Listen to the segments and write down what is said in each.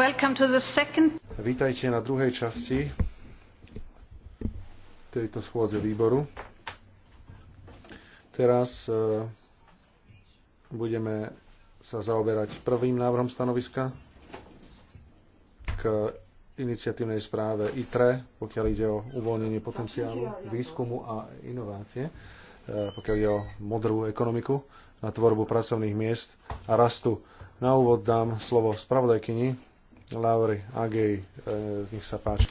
Second... Vítajte na druhej časti tejto schôdze výboru. Teraz e, budeme sa zaoberať prvým návrhom stanoviska k iniciatívnej správe ITRE, pokiaľ ide o uvoľnenie potenciálu výskumu a inovácie, e, pokiaľ ide o modrú ekonomiku na tvorbu pracovných miest a rastu. Na úvod dám slovo spravodajkyni Lauri Agej, e, nech sa páči.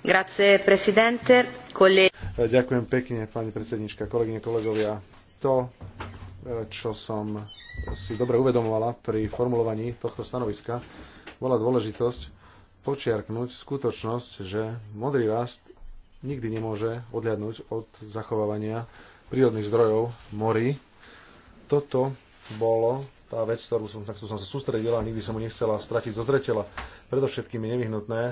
Grazie, presidente, kole... E, ďakujem pekne, pani predsednička, kolegyne, kolegovia. To, e, čo som si dobre uvedomovala pri formulovaní tohto stanoviska, bola dôležitosť počiarknúť skutočnosť, že modrý rast nikdy nemôže odhľadnúť od zachovávania prírodných zdrojov morí. Toto bolo tá vec, ktorú som, na ktorú som sa sústredila a nikdy som mu nechcela stratiť zo zretela. Predovšetkým je nevyhnutné,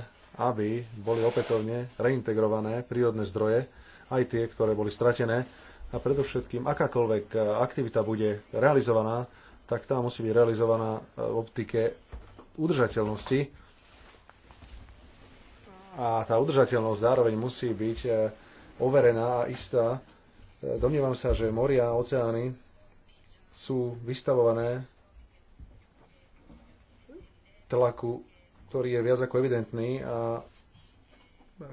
aby boli opätovne reintegrované prírodné zdroje, aj tie, ktoré boli stratené. A predovšetkým akákoľvek e, aktivita bude realizovaná, tak tá musí byť realizovaná e, v optike udržateľnosti. A tá udržateľnosť zároveň musí byť e, overená a istá. Domnievam sa, že moria a oceány sú vystavované tlaku, ktorý je viac ako evidentný a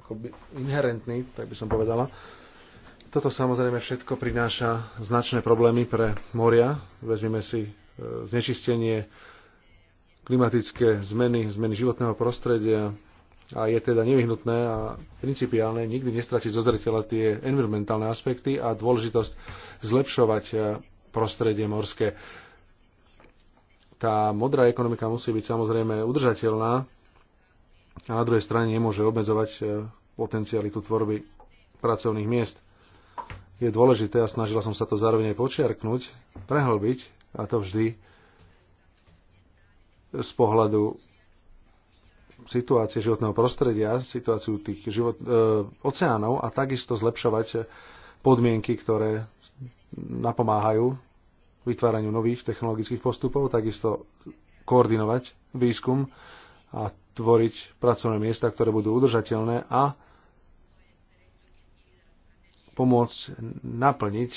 by inherentný, tak by som povedala. Toto samozrejme všetko prináša značné problémy pre moria. Vezmeme si e, znečistenie, klimatické zmeny, zmeny životného prostredia a je teda nevyhnutné a principiálne nikdy nestratiť zo zretela tie environmentálne aspekty a dôležitosť zlepšovať e, prostredie morské. Tá modrá ekonomika musí byť samozrejme udržateľná a na druhej strane nemôže obmedzovať e, potencialitu tvorby pracovných miest. Je dôležité a snažila som sa to zároveň aj počiarknúť, prehlbiť a to vždy z pohľadu situácie životného prostredia, situáciu tých život, e, oceánov a takisto zlepšovať podmienky, ktoré napomáhajú vytváraniu nových technologických postupov, takisto koordinovať výskum a tvoriť pracovné miesta, ktoré budú udržateľné a pomôcť naplniť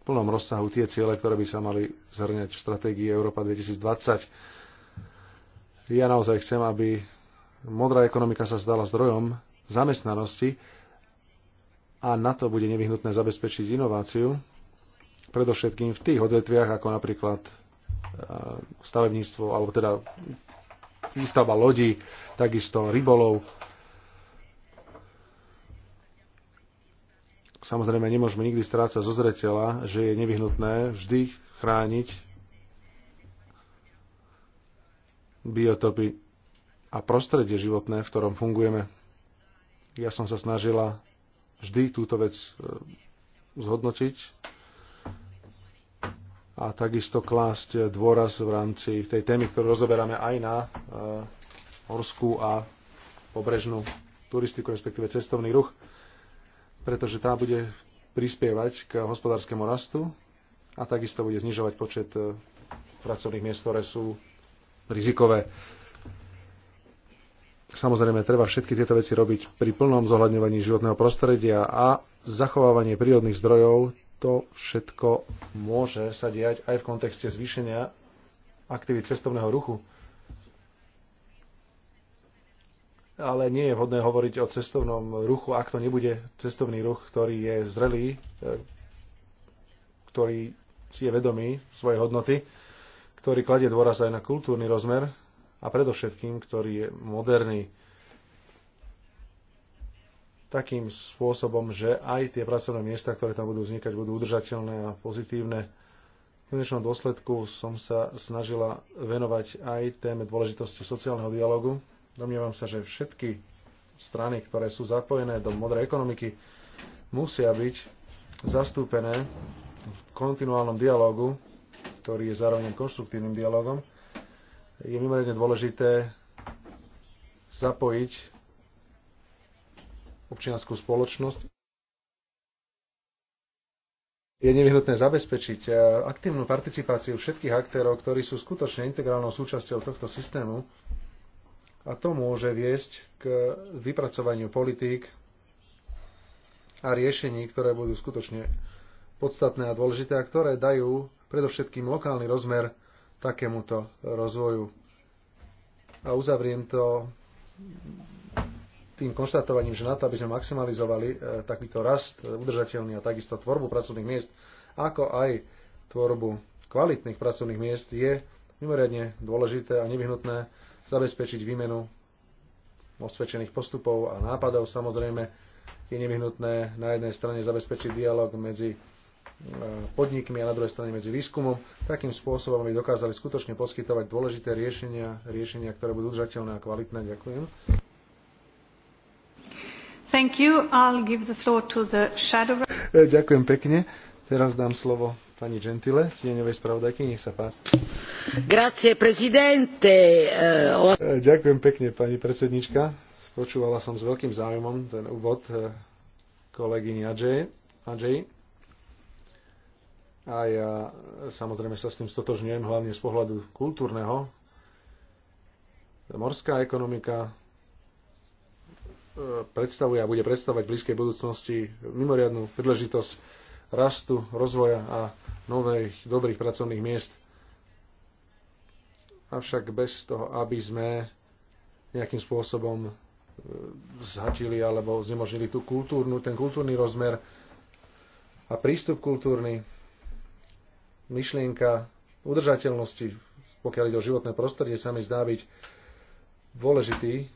v plnom rozsahu tie ciele, ktoré by sa mali zhrňať v stratégii Európa 2020. Ja naozaj chcem, aby modrá ekonomika sa stala zdrojom zamestnanosti, a na to bude nevyhnutné zabezpečiť inováciu, predovšetkým v tých odvetviach, ako napríklad e, stavebníctvo, alebo teda výstava lodí, takisto rybolov. Samozrejme, nemôžeme nikdy strácať zo zretela, že je nevyhnutné vždy chrániť biotopy a prostredie životné, v ktorom fungujeme. Ja som sa snažila vždy túto vec e, zhodnotiť a takisto klásť dôraz v rámci tej témy, ktorú rozoberáme aj na e, horskú a pobrežnú turistiku, respektíve cestovný ruch, pretože tá bude prispievať k hospodárskému rastu a takisto bude znižovať počet e, pracovných miest, ktoré sú rizikové. Samozrejme, treba všetky tieto veci robiť pri plnom zohľadňovaní životného prostredia a zachovávanie prírodných zdrojov. To všetko môže sa diať aj v kontexte zvýšenia aktivít cestovného ruchu. ale nie je vhodné hovoriť o cestovnom ruchu, ak to nebude cestovný ruch, ktorý je zrelý, ktorý si je vedomý svojej hodnoty, ktorý kladie dôraz aj na kultúrny rozmer a predovšetkým, ktorý je moderný takým spôsobom, že aj tie pracovné miesta, ktoré tam budú vznikať, budú udržateľné a pozitívne. V konečnom dôsledku som sa snažila venovať aj téme dôležitosti sociálneho dialogu. Domnievam sa, že všetky strany, ktoré sú zapojené do modrej ekonomiky, musia byť zastúpené v kontinuálnom dialogu, ktorý je zároveň konštruktívnym dialogom je mimoriadne dôležité zapojiť občianskú spoločnosť. Je nevyhnutné zabezpečiť e, aktívnu participáciu všetkých aktérov, ktorí sú skutočne integrálnou súčasťou tohto systému a to môže viesť k vypracovaniu politík a riešení, ktoré budú skutočne podstatné a dôležité a ktoré dajú predovšetkým lokálny rozmer takémuto rozvoju. A uzavriem to tým konštatovaním, že na to, aby sme maximalizovali e, takýto rast e, udržateľný a takisto tvorbu pracovných miest, ako aj tvorbu kvalitných pracovných miest, je mimoriadne dôležité a nevyhnutné zabezpečiť výmenu osvedčených postupov a nápadov. Samozrejme, je nevyhnutné na jednej strane zabezpečiť dialog medzi podnikmi a na druhej strane medzi výskumom. Takým spôsobom by dokázali skutočne poskytovať dôležité riešenia, riešenia, ktoré budú udržateľné a kvalitné. Ďakujem. Thank you. I'll give the floor to the shadow... E, ďakujem pekne. Teraz dám slovo pani Gentile, tieňovej spravodajky, nech sa páči. Grazie, prezidente. E, e, ďakujem pekne, pani predsednička. Počúvala som s veľkým záujmom ten úvod kolegyni Adjej. Adjej. A ja samozrejme sa s tým stotožňujem, hlavne z pohľadu kultúrneho. Morská ekonomika e, predstavuje a bude predstavovať v blízkej budúcnosti mimoriadnú príležitosť rastu, rozvoja a nových dobrých pracovných miest. Avšak bez toho, aby sme nejakým spôsobom e, zhačili alebo znemožnili tú kultúrnu, ten kultúrny rozmer a prístup kultúrny myšlienka udržateľnosti, pokiaľ ide o životné prostredie, sa mi zdá byť dôležitý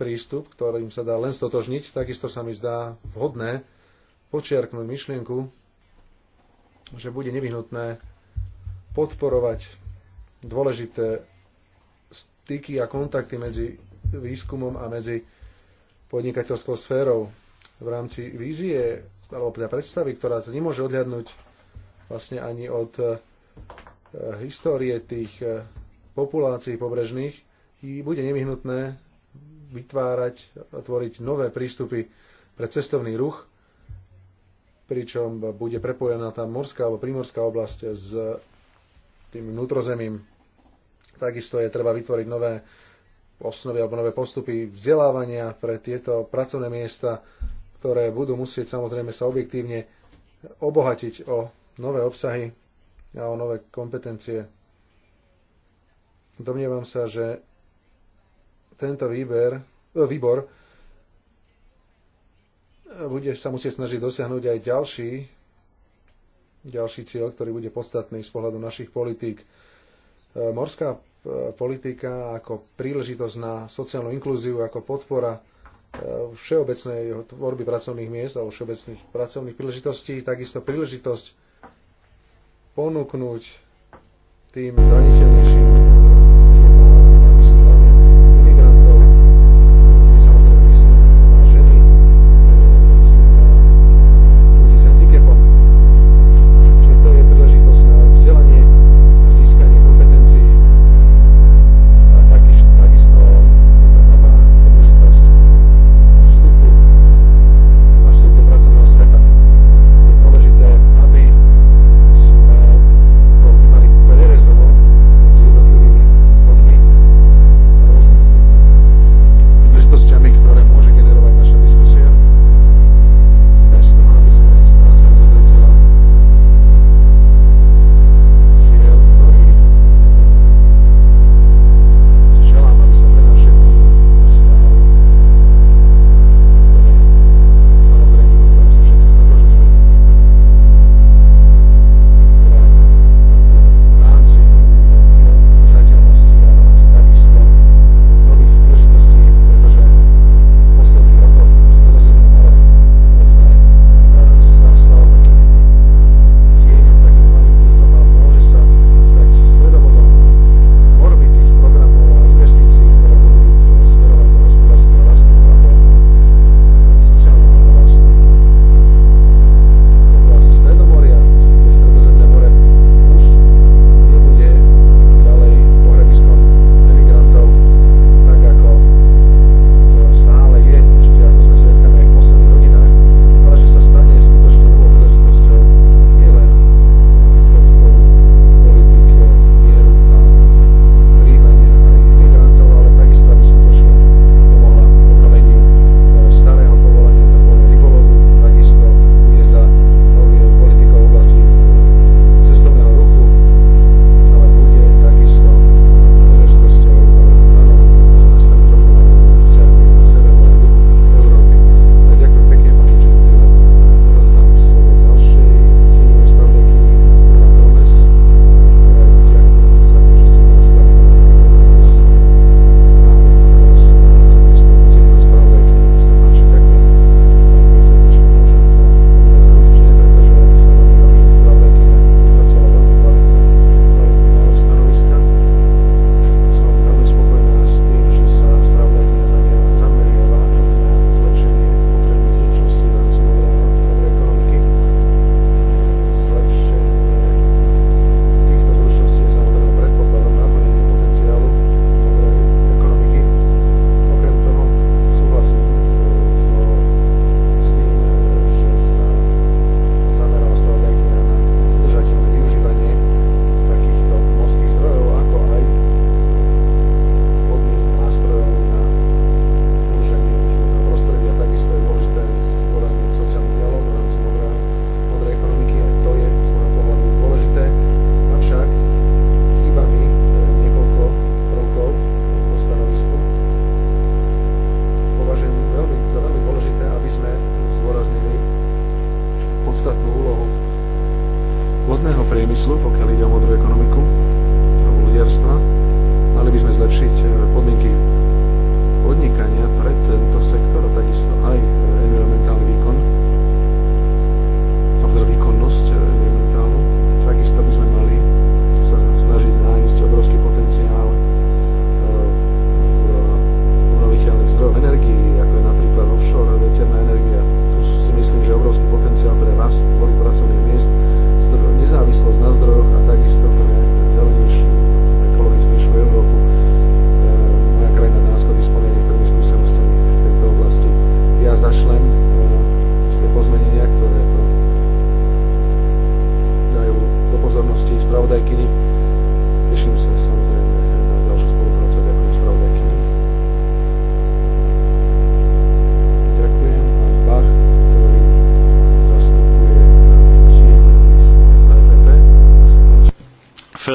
prístup, ktorým sa dá len stotožniť. Takisto sa mi zdá vhodné počiarknúť myšlienku, že bude nevyhnutné podporovať dôležité styky a kontakty medzi výskumom a medzi podnikateľskou sférou v rámci vízie alebo teda predstavy, ktorá sa nemôže odhľadnúť vlastne ani od eh, histórie tých eh, populácií pobrežných i bude nevyhnutné vytvárať a tvoriť nové prístupy pre cestovný ruch, pričom bude prepojená tá morská alebo primorská oblasť s tým vnútrozemím. Takisto je treba vytvoriť nové osnovy alebo nové postupy vzdelávania pre tieto pracovné miesta, ktoré budú musieť samozrejme sa objektívne obohatiť o nové obsahy a o nové kompetencie. Domnievam sa, že tento výber, e, výbor bude sa musieť snažiť dosiahnuť aj ďalší, ďalší cieľ, ktorý bude podstatný z pohľadu našich politík. E, morská e, politika ako príležitosť na sociálnu inklúziu, ako podpora všeobecnej tvorby pracovných miest alebo všeobecných pracovných príležitostí, takisto príležitosť ponúknuť tým zraniteľnejším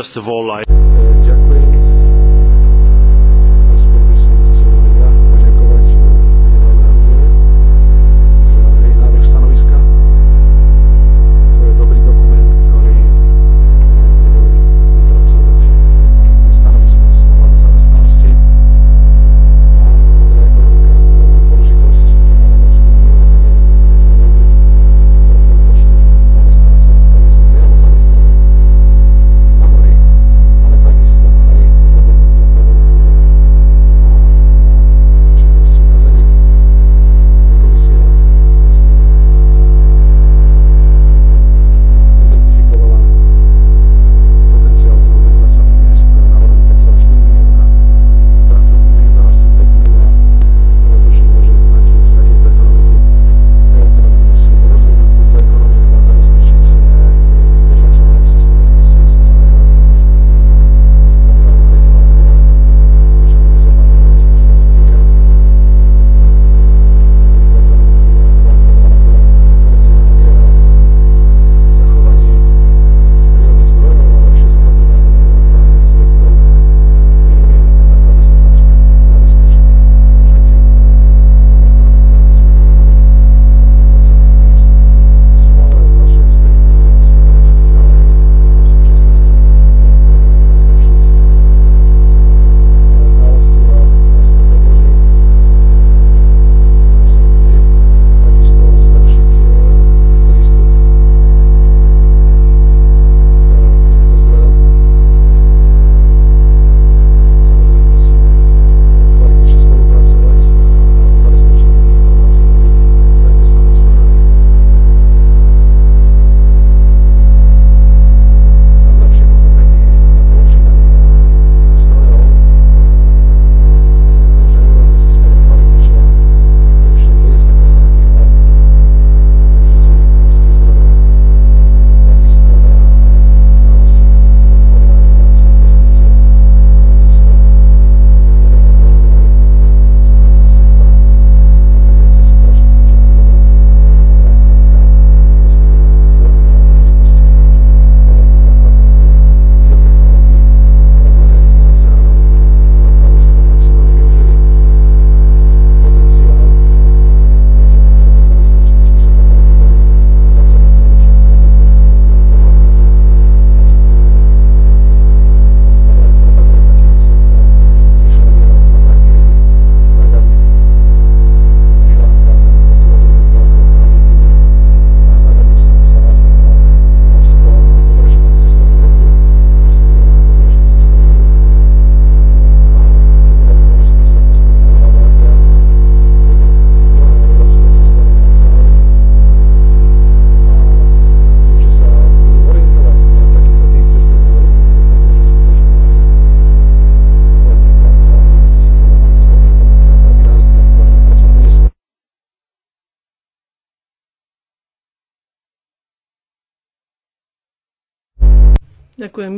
first of all i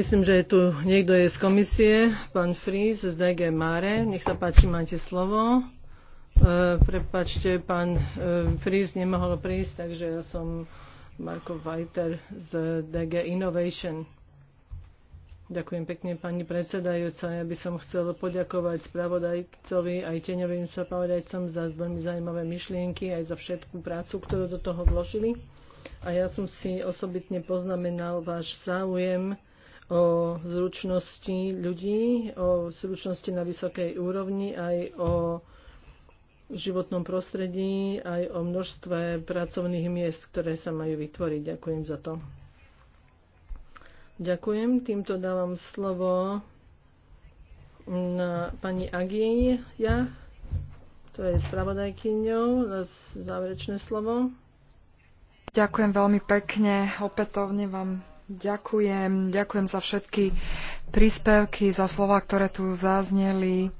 Myslím, že je tu niekto je z komisie, pán Fries z DG Mare. Nech sa páči, máte slovo. E, prepačte, pán e, Fries nemohol prísť, takže ja som Marko Vajter z DG Innovation. Ďakujem pekne, pani predsedajúca. Ja by som chcel poďakovať spravodajcovi aj teňovým spravodajcom za veľmi zaujímavé myšlienky, aj za všetkú prácu, ktorú do toho vložili. A ja som si osobitne poznamenal váš záujem o zručnosti ľudí, o zručnosti na vysokej úrovni, aj o životnom prostredí, aj o množstve pracovných miest, ktoré sa majú vytvoriť. Ďakujem za to. Ďakujem. Týmto dávam slovo na pani Agi, ja, to je spravodajkyňou, na záverečné slovo. Ďakujem veľmi pekne. Opätovne vám Ďakujem, ďakujem za všetky príspevky, za slova, ktoré tu zazneli.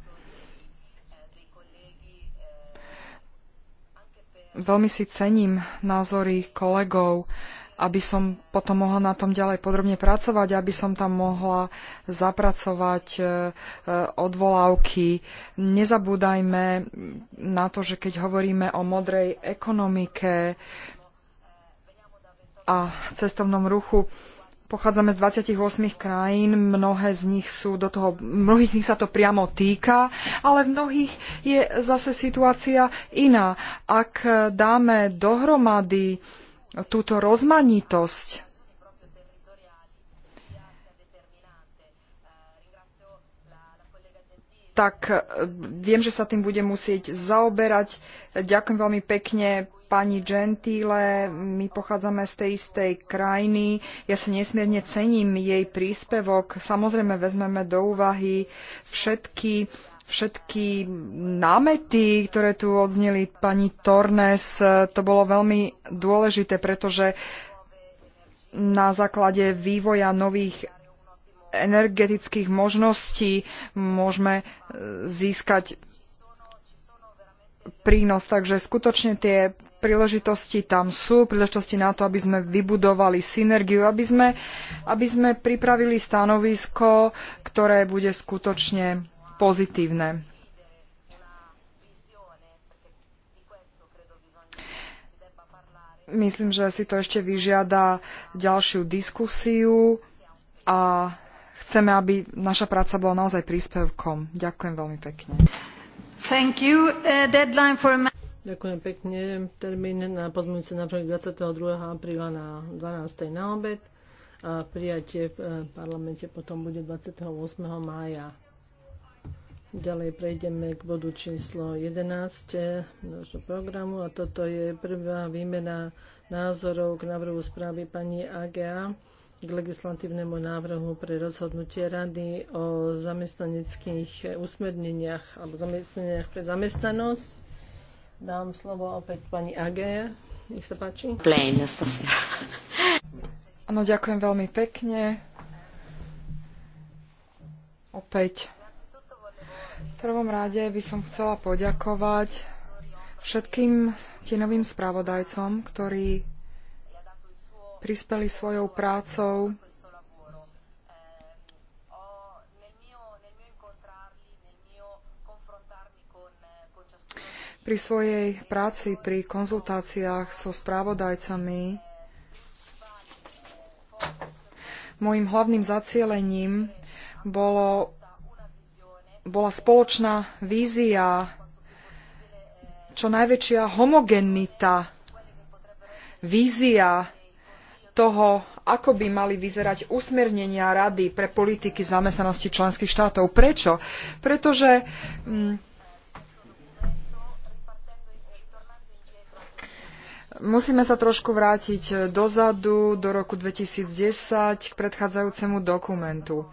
Veľmi si cením názory kolegov, aby som potom mohla na tom ďalej podrobne pracovať, aby som tam mohla zapracovať e, e, odvolávky. Nezabúdajme na to, že keď hovoríme o modrej ekonomike a cestovnom ruchu, pochádzame z 28 krajín, mnohé z nich sú do toho, mnohých z nich sa to priamo týka, ale v mnohých je zase situácia iná. Ak dáme dohromady túto rozmanitosť tak e, viem, že sa tým bude musieť zaoberať. Ďakujem veľmi pekne pani Gentile, my pochádzame z tej istej krajiny. Ja sa nesmierne cením jej príspevok. Samozrejme vezmeme do úvahy všetky všetky námety, ktoré tu odzneli pani Tornes, e, to bolo veľmi dôležité, pretože na základe vývoja nových energetických možností môžeme e, získať prínos. Takže skutočne tie príležitosti tam sú, príležitosti na to, aby sme vybudovali synergiu, aby sme, aby sme pripravili stanovisko, ktoré bude skutočne pozitívne. Myslím, že si to ešte vyžiada ďalšiu diskusiu a chceme, aby naša práca bola naozaj príspevkom. Ďakujem veľmi pekne. Thank you. deadline for a... Ďakujem pekne. Termín na pozmúce na 22. apríla na 12. na obed a prijatie v e, parlamente potom bude 28. mája. Ďalej prejdeme k bodu číslo 11 e, nášho programu a toto je prvá výmena názorov k návrhu správy pani AGA k legislatívnemu návrhu pre rozhodnutie rady o zamestnaneckých usmerneniach alebo zamestnaniach pre zamestnanosť. Dám slovo opäť pani Age. Nech sa páči. Áno, ďakujem veľmi pekne. Opäť. V prvom rade by som chcela poďakovať všetkým novým spravodajcom, ktorí prispeli svojou prácou pri svojej práci, pri konzultáciách so správodajcami, môjim hlavným zacielením bolo, bola spoločná vízia, čo najväčšia homogenita, vízia toho, ako by mali vyzerať usmernenia Rady pre politiky zamestnanosti členských štátov. Prečo? Pretože hm, musíme sa trošku vrátiť dozadu, do roku 2010, k predchádzajúcemu dokumentu.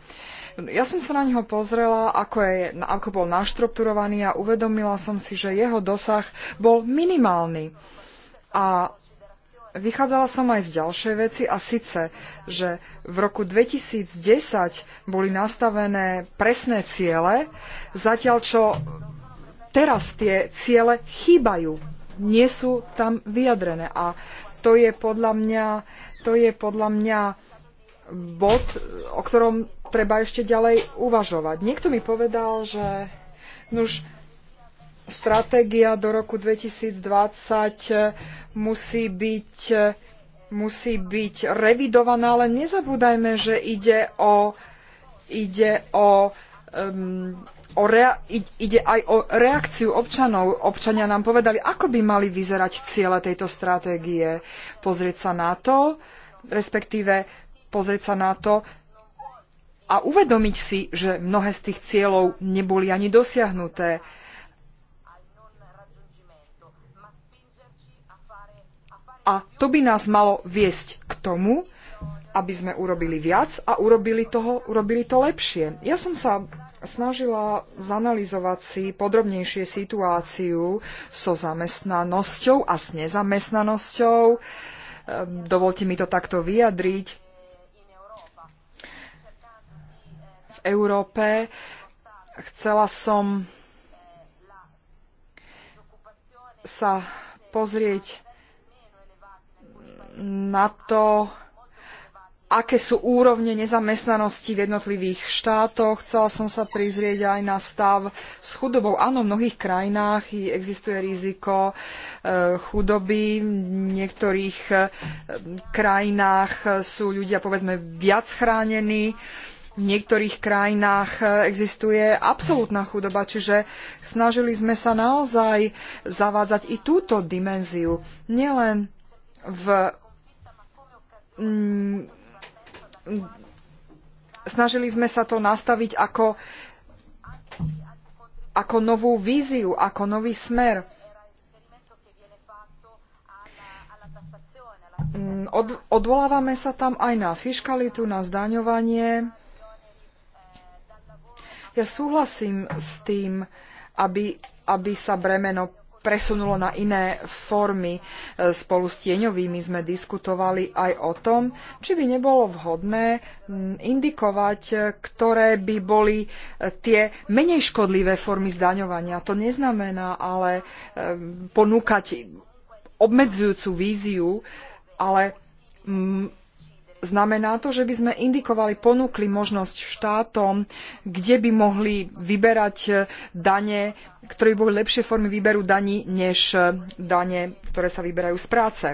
Ja som sa na neho pozrela, ako, je, ako bol naštrukturovaný a uvedomila som si, že jeho dosah bol minimálny. A vychádzala som aj z ďalšej veci a síce, že v roku 2010 boli nastavené presné ciele, zatiaľ čo teraz tie ciele chýbajú, nie sú tam vyjadrené. A to je podľa mňa, to je podľa mňa bod, o ktorom treba ešte ďalej uvažovať. Niekto mi povedal, že už stratégia do roku 2020 e, musí byť, e, musí byť revidovaná, ale nezabúdajme, že ide o, ide o um, O rea- ide aj o reakciu občanov. Občania nám povedali, ako by mali vyzerať ciele tejto stratégie. Pozrieť sa na to, respektíve pozrieť sa na to a uvedomiť si, že mnohé z tých cieľov neboli ani dosiahnuté. Uh, A to by nás malo viesť k tomu, aby sme urobili viac a urobili, toho, urobili to lepšie. Ja som sa snažila zanalizovať si podrobnejšie situáciu so zamestnanosťou a s nezamestnanosťou. Ehm, dovolte mi to takto vyjadriť. V Európe chcela som sa pozrieť na to, aké sú úrovne nezamestnanosti v jednotlivých štátoch. Chcela som sa prizrieť aj na stav s chudobou. Áno, v mnohých krajinách existuje riziko e, chudoby. V niektorých e, krajinách sú ľudia, povedzme, viac chránení. V niektorých krajinách e, existuje absolútna chudoba, čiže snažili sme sa naozaj zavádzať i túto dimenziu. Nielen v Mm, snažili sme sa to nastaviť ako, ako novú víziu, ako nový smer. Mm, od, odvolávame sa tam aj na fiskalitu, na zdaňovanie. Ja súhlasím s tým, aby, aby sa bremeno presunulo na iné formy. E, spolu s tieňovými sme diskutovali aj o tom, či by nebolo vhodné indikovať, e, ktoré by boli e, tie menej škodlivé formy zdaňovania. To neznamená ale ponúkať obmedzujúcu víziu, ale Znamená to, že by sme indikovali, ponúkli možnosť štátom, kde by mohli vyberať eh, dane, ktoré by boli lepšie formy výberu daní, než eh, dane, ktoré sa vyberajú z práce.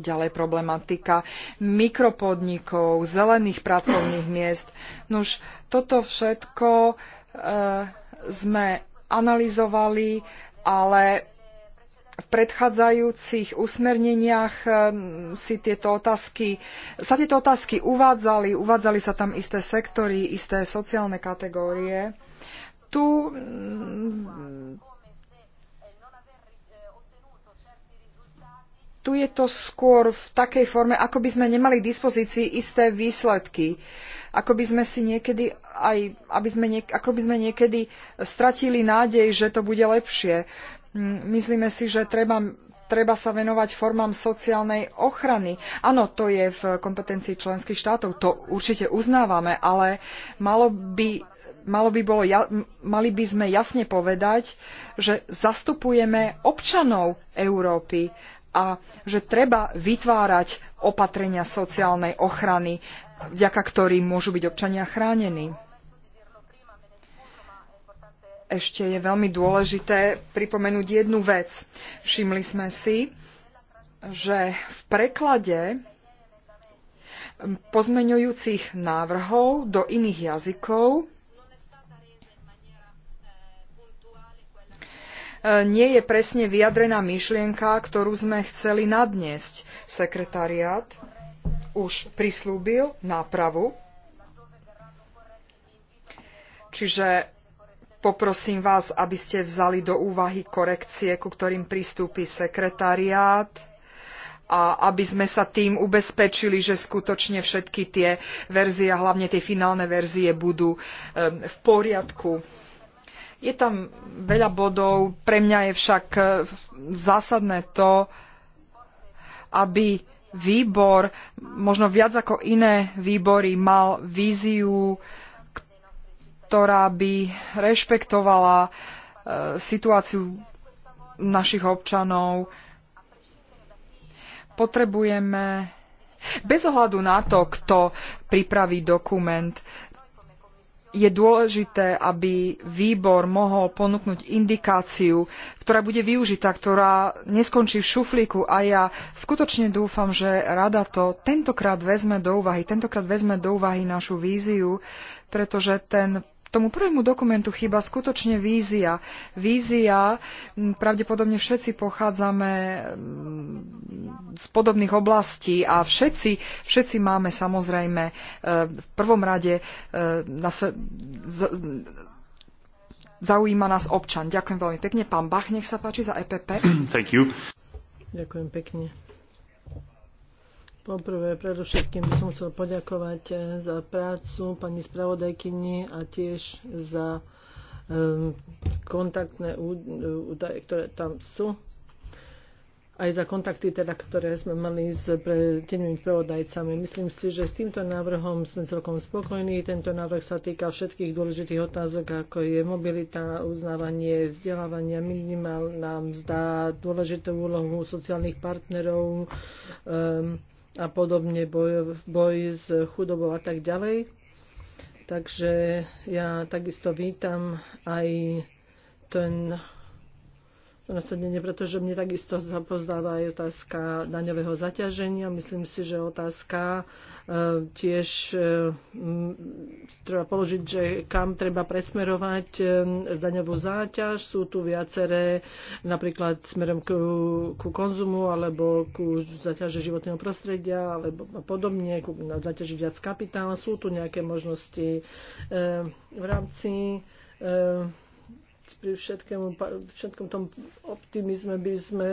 Ďalej problematika mikropodnikov, zelených pracovných miest. Nuž, toto všetko e, sme analyzovali, ale v predchádzajúcich usmerneniach ehm, si tieto otázky, sa tieto otázky uvádzali, uvádzali sa tam isté sektory, isté sociálne kategórie. Tu mm, tu je to skôr v takej forme, ako by sme nemali k dispozícii isté výsledky. Ako by sme si niekedy aj, aby sme niek- ako by sme niekedy stratili nádej, že to bude lepšie. Myslíme si, že treba, treba sa venovať formám sociálnej ochrany. Áno, to je v kompetencii členských štátov, to určite uznávame, ale malo by, malo by bolo, mali by sme jasne povedať, že zastupujeme občanov Európy a že treba vytvárať opatrenia sociálnej ochrany, vďaka ktorým môžu byť občania chránení ešte je veľmi dôležité pripomenúť jednu vec. Všimli sme si, že v preklade pozmeňujúcich návrhov do iných jazykov e, nie je presne vyjadrená myšlienka, ktorú sme chceli nadniesť. Sekretariat už prislúbil nápravu, čiže poprosím vás, aby ste vzali do úvahy korekcie, ku ktorým pristúpi sekretariát a aby sme sa tým ubezpečili, že skutočne všetky tie verzie a hlavne tie finálne verzie budú e, v poriadku. Je tam veľa bodov, pre mňa je však e, zásadné to, aby výbor, možno viac ako iné výbory, mal víziu, ktorá by rešpektovala e, situáciu našich občanov. Potrebujeme, bez ohľadu na to, kto pripraví dokument, je dôležité, aby výbor mohol ponúknuť indikáciu, ktorá bude využitá, ktorá neskončí v šuflíku a ja skutočne dúfam, že rada to tentokrát vezme do úvahy, tentokrát vezme do úvahy našu víziu, pretože ten tomu prvému dokumentu chýba skutočne vízia. Vízia, pravdepodobne všetci pochádzame z podobných oblastí a všetci, všetci máme samozrejme e, v prvom rade e, na sve, zaujíma nás občan. Ďakujem veľmi pekne. Pán Bach, nech sa páči za EPP. Thank you. Ďakujem pekne. Poprvé, predovšetkým by som chcel poďakovať eh, za prácu pani spravodajkyni a tiež za um, kontaktné eh, údaje, ktoré tam sú. Aj za kontakty, teda, ktoré sme mali s tenými spravodajcami. Myslím si, že s týmto návrhom sme celkom spokojní. Tento návrh sa týka všetkých dôležitých otázok, ako je mobilita, uznávanie, vzdelávania, minimálna mzda, dôležitú úlohu sociálnych partnerov, um, a podobne boj, boj s chudobou a tak ďalej. Takže ja takisto vítam aj ten rozhodnenie, pretože mne takisto zapozdáva aj otázka daňového zaťaženia. Myslím si, že otázka e, tiež e, treba položiť, že kam treba presmerovať e, daňovú záťaž. Sú tu viaceré napríklad smerom ku, ku konzumu alebo ku zaťaže životného prostredia alebo podobne, ku zaťaži viac kapitála. Sú tu nejaké možnosti v rámci pri všetkému, všetkom tom optimizme by sme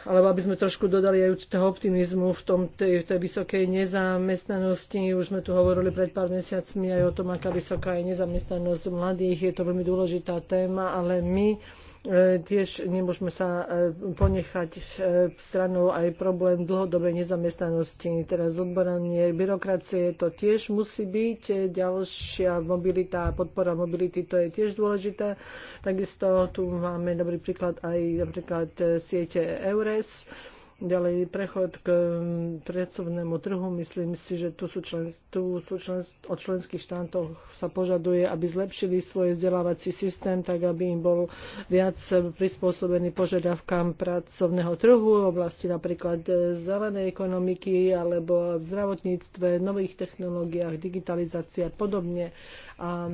alebo aby sme trošku dodali aj toho optimizmu v tom, tej, tej vysokej nezamestnanosti. Už sme tu hovorili pred pár mesiacmi aj o tom, aká vysoká je nezamestnanosť mladých. Je to veľmi dôležitá téma, ale my E, tiež nemôžeme sa e, ponechať e, stranou aj problém dlhodobej nezamestnanosti. Teraz odboranie byrokracie to tiež musí byť. Ďalšia mobilita, podpora mobility, to je tiež dôležité. Takisto tu máme dobrý príklad aj napríklad siete EURES, Ďalej prechod k mm, pracovnému trhu. Myslím si, že tu, sú člen, tu sú člen, od členských štátov sa požaduje, aby zlepšili svoj vzdelávací systém, tak aby im bol viac prispôsobený požiadavkám pracovného trhu v oblasti napríklad e, zelenej ekonomiky alebo v zdravotníctve, nových technológiách, digitalizácii a podobne. A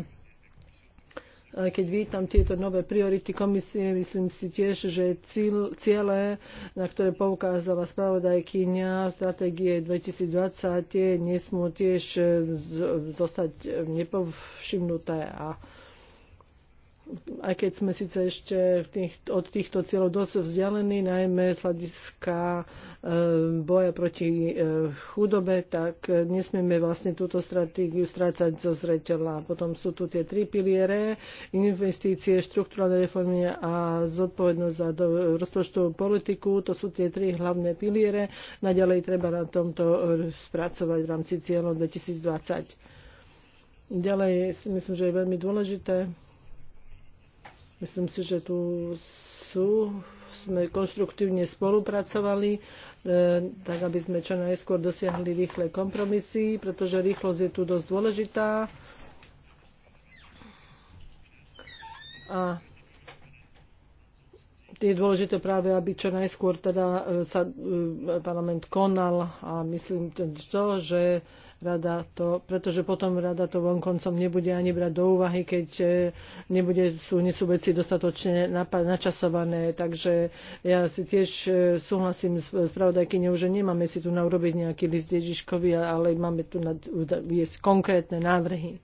keď vítam tieto nové priority komisie, myslím si tiež, že cíl, ciele, na ktoré poukázala v stratégie 2020, tie nesmú tiež zostať nepovšimnuté a aj keď sme síce ešte tých, od týchto cieľov dosť vzdialení, najmä z hľadiska e, boja proti e, chudobe, tak e, nesmieme vlastne túto stratégiu strácať zo zreteľa. Potom sú tu tie tri piliere, investície, štruktúrálne reformy a zodpovednosť za do, rozpočtovú politiku. To sú tie tri hlavné piliere. Naďalej treba na tomto e, spracovať v rámci cieľov 2020. Ďalej si myslím, že je veľmi dôležité Myslím si, že tu sú, sme konštruktívne spolupracovali, e, tak aby sme čo najskôr dosiahli rýchle kompromisy, pretože rýchlosť je tu dosť dôležitá. A je dôležité práve, aby čo najskôr teda e, sa e, parlament konal a myslím to, že rada to, pretože potom rada to vonkoncom nebude ani brať do úvahy, keď e, nebude, sú, nie sú veci dostatočne načasované. Takže ja si tiež e, súhlasím s spravodajkyňou, že nemáme si tu na urobiť nejaký list Ježiškovi, ale máme tu na, viesť konkrétne návrhy.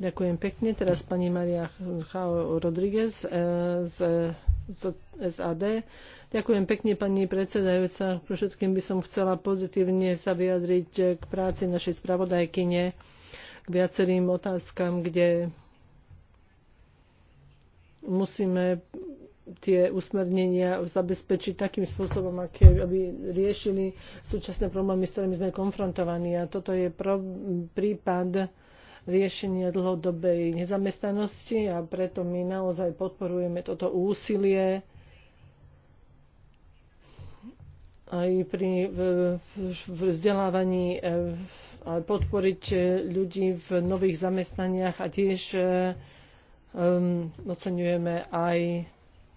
Ďakujem pekne. Teraz pani Maria Rodriguez e, z, z SAD. Ďakujem pekne, pani predsedajúca. všetkým by som chcela pozitívne sa vyjadriť k práci našej spravodajkyne, k viacerým otázkam, kde musíme tie usmernenia zabezpečiť takým spôsobom, aké, aby riešili súčasné problémy, s ktorými sme konfrontovaní. A toto je pro, prípad riešenia dlhodobej nezamestnanosti a preto my naozaj podporujeme toto úsilie aj pri vzdelávaní e, podporiť e, ľudí v nových zamestnaniach a tiež um, oceňujeme aj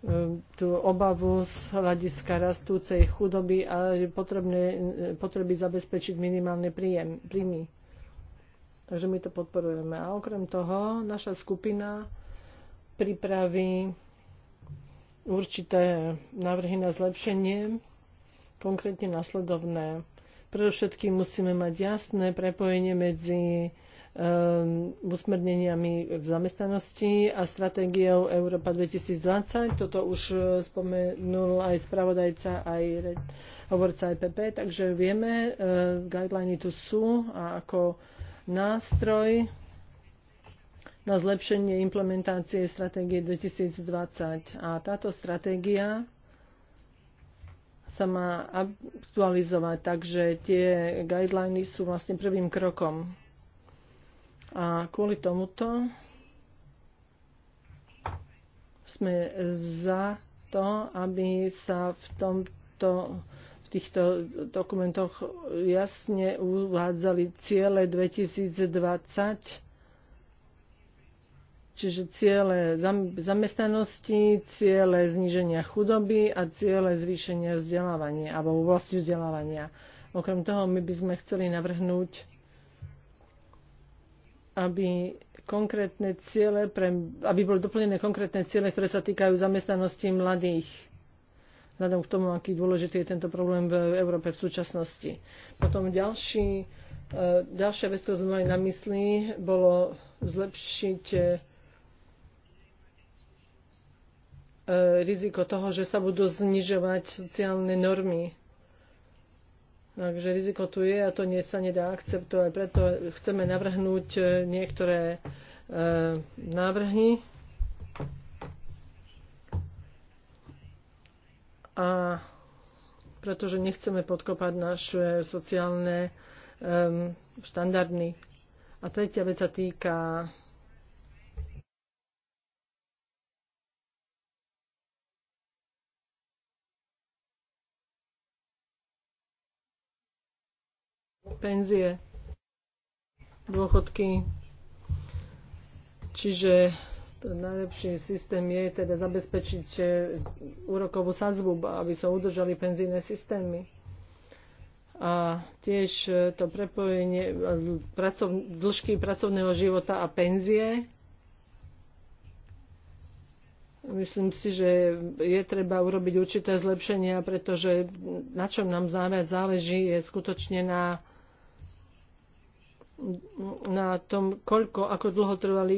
um, tú obavu z hľadiska rastúcej chudoby a potreby zabezpečiť minimálne príjem, príjmy. Takže my to podporujeme. A okrem toho naša skupina pripraví určité návrhy na zlepšenie konkrétne nasledovné. Predovšetkým musíme mať jasné prepojenie medzi um, usmerneniami v zamestnanosti a stratégiou Európa 2020. Toto už e, spomenul aj spravodajca, aj hovorca IPP, e takže vieme, uh, e, guideliny tu sú a ako nástroj na zlepšenie implementácie stratégie 2020. A táto stratégia sa má aktualizovať, takže tie guideliny sú vlastne prvým krokom. A kvôli tomuto sme za to, aby sa v tomto v týchto dokumentoch jasne uvádzali ciele 2020 čiže ciele zamestnanosti, ciele zníženia chudoby a ciele zvýšenia vzdelávania alebo oblasti vzdelávania. Okrem toho my by sme chceli navrhnúť, aby konkrétne ciele pre, aby boli doplnené konkrétne ciele, ktoré sa týkajú zamestnanosti mladých vzhľadom k tomu, aký dôležitý je tento problém v Európe v súčasnosti. Potom ďalší, e, ďalšia vec, ktorú sme mali na mysli, bolo zlepšiť e, E, riziko toho, že sa budú znižovať sociálne normy. Takže riziko tu je a to nie, sa nedá akceptovať. Preto chceme navrhnúť e, niektoré e, návrhy. A pretože nechceme podkopať naše sociálne um, štandardy. A tretia vec sa týka penzie, dôchodky. Čiže najlepší systém je teda zabezpečiť eh, úrokovú sadzbu, aby sa udržali penzíne systémy. A tiež eh, to prepojenie eh, pracov, dĺžky pracovného života a penzie. Myslím si, že je treba urobiť určité zlepšenia, pretože na čom nám záviac záleží, je skutočne na na tom, koľko, ako dlho trvali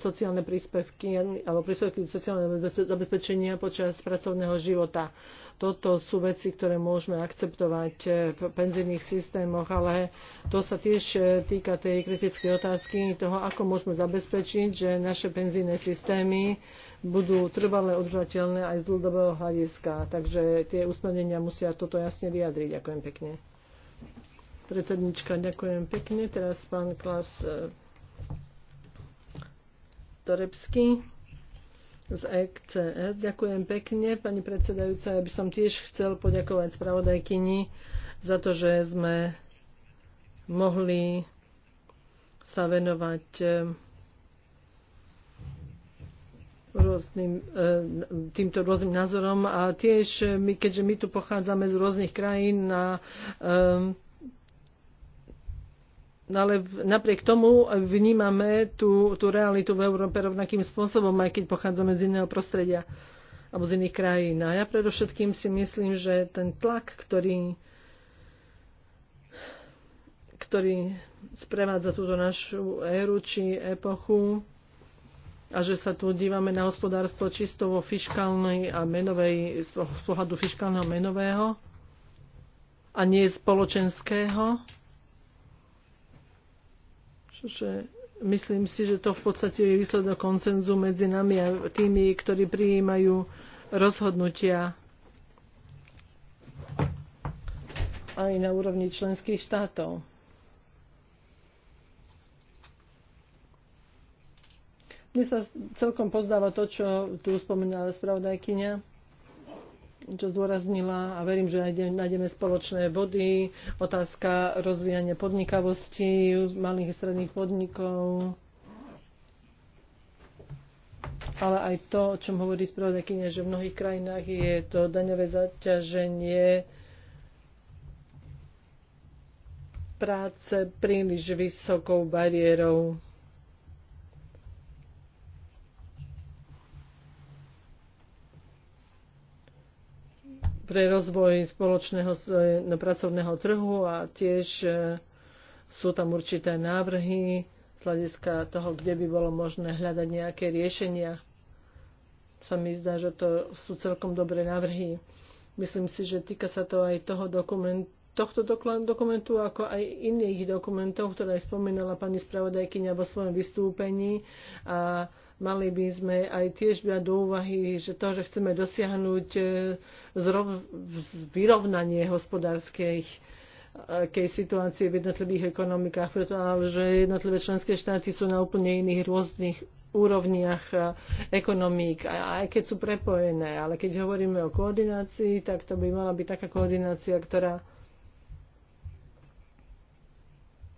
sociálne príspevky alebo príspevky sociálneho zabezpečenia počas pracovného života. Toto sú veci, ktoré môžeme akceptovať eh, v penzijných systémoch, ale to sa tiež eh, týka tej kritickej otázky toho, ako môžeme zabezpečiť, že naše penzijné systémy budú trvale udržateľné aj z dlhodobého hľadiska. Takže tie usmernenia musia toto jasne vyjadriť. Ďakujem pekne. Predsednička, ďakujem pekne. Teraz pán Klas e, Torebský z ECR. Ďakujem pekne, pani predsedajúca. Ja by som tiež chcel poďakovať spravodajkyni za to, že sme mohli sa venovať e, rôznym, e, týmto rôznym názorom a tiež my, keďže my tu pochádzame z rôznych krajín na um, ale napriek tomu vnímame tú, tú realitu v Európe rovnakým spôsobom, aj keď pochádzame z iného prostredia alebo z iných krajín. A ja predovšetkým si myslím, že ten tlak, ktorý, ktorý sprevádza túto našu éru či epochu, a že sa tu dívame na hospodárstvo čisto vo fiskálnej a menovej, z pohľadu fiskálneho menového a nie spoločenského, že myslím si, že to v podstate je výsledok koncenzu medzi nami a tými, ktorí prijímajú rozhodnutia aj na úrovni členských štátov. Mne sa celkom pozdáva to, čo tu spomínala spravodajkynia čo zdôraznila a verím, že nájdeme spoločné body. Otázka rozvíjania podnikavosti malých a stredných podnikov. Ale aj to, o čom hovorí spravodajkynia, že v mnohých krajinách je to daňové zaťaženie práce príliš vysokou bariérou. pre rozvoj spoločného e, no, pracovného trhu a tiež e, sú tam určité návrhy z hľadiska toho, kde by bolo možné hľadať nejaké riešenia. Sa mi zdá, že to sú celkom dobré návrhy. Myslím si, že týka sa to aj toho dokumentu, tohto dokumentu, ako aj iných dokumentov, ktoré spomínala pani spravodajkyňa vo svojom vystúpení. A Mali by sme aj tiež brať do úvahy, že to, že chceme dosiahnuť e, zrov, vyrovnanie hospodárskej akej situácie v jednotlivých ekonomikách, pretože jednotlivé členské štáty sú na úplne iných rôznych úrovniach e, ekonomík, aj keď sú prepojené. Ale keď hovoríme o koordinácii, tak to by mala byť taká koordinácia, ktorá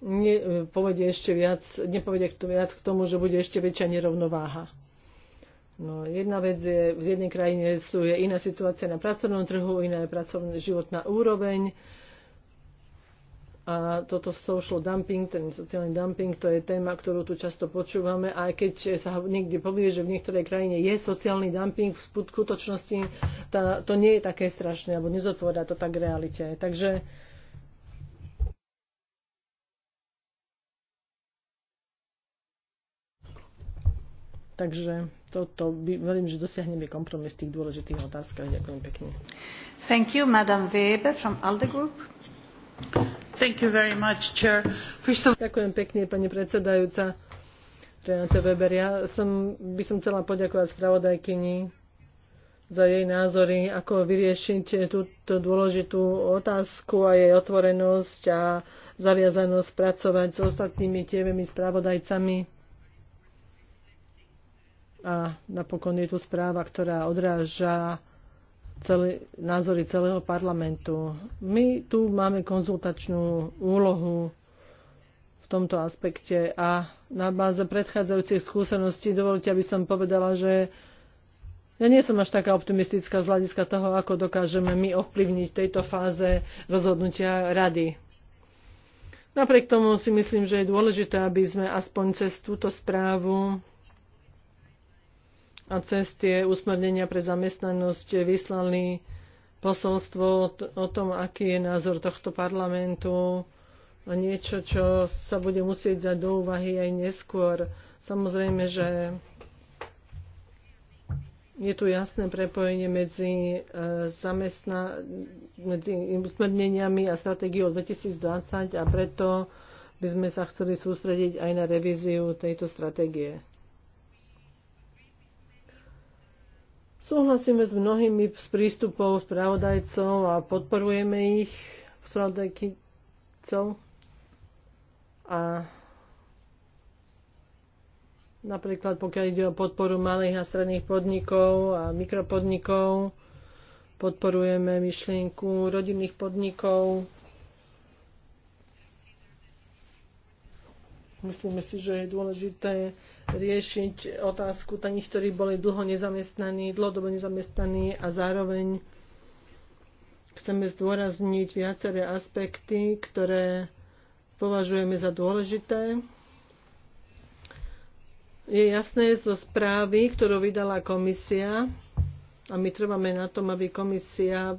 nepovedie e, ešte viac, nepovedie k viac k tomu, že bude ešte väčšia nerovnováha. No, jedna vec je, v jednej krajine sú, je iná situácia na pracovnom trhu, iná je pracovná životná úroveň. A toto social dumping, ten sociálny dumping, to je téma, ktorú tu často počúvame. A keď sa niekde povie, že v niektorej krajine je sociálny dumping, v skutočnosti tá, to nie je také strašné, alebo nezodpovedá to tak realite. Takže Takže toto, verím, že dosiahneme kompromis v tých dôležitých otázkach. Ďakujem pekne. Thank you, Madam Weber from ALDE Group. Thank you very much, Chair. First of... Ďakujem pekne, pani predsedajúca. Renate Weber, ja som, by som chcela poďakovať spravodajkyni za jej názory, ako vyriešiť túto dôležitú otázku a jej otvorenosť a zaviazanosť pracovať s ostatnými tievemi spravodajcami a napokon je tu správa, ktorá odráža celé, názory celého parlamentu. My tu máme konzultačnú úlohu v tomto aspekte a na báze predchádzajúcich skúseností dovolte, aby som povedala, že ja nie som až taká optimistická z hľadiska toho, ako dokážeme my ovplyvniť v tejto fáze rozhodnutia rady. Napriek tomu si myslím, že je dôležité, aby sme aspoň cez túto správu a cez tie usmernenia pre zamestnanosť vyslali posolstvo o tom, aký je názor tohto parlamentu a niečo, čo sa bude musieť dať do úvahy aj neskôr. Samozrejme, že je tu jasné prepojenie medzi, e, zamestna, medzi usmerneniami a stratégiou 2020 a preto by sme sa chceli sústrediť aj na revíziu tejto stratégie. Súhlasíme s mnohými z prístupov spravodajcov a podporujeme ich spravodajcov. A napríklad pokiaľ ide o podporu malých a stredných podnikov a mikropodnikov, podporujeme myšlienku rodinných podnikov, Myslíme si, že je dôležité riešiť otázku tých, ktorí boli dlho nezamestnaní, dlhodobo nezamestnaní a zároveň chceme zdôrazniť viaceré aspekty, ktoré považujeme za dôležité. Je jasné zo správy, ktorú vydala komisia, a my trváme na tom, aby komisia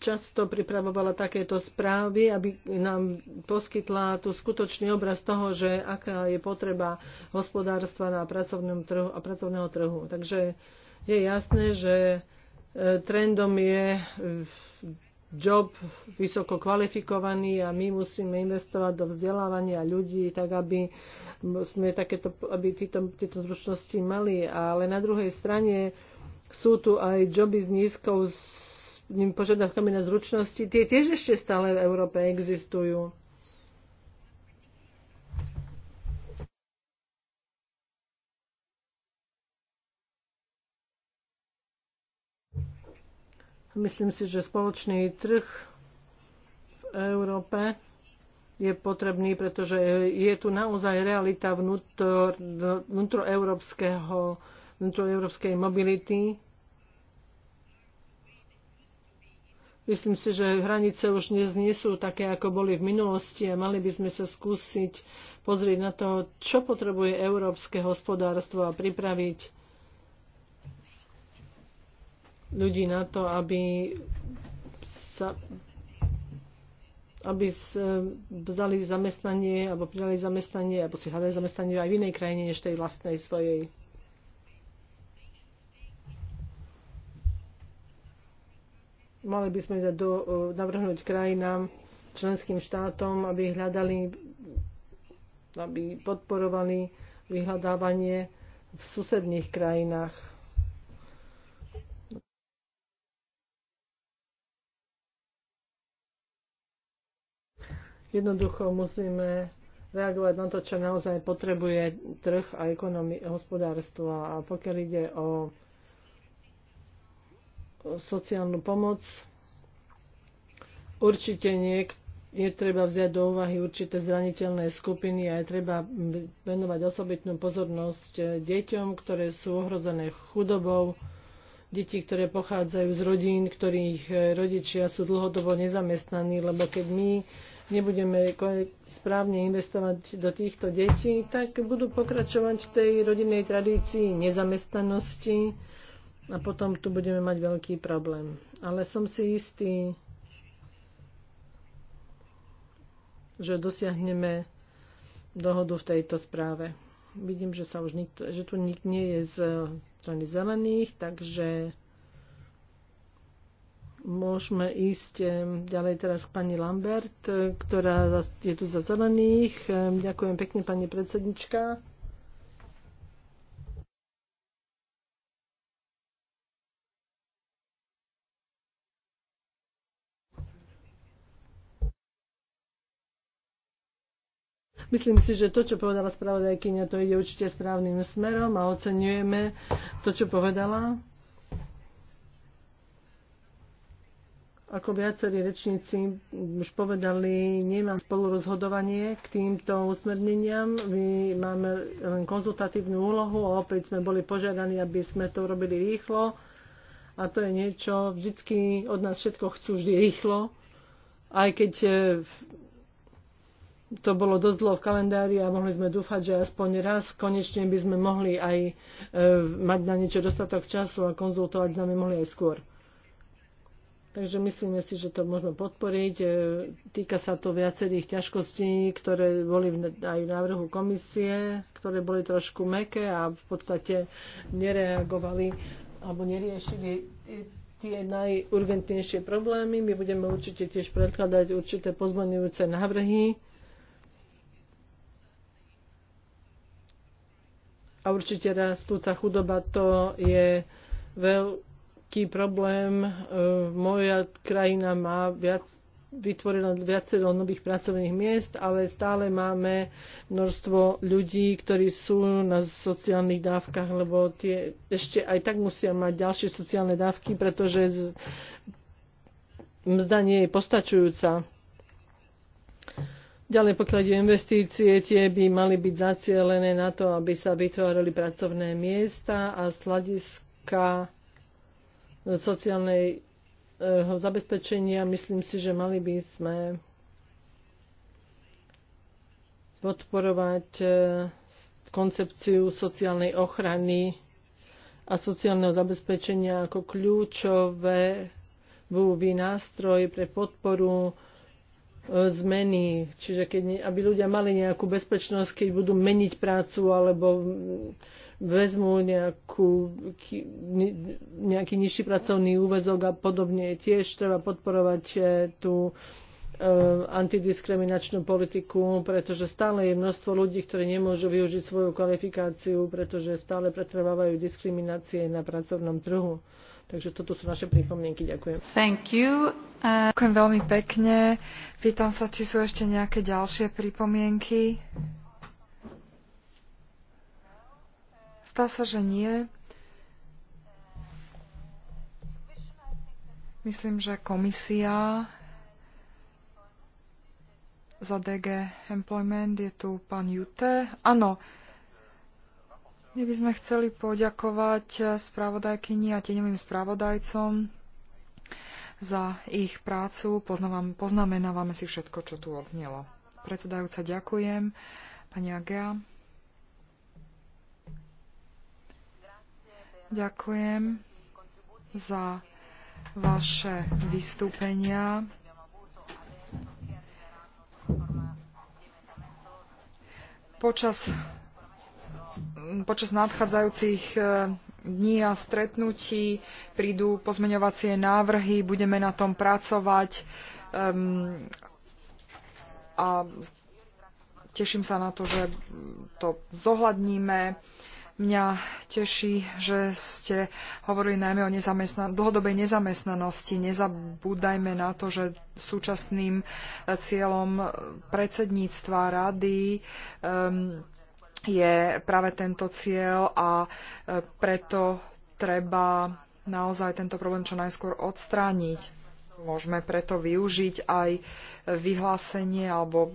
často pripravovala takéto správy, aby nám poskytla tu skutočný obraz toho, že aká je potreba hospodárstva na pracovnom trhu a pracovného trhu. Takže je jasné, že e, trendom je e, job vysoko kvalifikovaný a my musíme investovať do vzdelávania ľudí, tak aby sme takéto, aby títo, tieto zručnosti mali. Ale na druhej strane sú tu aj joby s nízkou požiadavkami na zručnosti, tie tiež ešte stále v Európe existujú. Myslím si, že spoločný trh v Európe je potrebný, pretože je tu naozaj realita vnútor, vnútroeurópskej mobility Myslím si, že hranice už dnes nie sú také, ako boli v minulosti a mali by sme sa skúsiť pozrieť na to, čo potrebuje európske hospodárstvo a pripraviť ľudí na to, aby sa aby vzali zamestnanie alebo pridali zamestnanie alebo si hľadali zamestnanie aj v inej krajine než tej vlastnej svojej. mali by sme do, e, navrhnúť krajinám, členským štátom, aby hľadali, aby podporovali vyhľadávanie v susedných krajinách. Jednoducho musíme reagovať na to, čo naozaj potrebuje trh a, ekonomi- hospodárstvo. A pokiaľ ide o sociálnu pomoc. Určite nie, je treba vziať do úvahy určité zraniteľné skupiny a je treba venovať osobitnú pozornosť eh, deťom, ktoré sú ohrozené chudobou, deti, ktoré pochádzajú z rodín, ktorých eh, rodičia sú dlhodobo nezamestnaní, lebo keď my nebudeme správne investovať do týchto detí, tak budú pokračovať v tej rodinnej tradícii nezamestnanosti, a potom tu budeme mať veľký problém. Ale som si istý, že dosiahneme dohodu v tejto správe. Vidím, že, sa už nikto, že tu nik nie je z strany zelených, takže môžeme ísť ďalej teraz k pani Lambert, ktorá je tu za zelených. Ďakujem pekne, pani predsednička. Myslím si, že to, čo povedala spravodajkyňa, to ide určite správnym smerom a oceňujeme to, čo povedala. Ako viacerí rečníci už povedali, nemám spolurozhodovanie k týmto usmerneniam. My máme len konzultatívnu úlohu a opäť sme boli požiadaní, aby sme to robili rýchlo. A to je niečo, vždycky od nás všetko chcú vždy rýchlo. Aj keď eh, to bolo dosť dlho v kalendári a mohli sme dúfať, že aspoň raz konečne by sme mohli aj e, mať na niečo dostatok času a konzultovať s nami mohli aj skôr. Takže myslíme si, že to môžeme podporiť. E, týka sa to viacerých ťažkostí, ktoré boli v, aj v návrhu komisie, ktoré boli trošku meké a v podstate nereagovali alebo neriešili tie najurgentnejšie problémy. My budeme určite tiež predkladať určité pozmenujúce návrhy a určite rastúca chudoba to je veľký problém. E, moja krajina má viac vytvorila viacero nových pracovných miest, ale stále máme množstvo ľudí, ktorí sú na sociálnych dávkach, lebo tie ešte aj tak musia mať ďalšie sociálne dávky, pretože mzda nie je postačujúca. Ďalej, pokiaľ ide investície, tie by mali byť zacielené na to, aby sa vytvárali pracovné miesta a z hľadiska zabezpečenia myslím si, že mali by sme podporovať e, koncepciu sociálnej ochrany a sociálneho zabezpečenia ako kľúčové nástroj pre podporu zmeny. Čiže keď, aby ľudia mali nejakú bezpečnosť, keď budú meniť prácu alebo vezmú nejakú, nejaký nižší pracovný úvezok a podobne. Tiež treba podporovať eh, tú eh, antidiskriminačnú politiku, pretože stále je množstvo ľudí, ktorí nemôžu využiť svoju kvalifikáciu, pretože stále pretrvávajú diskriminácie na pracovnom trhu. Takže toto sú naše pripomienky. Ďakujem. Thank you. Uh... Ďakujem veľmi pekne. Pýtam sa, či sú ešte nejaké ďalšie pripomienky. Stá sa, že nie. Myslím, že komisia za DG Employment je tu pán Jute. Áno, uh, my by sme chceli poďakovať eh, spravodajkyni a tieňovým spravodajcom za ich prácu. poznamenávame si všetko, čo tu odznelo. Predsedajúca, ďakujem. Pani Agea. Ďakujem za vaše vystúpenia. Počas počas nadchádzajúcich e, dní a stretnutí prídu pozmeňovacie návrhy, budeme na tom pracovať a teším sa na to, že to zohľadníme. Mňa teší, že ste hovorili najmä o nezamestna- dlhodobej nezamestnanosti. Nezabúdajme na to, že súčasným e, cieľom e, predsedníctva rady um, je práve tento cieľ a e, preto treba naozaj tento problém čo najskôr odstrániť. Môžeme preto využiť aj vyhlásenie alebo,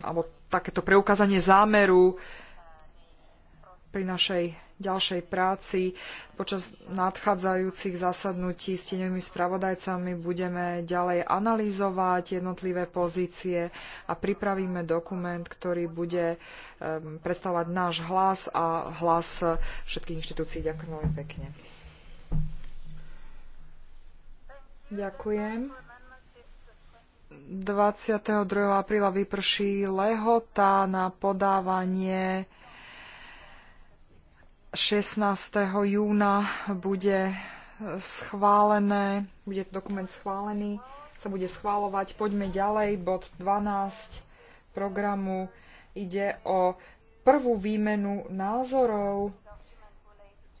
alebo takéto preukázanie zámeru pri našej ďalšej práci. Počas nadchádzajúcich zasadnutí s tieňovými spravodajcami budeme ďalej analyzovať jednotlivé pozície a pripravíme dokument, ktorý bude predstavovať náš hlas a hlas všetkých inštitúcií. Ďakujem veľmi pekne. Ďakujem. 22. apríla vyprší lehota na podávanie 16. júna bude schválené, bude dokument schválený, sa bude schválovať. Poďme ďalej, bod 12 programu ide o prvú výmenu názorov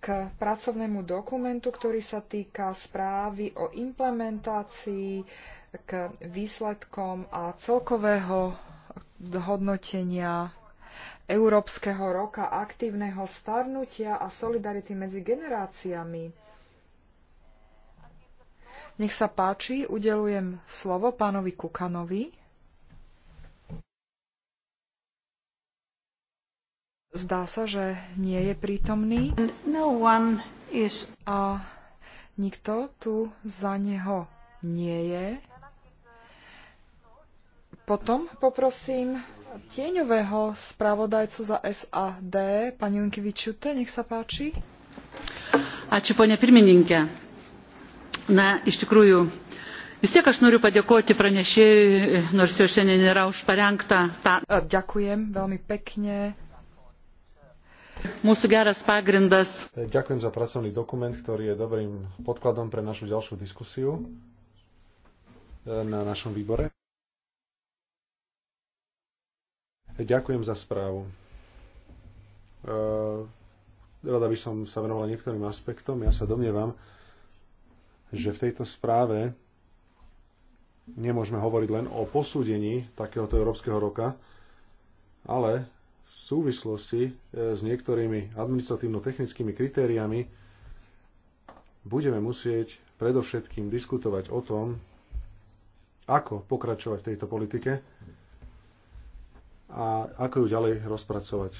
k pracovnému dokumentu, ktorý sa týka správy o implementácii k výsledkom a celkového hodnotenia Európskeho roka aktívneho starnutia a solidarity medzi generáciami. Nech sa páči, udelujem slovo pánovi Kukanovi. Zdá sa, že nie je prítomný. No one is... A nikto tu za neho nie je. Potom poprosím tieňového spravodajcu za SAD, pani Linkevičute, nech sa páči. Ačiū, ponia pirmininke, Na, iš tikrųjų, vis tiek aš noriu padėkoti pranešėjui, nors jo šiandien nėra už parengtą tą. E, ďakujem veľmi pekne. Mūsų geras pagrindas. E, ďakujem za pracovný dokument, ktorý je dobrým podkladom pre našu ďalšiu diskusiu e, na našom výbore. Ďakujem za správu. E, rada by som sa venovala niektorým aspektom. Ja sa domnievam, že v tejto správe nemôžeme hovoriť len o posúdení takéhoto Európskeho roka, ale v súvislosti e, s niektorými administratívno-technickými kritériami budeme musieť predovšetkým diskutovať o tom, ako pokračovať v tejto politike a ako ju ďalej rozpracovať.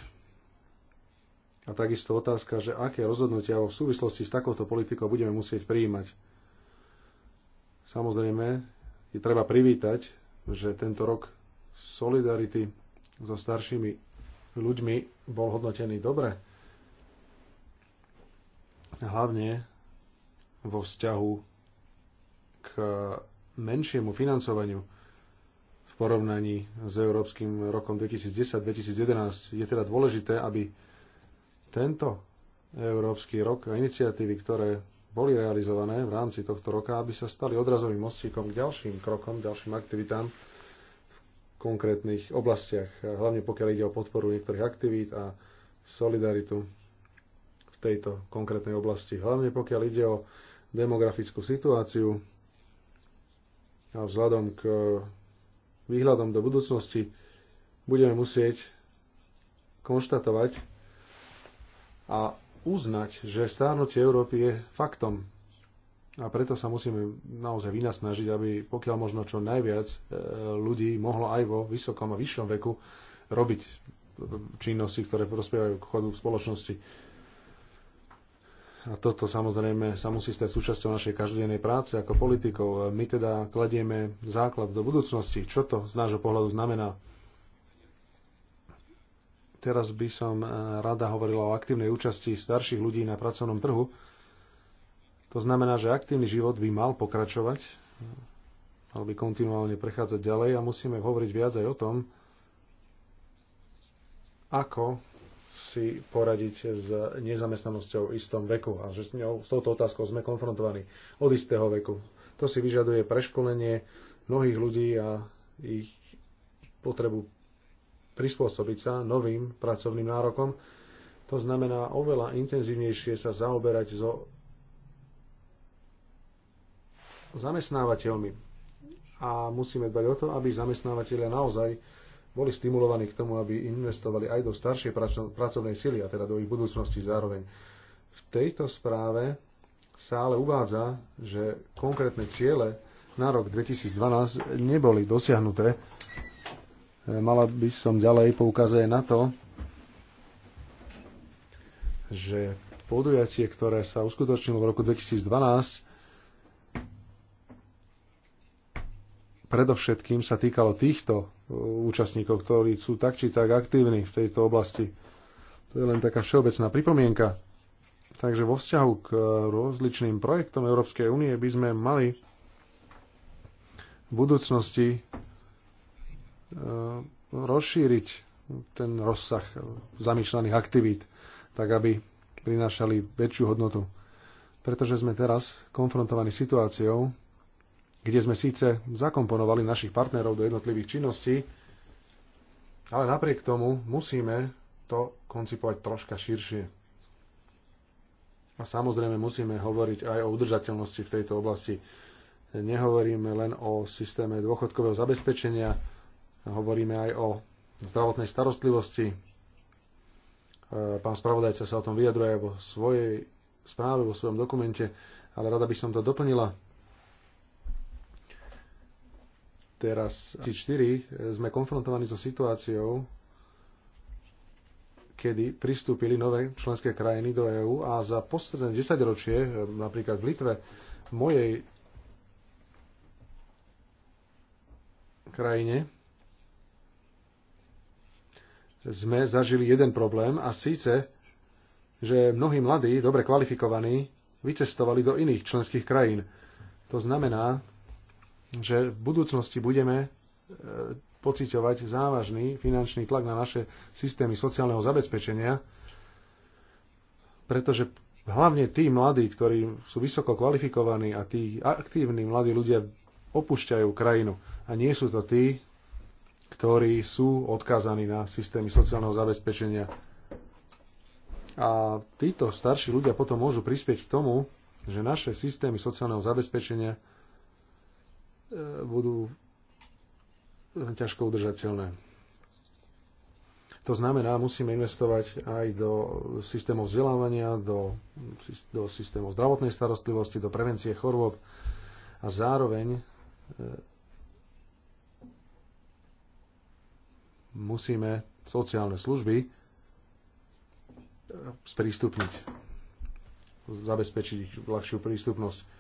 A takisto otázka, že aké rozhodnutia v súvislosti s takouto politikou budeme musieť prijímať. Samozrejme, je treba privítať, že tento rok solidarity so staršími ľuďmi bol hodnotený dobre. Hlavne vo vzťahu k menšiemu financovaniu porovnaní s Európskym rokom 2010-2011. Je teda dôležité, aby tento Európsky rok a iniciatívy, ktoré boli realizované v rámci tohto roka, aby sa stali odrazovým mostíkom k ďalším krokom, ďalším aktivitám v konkrétnych oblastiach, hlavne pokiaľ ide o podporu niektorých aktivít a solidaritu v tejto konkrétnej oblasti. Hlavne pokiaľ ide o demografickú situáciu a vzhľadom k výhľadom do budúcnosti budeme musieť konštatovať a uznať, že stárnutie Európy je faktom. A preto sa musíme naozaj vynasnažiť, aby pokiaľ možno čo najviac e, ľudí mohlo aj vo vysokom a vyššom veku robiť činnosti, ktoré prospievajú k chodu v spoločnosti. A toto samozrejme sa musí stať súčasťou našej každodennej práce ako politikov. My teda kladieme základ do budúcnosti. Čo to z nášho pohľadu znamená? Teraz by som e, rada hovorila o aktívnej účasti starších ľudí na pracovnom trhu. To znamená, že aktívny život by mal pokračovať, mal by kontinuálne prechádzať ďalej a musíme hovoriť viac aj o tom, ako si poradiť s nezamestnanosťou v istom veku a že s, ňou, s touto otázkou sme konfrontovaní od istého veku. To si vyžaduje preškolenie mnohých ľudí a ich potrebu prispôsobiť sa novým pracovným nárokom. To znamená oveľa intenzívnejšie sa zaoberať so zamestnávateľmi. A musíme dbať o to, aby zamestnávateľia naozaj boli stimulovaní k tomu, aby investovali aj do staršej pracovnej sily, a teda do ich budúcnosti zároveň. V tejto správe sa ale uvádza, že konkrétne ciele na rok 2012 neboli dosiahnuté. E, mala by som ďalej poukázať na to, že podujatie, ktoré sa uskutočnilo v roku 2012, predovšetkým sa týkalo týchto účastníkov, ktorí sú tak či tak aktívni v tejto oblasti. To je len taká všeobecná pripomienka. Takže vo vzťahu k rozličným projektom Európskej únie by sme mali v budúcnosti e, rozšíriť ten rozsah zamýšľaných aktivít, tak aby prinášali väčšiu hodnotu. Pretože sme teraz konfrontovaní situáciou, kde sme síce zakomponovali našich partnerov do jednotlivých činností, ale napriek tomu musíme to koncipovať troška širšie. A samozrejme musíme hovoriť aj o udržateľnosti v tejto oblasti. Nehovoríme len o systéme dôchodkového zabezpečenia, hovoríme aj o zdravotnej starostlivosti. E, pán spravodajca sa o tom vyjadruje vo svojej správe, vo svojom dokumente, ale rada by som to doplnila. teraz 2004 sme konfrontovaní so situáciou, kedy pristúpili nové členské krajiny do EÚ a za posledné 10 ročie, napríklad v Litve, v mojej krajine, sme zažili jeden problém a síce, že mnohí mladí, dobre kvalifikovaní, vycestovali do iných členských krajín. To znamená, že v budúcnosti budeme e, pociťovať závažný finančný tlak na naše systémy sociálneho zabezpečenia, pretože hlavne tí mladí, ktorí sú vysoko kvalifikovaní a tí aktívni mladí ľudia opúšťajú krajinu a nie sú to tí, ktorí sú odkázaní na systémy sociálneho zabezpečenia. A títo starší ľudia potom môžu prispieť k tomu, že naše systémy sociálneho zabezpečenia E, budú ťažko udržateľné. To znamená, musíme investovať aj do systémov vzdelávania, do, do systémov zdravotnej starostlivosti, do prevencie chorôb a zároveň e, musíme sociálne služby e, sprístupniť, zabezpečiť ľahšiu prístupnosť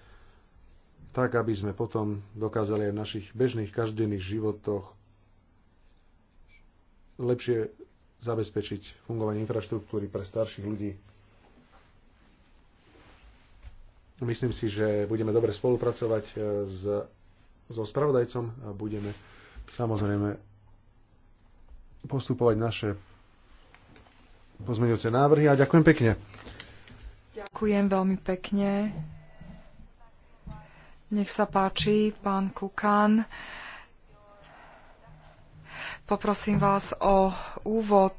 tak aby sme potom dokázali aj v našich bežných každodenných životoch lepšie zabezpečiť fungovanie infraštruktúry pre starších ľudí. Myslím si, že budeme dobre spolupracovať e, s, so spravodajcom a budeme samozrejme postupovať naše pozmeňujúce návrhy a ďakujem pekne. Ďakujem veľmi pekne. Nech sa páči, pán Kukan. Poprosím vás o úvod.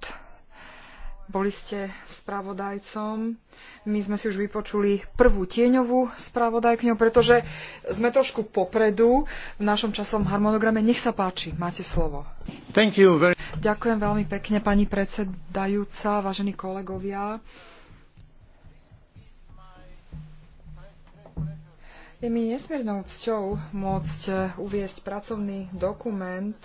Boli ste spravodajcom. My sme si už vypočuli prvú tieňovú spravodajkňu, pretože sme trošku popredu v našom časom harmonograme. Nech sa páči, máte slovo. Thank you very... Ďakujem veľmi pekne, pani predsedajúca, vážení kolegovia. Je mi nesmiernou cťou môcť e, uviesť pracovný dokument,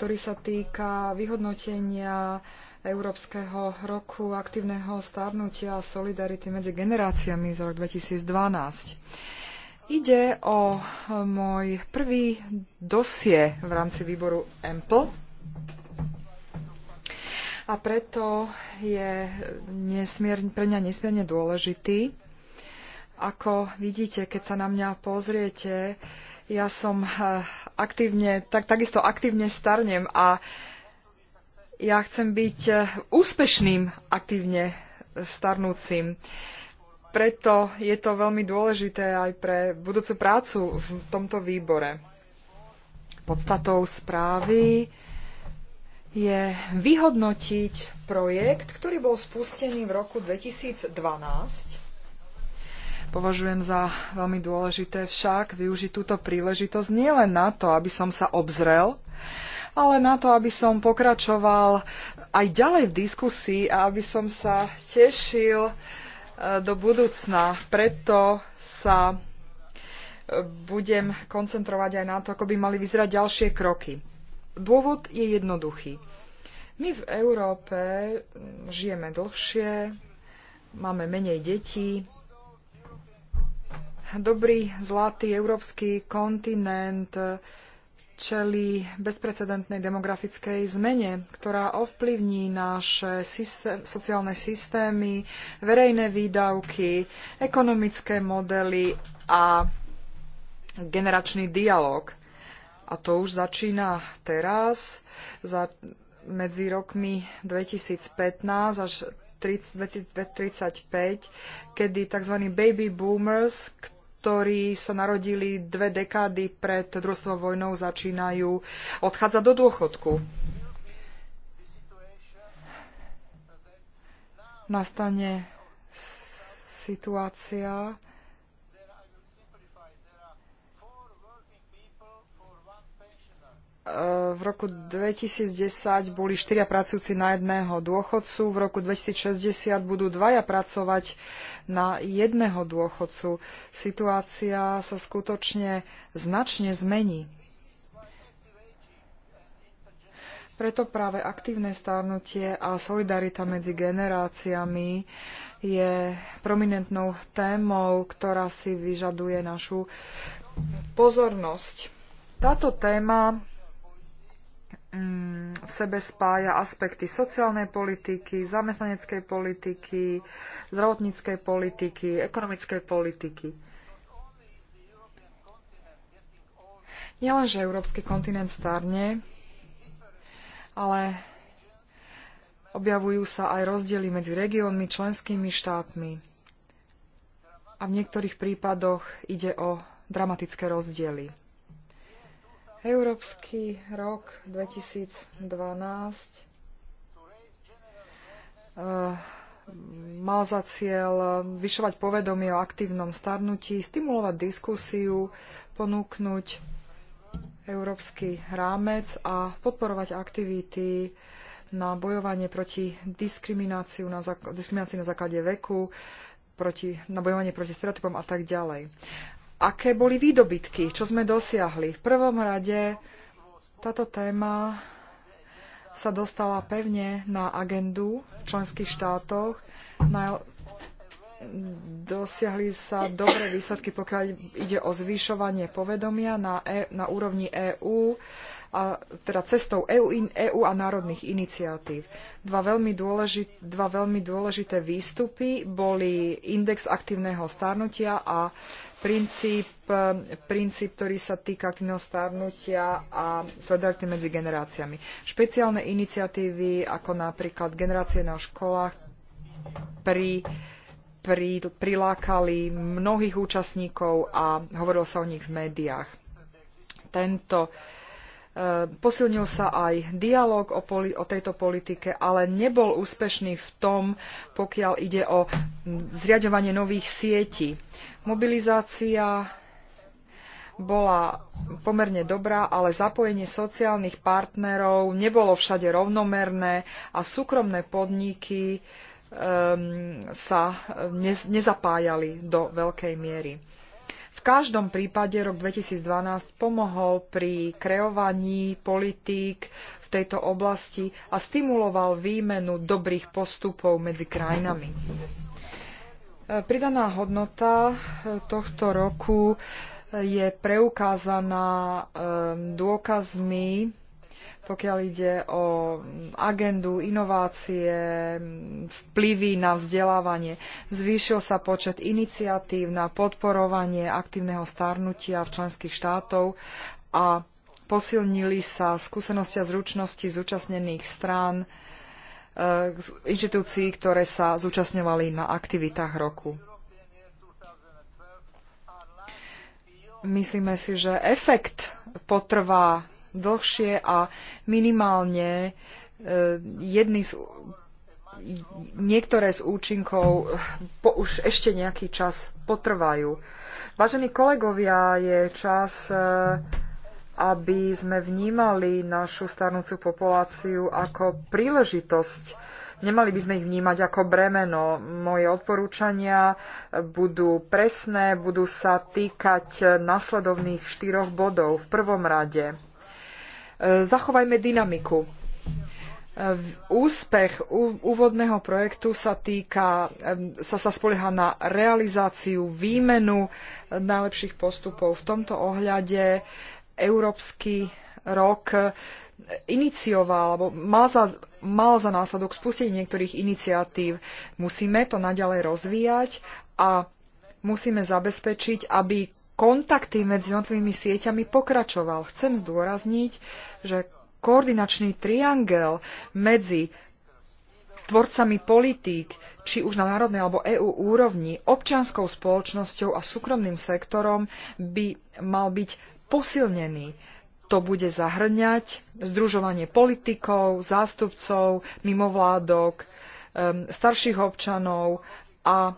ktorý sa týka vyhodnotenia Európskeho roku aktívneho starnutia a solidarity medzi generáciami za rok 2012. Ide o e, môj prvý dosie v rámci výboru EMPL a preto je nesmierne, pre mňa nesmierne dôležitý ako vidíte, keď sa na mňa pozriete, ja som eh, aktívne, tak, takisto aktívne starnem a ja chcem byť eh, úspešným aktívne starnúcim. Preto je to veľmi dôležité aj pre budúcu prácu v tomto výbore. Podstatou správy je vyhodnotiť projekt, ktorý bol spustený v roku 2012 Považujem za veľmi dôležité však využiť túto príležitosť nielen na to, aby som sa obzrel, ale na to, aby som pokračoval aj ďalej v diskusii a aby som sa tešil e, do budúcna. Preto sa e, budem koncentrovať aj na to, ako by mali vyzerať ďalšie kroky. Dôvod je jednoduchý. My v Európe mm, žijeme dlhšie, máme menej detí, dobrý, zlatý európsky kontinent čelí bezprecedentnej demografickej zmene, ktorá ovplyvní naše systém, sociálne systémy, verejné výdavky, ekonomické modely a generačný dialog. A to už začína teraz, za, medzi rokmi 2015 až 30, 2035, kedy tzv. baby boomers, ktorí ktorí sa narodili dve dekády pred druhou vojnou, začínajú odchádzať do dôchodku. Nastane situácia, Eh, v roku 2010 boli štyria pracujúci na jedného dôchodcu, v roku 2060 budú dvaja pracovať na jedného dôchodcu. Situácia sa skutočne značne zmení. Preto práve aktívne starnutie a solidarita medzi generáciami je prominentnou témou, ktorá si vyžaduje našu pozornosť. Táto téma Mm, v sebe spája aspekty sociálnej politiky, zamestnaneckej politiky, zdravotníckej politiky, ekonomickej politiky. Nielenže európsky kontinent starne, ale objavujú sa aj rozdiely medzi regiónmi, členskými štátmi. A v niektorých prípadoch ide o dramatické rozdiely. Európsky rok 2012 eh, mal za cieľ vyšovať povedomie o aktívnom starnutí, stimulovať diskusiu, ponúknuť európsky rámec a podporovať aktivity na bojovanie proti diskriminácii na, diskriminácii na základe veku, proti, na bojovanie proti stereotypom a tak ďalej aké boli výdobytky, čo sme dosiahli. V prvom rade táto téma sa dostala pevne na agendu v členských štátoch. Na, dosiahli sa dobré výsledky, pokiaľ ide o zvyšovanie povedomia na, e, na úrovni EÚ, a, teda cestou EU, in, EU a národných iniciatív. Dva veľmi, dôležit, dva veľmi dôležité výstupy boli index aktívneho starnutia a Eh, princíp, ktorý sa týka aktívneho starnutia a solidarity medzi generáciami. Špeciálne iniciatívy ako napríklad generácie na školách pri, pri, prilákali mnohých účastníkov a hovorilo sa o nich v médiách. Tento eh, posilnil sa aj dialóg o, o, tejto politike, ale nebol úspešný v tom, pokiaľ ide o zriadovanie nových sietí. Mobilizácia bola pomerne dobrá, ale zapojenie sociálnych partnerov nebolo všade rovnomerné a súkromné podniky um, sa ehm, ne, nezapájali do veľkej miery. V každom prípade rok 2012 pomohol pri kreovaní politík v tejto oblasti a stimuloval výmenu dobrých postupov medzi krajinami. Pridaná hodnota eh, tohto roku eh, je preukázaná eh, dôkazmi, pokiaľ ide o mm, agendu, inovácie, mm, vplyvy na vzdelávanie. Zvýšil sa počet iniciatív na podporovanie aktívneho starnutia v členských štátov a posilnili sa skúsenosti a zručnosti zúčastnených strán E, inštitúcií, ktoré sa zúčastňovali na aktivitách roku. Myslíme si, že efekt potrvá dlhšie a minimálne e, jedny z, niektoré z účinkov po, už ešte nejaký čas potrvajú. Vážení kolegovia, je čas e, aby sme vnímali našu starnúcu populáciu ako príležitosť. Nemali by sme ich vnímať ako bremeno. Moje odporúčania budú presné, budú sa týkať nasledovných štyroch bodov. V prvom rade e, zachovajme dynamiku. E, úspech úvodného projektu sa týka, e, sa, sa spolieha na realizáciu, výmenu najlepších postupov. V tomto ohľade Európsky rok inicioval, alebo mal za, mal za následok spustiť niektorých iniciatív. Musíme to naďalej rozvíjať a musíme zabezpečiť, aby kontakty medzi jednotlivými sieťami pokračoval. Chcem zdôrazniť, že koordinačný triangel medzi tvorcami politík, či už na národnej alebo EÚ úrovni, občianskou spoločnosťou a súkromným sektorom by mal byť posilnený. To bude zahrňať združovanie politikov, zástupcov, mimovládok, um, starších občanov a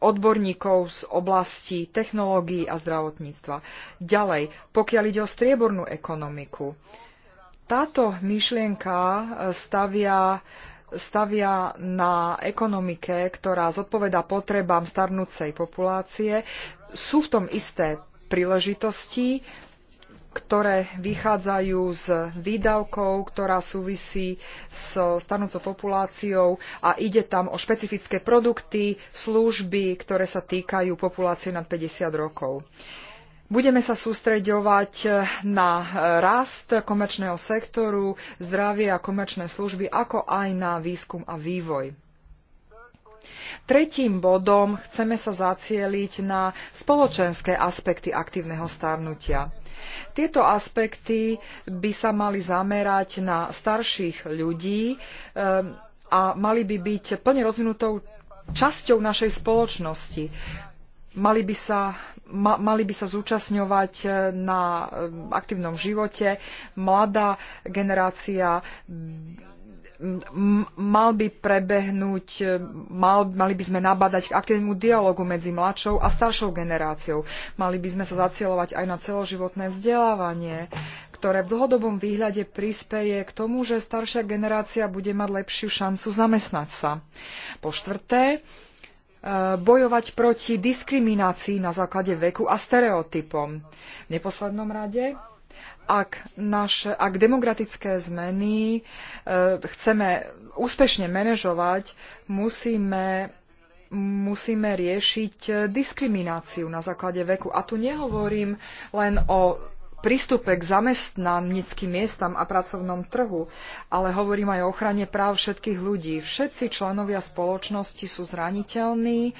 odborníkov z oblasti technológií a zdravotníctva. Ďalej, pokiaľ ide o striebornú ekonomiku, táto myšlienka eh, stavia stavia na ekonomike, ktorá zodpoveda potrebám starnúcej populácie. Sú v tom isté príležitostí, ktoré vychádzajú z výdavkov, ktorá súvisí s starnúcou populáciou a ide tam o špecifické produkty, služby, ktoré sa týkajú populácie nad 50 rokov. Budeme sa sústreďovať na rast komerčného sektoru, zdravie a komerčné služby, ako aj na výskum a vývoj. Tretím bodom chceme sa zacieliť na spoločenské aspekty aktívneho starnutia. Tieto aspekty by sa mali zamerať na starších ľudí ehm, a mali by byť plne rozvinutou časťou našej spoločnosti. Mali by, sa, ma, mali by sa zúčastňovať e, na e, aktívnom živote. Mladá generácia mal by prebehnúť, mal, mali by sme nabadať k aktívnemu dialogu medzi mladšou a staršou generáciou. Mali by sme sa zacielovať aj na celoživotné vzdelávanie, ktoré v dlhodobom výhľade prispeje k tomu, že staršia generácia bude mať lepšiu šancu zamestnať sa. Po štvrté, e, bojovať proti diskriminácii na základe veku a stereotypom. V neposlednom rade ak, naše, ak demokratické zmeny e, chceme úspešne manažovať, musíme, musíme riešiť eh, diskrimináciu na základe veku. A tu nehovorím len o prístupe k zamestnanickým miestam a pracovnom trhu, ale hovorím aj o ochrane práv všetkých ľudí. Všetci členovia spoločnosti sú zraniteľní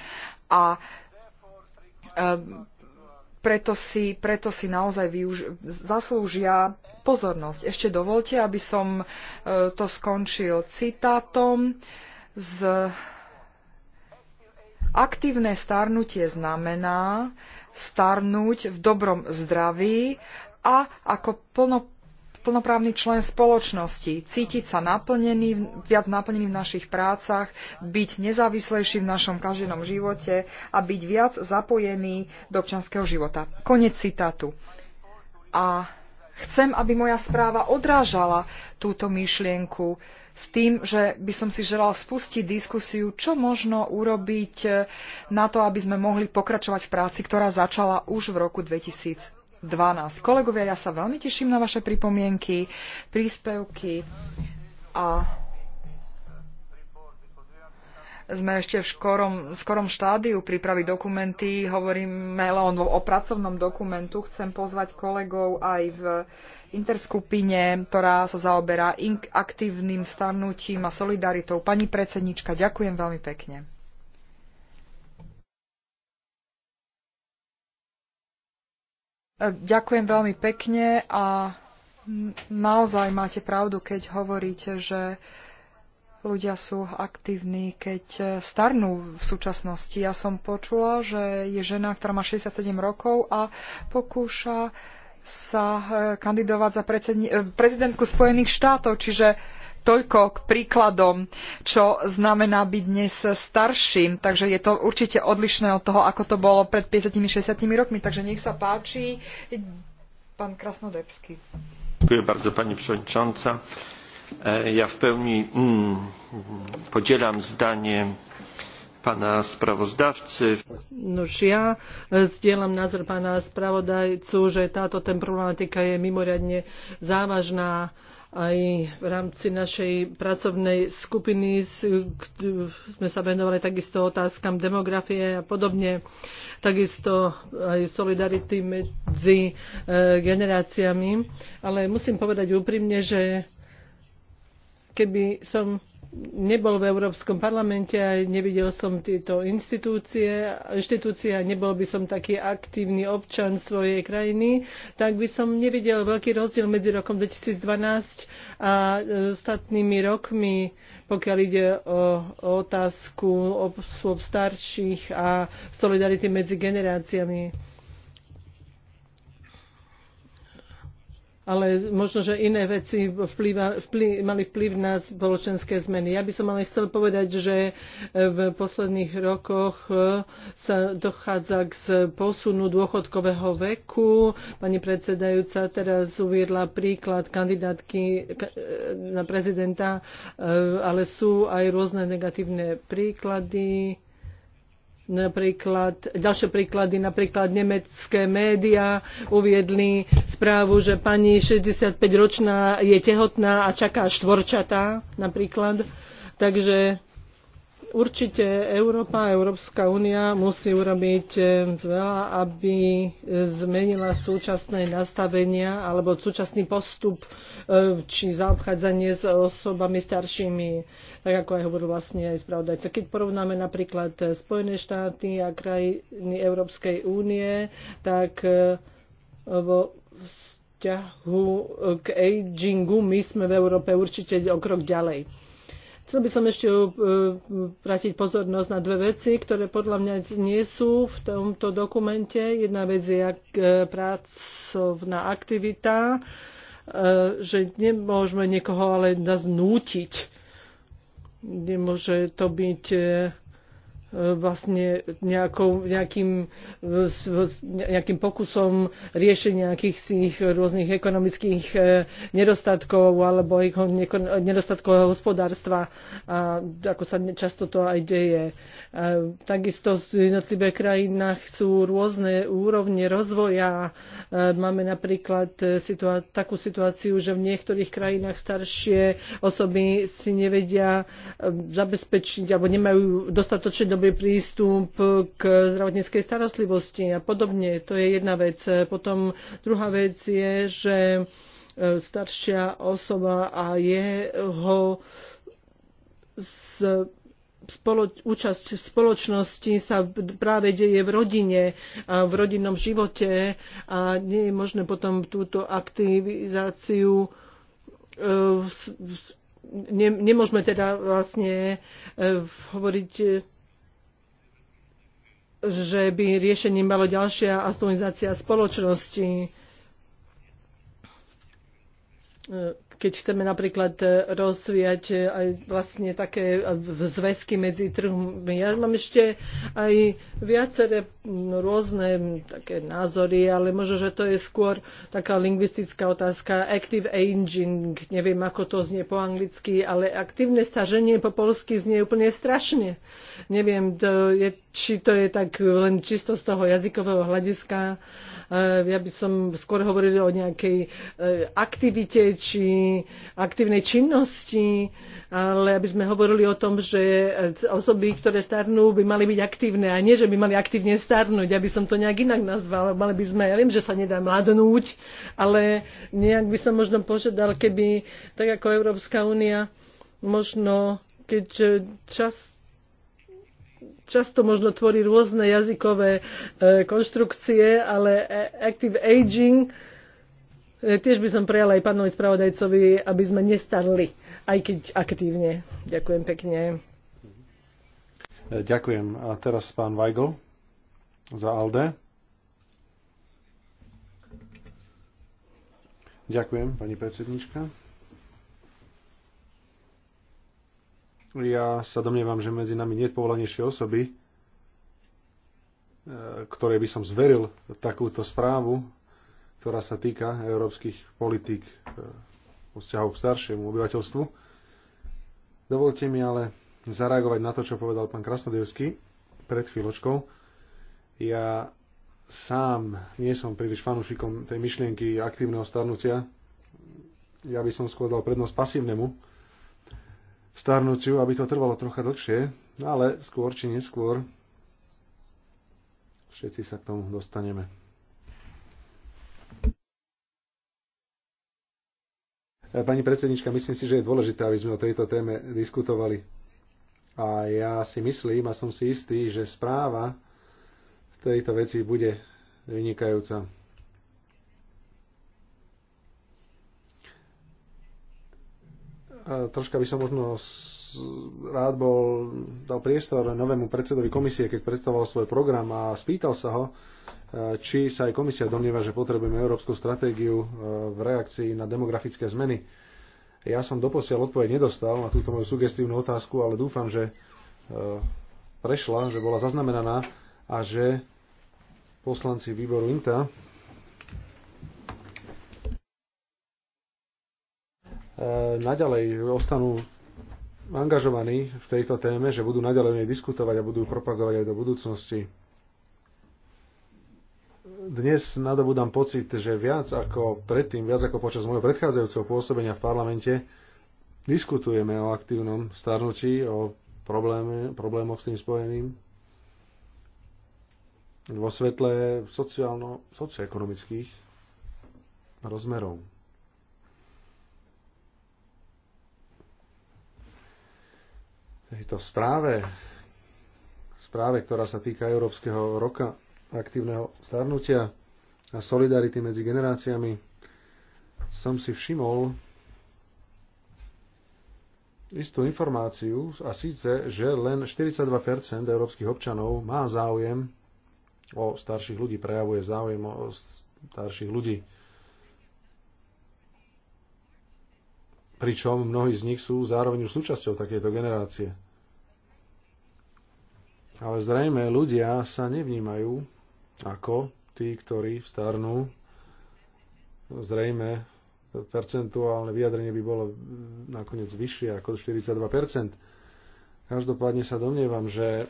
a eh, preto si, preto si naozaj využ- zaslúžia pozornosť. Ešte dovolte, aby som e, to skončil citátom z Aktívne starnutie znamená starnúť v dobrom zdraví a ako plno plnoprávny člen spoločnosti, cítiť sa naplnený, viac naplnený v našich prácach, byť nezávislejší v našom každenom živote a byť viac zapojený do občanského života. Konec citátu. A chcem, aby moja správa odrážala túto myšlienku s tým, že by som si želal spustiť diskusiu, čo možno urobiť na to, aby sme mohli pokračovať v práci, ktorá začala už v roku 2000. 12. Kolegovia, ja sa veľmi teším na vaše pripomienky, príspevky a sme ešte v škorom, skorom štádiu prípravy dokumenty. Hovoríme len o pracovnom dokumentu. Chcem pozvať kolegov aj v interskupine, ktorá sa zaoberá aktívnym starnutím a solidaritou. Pani predsednička, ďakujem veľmi pekne. E, ďakujem veľmi pekne a naozaj máte pravdu, keď hovoríte, že ľudia sú aktívni, keď e, starnú v súčasnosti. Ja som počula, že je žena, ktorá má 67 rokov a pokúša sa e, kandidovať za prezidentku Spojených štátov, čiže Toľko k príkladom, čo znamená byť dnes starším. Takže je to určite odlišné od toho, ako to bolo pred 50-60 rokmi. Takže nech sa páči, pán Krasnodebský. Dziękuję bardzo pani przewodnicząca. E, ja w pełni mm, podzielam zdanie pana sprawozdawcy. No, ja e, zdieľam názor pána spravodajcu, že táto ten problematika je mimoriadne závažná aj v rámci našej pracovnej skupiny sme sa venovali takisto otázkam demografie a podobne, takisto aj solidarity medzi e, generáciami. Ale musím povedať úprimne, že keby som nebol v Európskom parlamente a nevidel som tieto inštitúcie, inštitúcie a nebol by som taký aktívny občan svojej krajiny, tak by som nevidel veľký rozdiel medzi rokom 2012 a e, ostatnými rokmi, pokiaľ ide o, o otázku osôb starších a solidarity medzi generáciami ale možno, že iné veci vplýva, vplý, mali vplyv na spoločenské zmeny. Ja by som ale chcel povedať, že e, v posledných rokoch e, sa dochádza k posunu dôchodkového veku. Pani predsedajúca teraz uviedla príklad kandidátky e, na prezidenta, ale sú aj rôzne negatívne príklady Napríklad, ďalšie príklady, napríklad nemecké médiá uviedli správu, že pani 65-ročná je tehotná a čaká štvorčatá napríklad. Takže Určite Európa, Európska únia musí urobiť eh, veľa, aby eh, zmenila súčasné nastavenia alebo súčasný postup eh, či zaobchádzanie s osobami staršími, tak ako aj hovoril vlastne aj spravodajca. Keď porovnáme napríklad Spojené štáty a krajiny Európskej únie, tak vo vzťahu k agingu my sme v Európe určite o krok ďalej Chcel by som ešte e, vrátiť pozornosť na dve veci, ktoré podľa mňa nie sú v tomto dokumente. Jedna vec je e, pracovná aktivita, e, že nemôžeme niekoho ale nás nútiť. Nemôže to byť E, vlastne nejakou, nejakým, e, nejakým pokusom riešenia akýchsi rôznych ekonomických e, nedostatkov alebo nedostatkov hospodárstva, a ako sa často to aj deje. Takisto takisto jednotlivé krajinách sú rôzne úrovne rozvoja. Máme napríklad situá- takú situáciu, že v niektorých krajinách staršie osoby si nevedia zabezpečiť alebo nemajú dostatočne spôsoby prístup k zdravotníckej starostlivosti a podobne. To je jedna vec. Potom druhá vec je, že e, staršia osoba a jeho z spolo, účasť v spoločnosti sa práve deje v rodine a v rodinnom živote a nie je možné potom túto aktivizáciu e, ne, nemôžeme teda vlastne e, hovoriť že by riešením malo ďalšia atomizácia spoločnosti. E, keď chceme napríklad e, rozvíjať e, aj vlastne také e, zväzky medzi trhmi. Ja mám ešte aj viaceré rôzne také názory, ale možno, že to je skôr taká lingvistická otázka. Active aging, neviem, ako to znie po anglicky, ale aktívne staženie po polsky znie úplne strašne. Neviem, to je, či to je tak len čisto z toho jazykového hľadiska. Ja by som skôr hovorila o nejakej aktivite či aktívnej, činnosti, ale aby sme hovorili o tom, že osoby, ktoré starnú, by mali byť aktívne a nie, že by mali aktívne starnúť. Ja by som to nejak inak nazval. Mali by sme, ja viem, že sa nedá mladnúť, ale nejak by som možno požiadal, keby tak ako Európska únia možno, keďže čas často možno tvorí rôzne jazykové e, konštrukcie, ale e, active aging E, tiež by som prijala aj pánovi spravodajcovi, aby sme nestarli, aj keď aktívne. Ďakujem pekne. E, ďakujem. A teraz pán Weigl za ALDE. Ďakujem, pani predsednička. Ja sa domnievam, že medzi nami nie je povolanejšie osoby, e, ktoré by som zveril takúto správu ktorá sa týka európskych politík e, o vzťahu k staršiemu obyvateľstvu. Dovolte mi ale zareagovať na to, čo povedal pán Krasnodevský pred chvíľočkou. Ja sám nie som príliš fanúšikom tej myšlienky aktívneho starnutia. Ja by som skôr dal prednosť pasívnemu starnutiu, aby to trvalo trocha dlhšie, ale skôr či neskôr všetci sa k tomu dostaneme. E, pani predsednička, myslím si, že je dôležité, aby sme o tejto téme diskutovali. A ja si myslím a som si istý, že správa v tejto veci bude vynikajúca. A troška by som možno rád bol, dal priestor novému predsedovi komisie, keď predstavoval svoj program a spýtal sa ho, eh, či sa aj komisia domnieva, že potrebujeme európsku stratégiu eh, v reakcii na demografické zmeny. Ja som doposiaľ odpoveď nedostal na túto moju sugestívnu otázku, ale dúfam, že eh, prešla, že bola zaznamenaná a že poslanci výboru INTA naďalej ostanú angažovaní v tejto téme, že budú naďalej o nej diskutovať a budú propagovať aj do budúcnosti. Dnes nadobudám pocit, že viac ako predtým, viac ako počas môjho predchádzajúceho pôsobenia v parlamente, diskutujeme o aktívnom starnutí, o probléme, problémoch s tým spojeným vo svetle sociálno-socioekonomických rozmerov. tejto správe, správe, ktorá sa týka Európskeho roka aktívneho starnutia a solidarity medzi generáciami, som si všimol istú informáciu a síce, že len 42% európskych občanov má záujem o starších ľudí, prejavuje záujem o starších ľudí. pričom mnohí z nich sú zároveň už súčasťou takejto generácie. Ale zrejme ľudia sa nevnímajú ako tí, ktorí starnú. Zrejme percentuálne vyjadrenie by bolo nakoniec vyššie ako 42%. Každopádne sa domnievam, že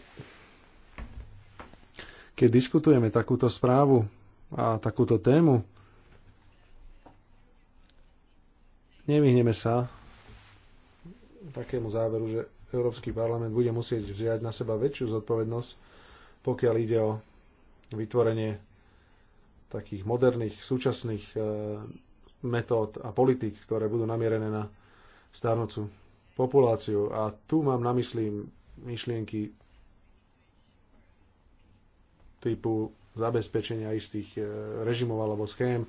keď diskutujeme takúto správu a takúto tému, Nevyhneme sa takému záveru, že Európsky parlament bude musieť vziať na seba väčšiu zodpovednosť, pokiaľ ide o vytvorenie takých moderných, súčasných e, metód a politik, ktoré budú namierené na starnúcu populáciu. A tu mám na mysli myšlienky typu zabezpečenia istých e, režimov alebo schém e,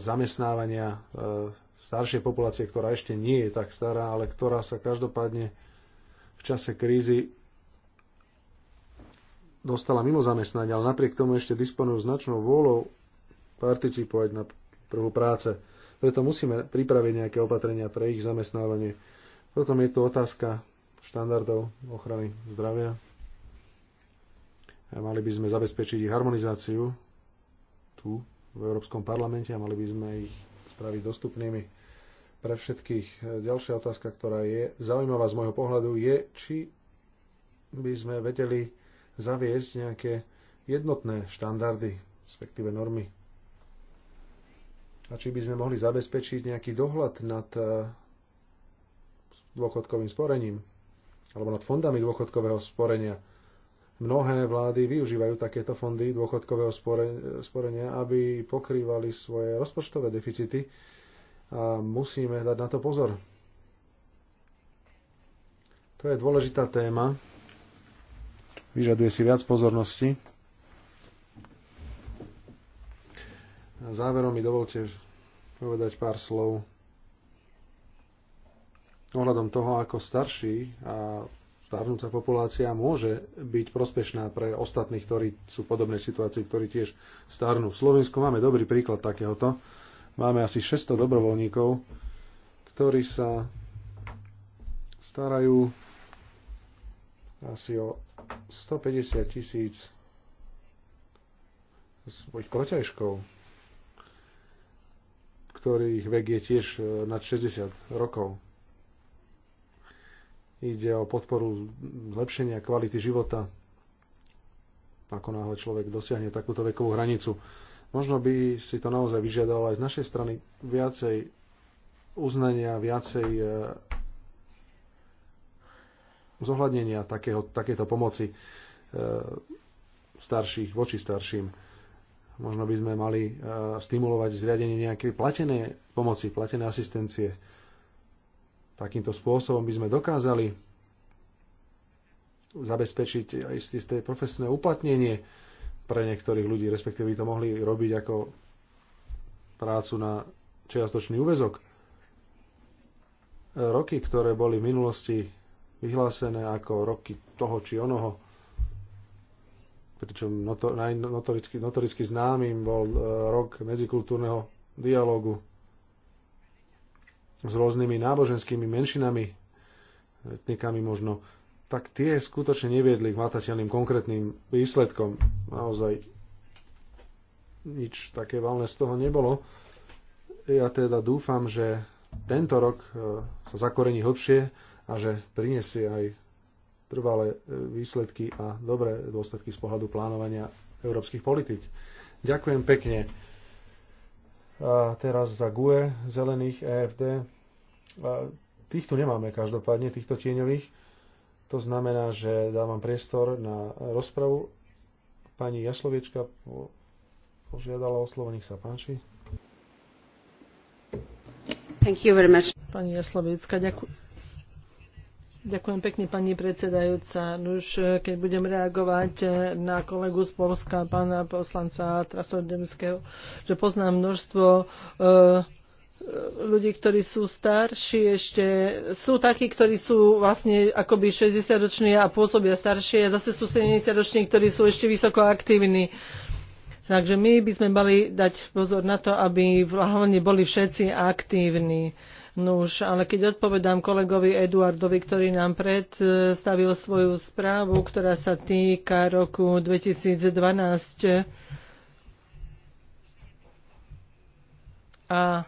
zamestnávania staršej populácie, ktorá ešte nie je tak stará, ale ktorá sa každopádne v čase krízy dostala mimo zamestnania, ale napriek tomu ešte disponujú značnou vôľou participovať na prvú práce. Preto musíme pripraviť nejaké opatrenia pre ich zamestnávanie. Potom je tu otázka štandardov ochrany zdravia. A mali by sme zabezpečiť ich harmonizáciu tu v Európskom parlamente a mali by sme ich spraviť dostupnými pre všetkých. Ďalšia otázka, ktorá je zaujímavá z môjho pohľadu, je, či by sme vedeli zaviesť nejaké jednotné štandardy, respektíve normy. A či by sme mohli zabezpečiť nejaký dohľad nad eh, dôchodkovým sporením alebo nad fondami dôchodkového sporenia Mnohé vlády využívajú takéto fondy dôchodkového sporenia, aby pokrývali svoje rozpočtové deficity a musíme dať na to pozor. To je dôležitá téma. Vyžaduje si viac pozornosti. A záverom mi dovolte povedať pár slov ohľadom toho, ako starší a starnúca populácia môže byť prospešná pre ostatných, ktorí sú v podobnej situácii, ktorí tiež starnú. V Slovensku máme dobrý príklad takéhoto. Máme asi 600 dobrovoľníkov, ktorí sa starajú asi o 150 tisíc svojich protiažkov, ktorých vek je tiež eh, nad 60 rokov Ide o podporu zlepšenia kvality života, ako náhle človek dosiahne takúto vekovú hranicu. Možno by si to naozaj vyžiadalo aj z našej strany viacej uznania, viacej e, zohľadnenia takého, takéto pomoci e, starších, voči starším. Možno by sme mali e, stimulovať zriadenie nejakej platenej pomoci, platenej asistencie, Takýmto spôsobom by sme dokázali zabezpečiť aj isté profesné uplatnenie pre niektorých ľudí, respektíve by to mohli robiť ako prácu na čiastočný úvezok. Roky, ktoré boli v minulosti vyhlásené ako roky toho či onoho, pričom noto, notoricky známym bol e, rok medzikultúrneho dialógu s rôznymi náboženskými menšinami, etnikami možno, tak tie skutočne neviedli k matateľným konkrétnym výsledkom. Naozaj nič také valné z toho nebolo. Ja teda dúfam, že tento rok e, sa zakorení hlbšie a že prinesie aj trvalé e, výsledky a dobré dôsledky z pohľadu plánovania európskych politik. Ďakujem pekne a teraz za GUE, zelených, EFD. A nemáme každopádne, týchto tieňových. To znamená, že dávam priestor na rozpravu. Pani Jasloviečka požiadala o slovo, nech sa páči. Thank you very much. Pani Jasloviecka, ďakujem. Ďakujem pekne, pani predsedajúca. Už keď budem reagovať eh, na kolegu z Polska, pána poslanca Trasodemského, že poznám množstvo e, ľudí, ktorí sú starší ešte, sú takí, ktorí sú vlastne akoby 60-roční a pôsobia staršie a zase sú 70-roční, ktorí sú ešte vysoko aktívni. Takže my by sme mali dať pozor na to, aby hlavne boli všetci aktívni. Nuž, ale keď odpovedám kolegovi Eduardovi, ktorý nám predstavil svoju správu, ktorá sa týka roku 2012 a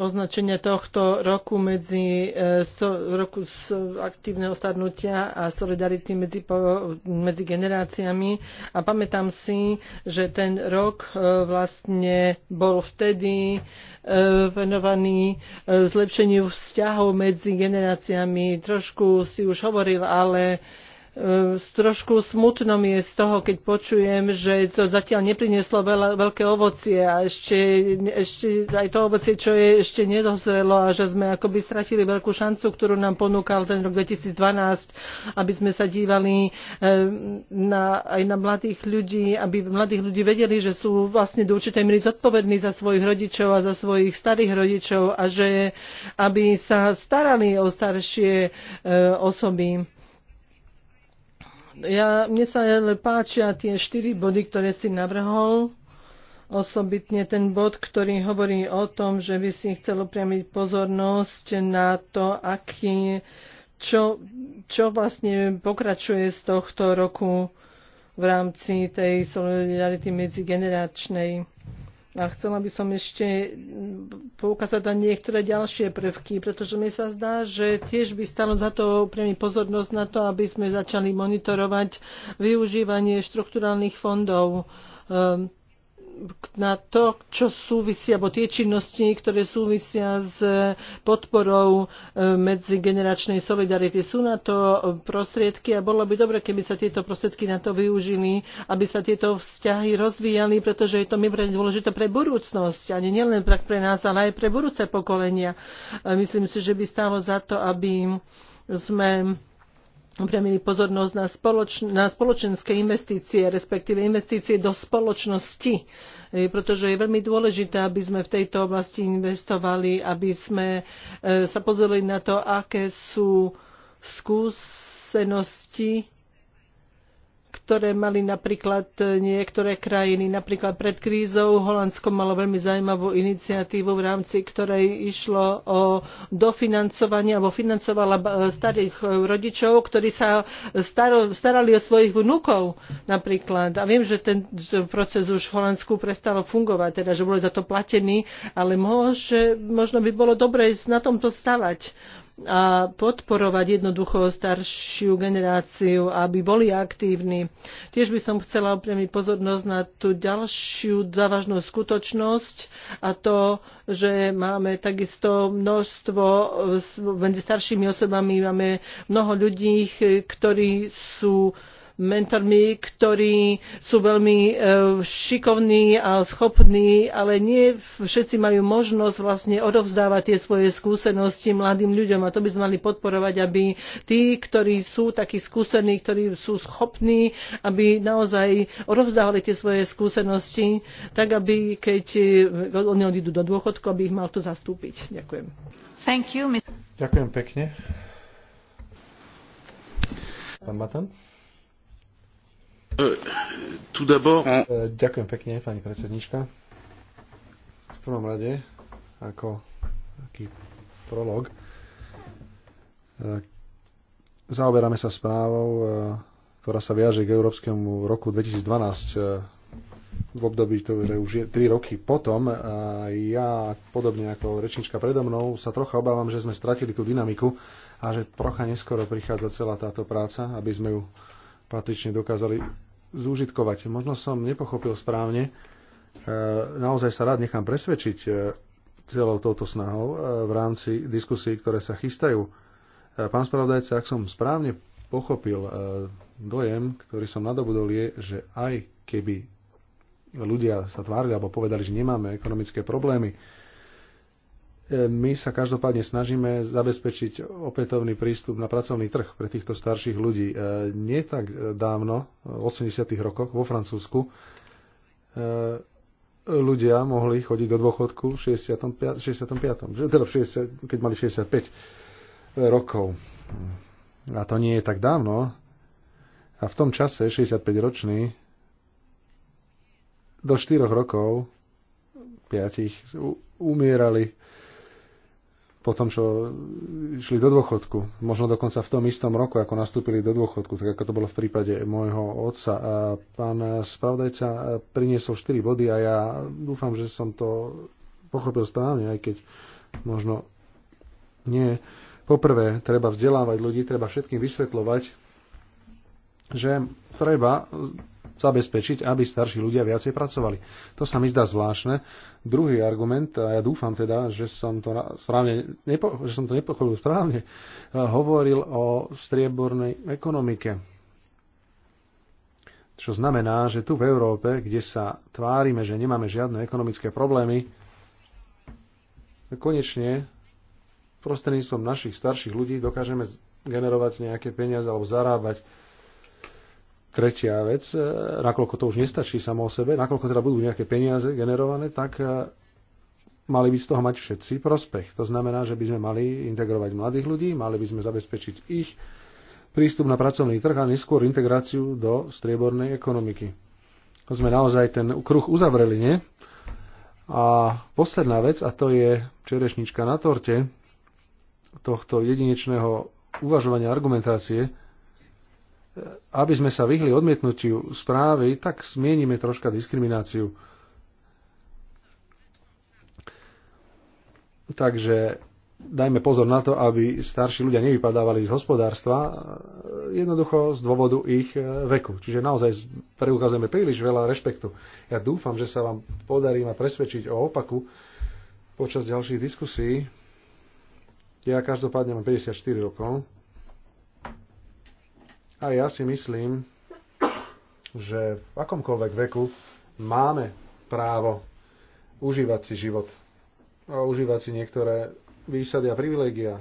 označenia tohto roku medzi e, so, roku so, aktívneho starnutia a solidarity medzi, po, medzi generáciami. A pamätám si, že ten rok e, vlastne bol vtedy e, venovaný zlepšeniu vzťahov medzi generáciami. Trošku si už hovoril, ale trošku smutno mi je z toho, keď počujem, že to zatiaľ neprineslo veľa, veľké ovocie a ešte, ešte aj to ovocie, čo je ešte nedozrelo a že sme akoby stratili veľkú šancu, ktorú nám ponúkal ten rok 2012, aby sme sa dívali e, na, aj na mladých ľudí, aby mladých ľudí vedeli, že sú vlastne do určitej miery zodpovední za svojich rodičov a za svojich starých rodičov a že aby sa starali o staršie e, osoby ja, mne sa páčia tie štyri body, ktoré si navrhol osobitne ten bod, ktorý hovorí o tom, že by si chcel upriamiť pozornosť na to, aký, čo, čo vlastne pokračuje z tohto roku v rámci tej solidarity medzigeneračnej. A chcela by som ešte poukázať na niektoré ďalšie prvky, pretože mi sa zdá, že tiež by stalo za to premi pozornosť na to, aby sme začali monitorovať využívanie štrukturálnych fondov. Um, na to, čo súvisia, alebo tie činnosti, ktoré súvisia s e, podporou e, medzigeneračnej solidarity. Sú na to prostriedky a bolo by dobre, keby sa tieto prostriedky na to využili, aby sa tieto vzťahy rozvíjali, pretože je to mimoriadne dôležité pre budúcnosť, ani nielen pre nás, ale aj pre budúce pokolenia. E, myslím si, že by stálo za to, aby sme upriamili pozornosť na, spoloč, na spoločenské investície, respektíve investície do spoločnosti, e, pretože je veľmi dôležité, aby sme v tejto oblasti investovali, aby sme e, sa pozreli na to, aké sú skúsenosti ktoré mali napríklad e, niektoré krajiny. Napríklad pred krízou Holandsko malo veľmi zaujímavú iniciatívu, v rámci ktorej išlo o dofinancovanie, alebo financovala e, starých e, rodičov, ktorí sa starali o svojich vnúkov napríklad. A viem, že ten proces už v Holandsku prestalo fungovať, teda že boli za to platení, ale možno by bolo dobre na tomto stavať a podporovať jednoducho staršiu generáciu, aby boli aktívni. Tiež by som chcela upriamiť pozornosť na tú ďalšiu závažnú skutočnosť a to, že máme takisto množstvo, medzi staršími osobami máme mnoho ľudí, ktorí sú mentormi, ktorí sú veľmi e, šikovní a schopní, ale nie všetci majú možnosť vlastne odovzdávať tie svoje skúsenosti mladým ľuďom a to by sme mali podporovať, aby tí, ktorí sú takí skúsení, ktorí sú schopní, aby naozaj odovzdávali tie svoje skúsenosti, tak aby keď e, oni odídu do dôchodku, aby ich mal tu zastúpiť. Ďakujem. Thank you, Ďakujem pekne. Pán Matan? Euh, eh, ďakujem pekne, pani predsednička. V prvom rade, ako taký prolog, eh, zaoberáme sa správou, eh, ktorá sa viaže k Európskemu roku 2012 v období, ktoré už je 3 roky potom. A ja, podobne ako rečnička predo mnou, sa trocha obávam, že sme stratili tú dynamiku a že trocha neskoro prichádza celá táto práca, aby sme ju patrične dokázali zúžitkovať. Možno som nepochopil správne. E, naozaj sa rád nechám presvedčiť e, celou touto snahou e, v rámci diskusí, ktoré sa chystajú. Pán spravodajca, ak som správne pochopil dojem, ktorý som nadobudol, je, že aj keby ľudia sa tvárili alebo povedali, že nemáme ekonomické problémy, my sa každopádne snažíme zabezpečiť opätovný prístup na pracovný trh pre týchto starších ľudí. E, nie tak dávno, v 80. rokoch vo Francúzsku, e, ľudia mohli chodiť do dôchodku v 65. 65 teda v 60, keď mali 65 e, rokov. A to nie je tak dávno. A v tom čase 65-ročný do 4 rokov 5 umierali po tom, čo išli do dôchodku, možno dokonca v tom istom roku, ako nastúpili do dôchodku, tak ako to bolo v prípade môjho otca. A pán spravodajca priniesol 4 body a ja dúfam, že som to pochopil správne, aj keď možno nie. Poprvé, treba vzdelávať ľudí, treba všetkým vysvetľovať, že treba zabezpečiť, aby starší ľudia viacej pracovali. To sa mi zdá zvláštne. Druhý argument, a ja dúfam teda, že som to správne, nepo, že som to nepochopil správne, hovoril o striebornej ekonomike. Čo znamená, že tu v Európe, kde sa tvárime, že nemáme žiadne ekonomické problémy, konečne prostredníctvom našich starších ľudí dokážeme generovať nejaké peniaze alebo zarábať Tretia vec, e, nakoľko to už nestačí samo o sebe, nakoľko teda budú nejaké peniaze generované, tak e, mali by z toho mať všetci prospech. To znamená, že by sme mali integrovať mladých ľudí, mali by sme zabezpečiť ich prístup na pracovný trh a neskôr integráciu do striebornej ekonomiky. To sme naozaj ten kruh uzavreli, nie? A posledná vec, a to je čerešnička na torte tohto jedinečného uvažovania argumentácie, aby sme sa vyhli odmietnutiu správy, tak zmienime troška diskrimináciu. Takže dajme pozor na to, aby starší ľudia nevypadávali z hospodárstva jednoducho z dôvodu ich e, veku. Čiže naozaj preukazujeme príliš veľa rešpektu. Ja dúfam, že sa vám podarí ma presvedčiť o opaku počas ďalších diskusí. Ja každopádne mám 54 rokov. A ja si myslím, že v akomkoľvek veku máme právo užívať si život a užívať si niektoré výsady a privilégia.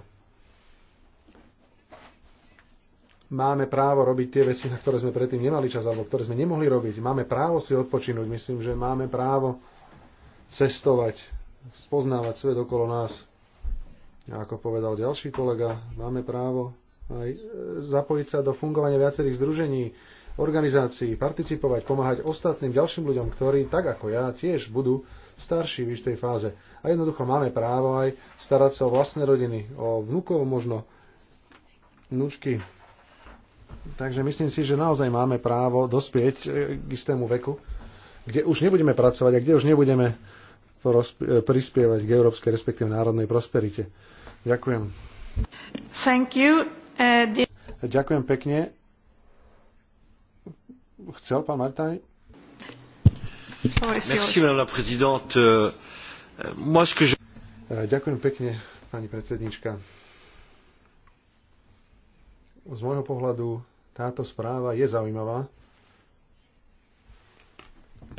Máme právo robiť tie veci, na ktoré sme predtým nemali čas alebo ktoré sme nemohli robiť. Máme právo si odpočinúť. Myslím, že máme právo cestovať, spoznávať svet okolo nás. A ako povedal ďalší kolega, máme právo E, zapojiť sa do fungovania viacerých združení, organizácií, participovať, pomáhať ostatným ďalším ľuďom, ktorí tak ako ja tiež budú starší v istej fáze. A jednoducho máme právo aj starať sa o vlastné rodiny, o vnúkov možno, vnúčky. Takže myslím si, že naozaj máme právo dospieť e, k istému veku, kde už nebudeme pracovať a kde už nebudeme e, prispievať k európskej, respektíve národnej prosperite. Ďakujem. Thank you. Ďakujem pekne. Chcel pán Martaj? Euh, eh, ďakujem pekne, pani predsednička. Z môjho pohľadu táto správa je zaujímavá,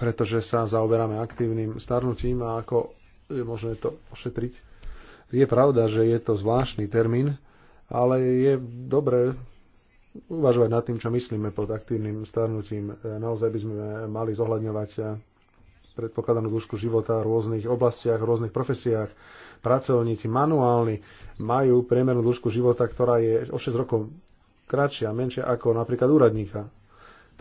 pretože sa zaoberáme aktívnym starnutím a ako je možné to ošetriť. Je pravda, že je to zvláštny termín, ale je dobré uvažovať nad tým, čo myslíme pod aktívnym starnutím. Naozaj by sme mali zohľadňovať predpokladanú dĺžku života v rôznych oblastiach, v rôznych profesiách. Pracovníci manuálni majú priemernú dĺžku života, ktorá je o 6 rokov kratšia, menšia ako napríklad úradníka.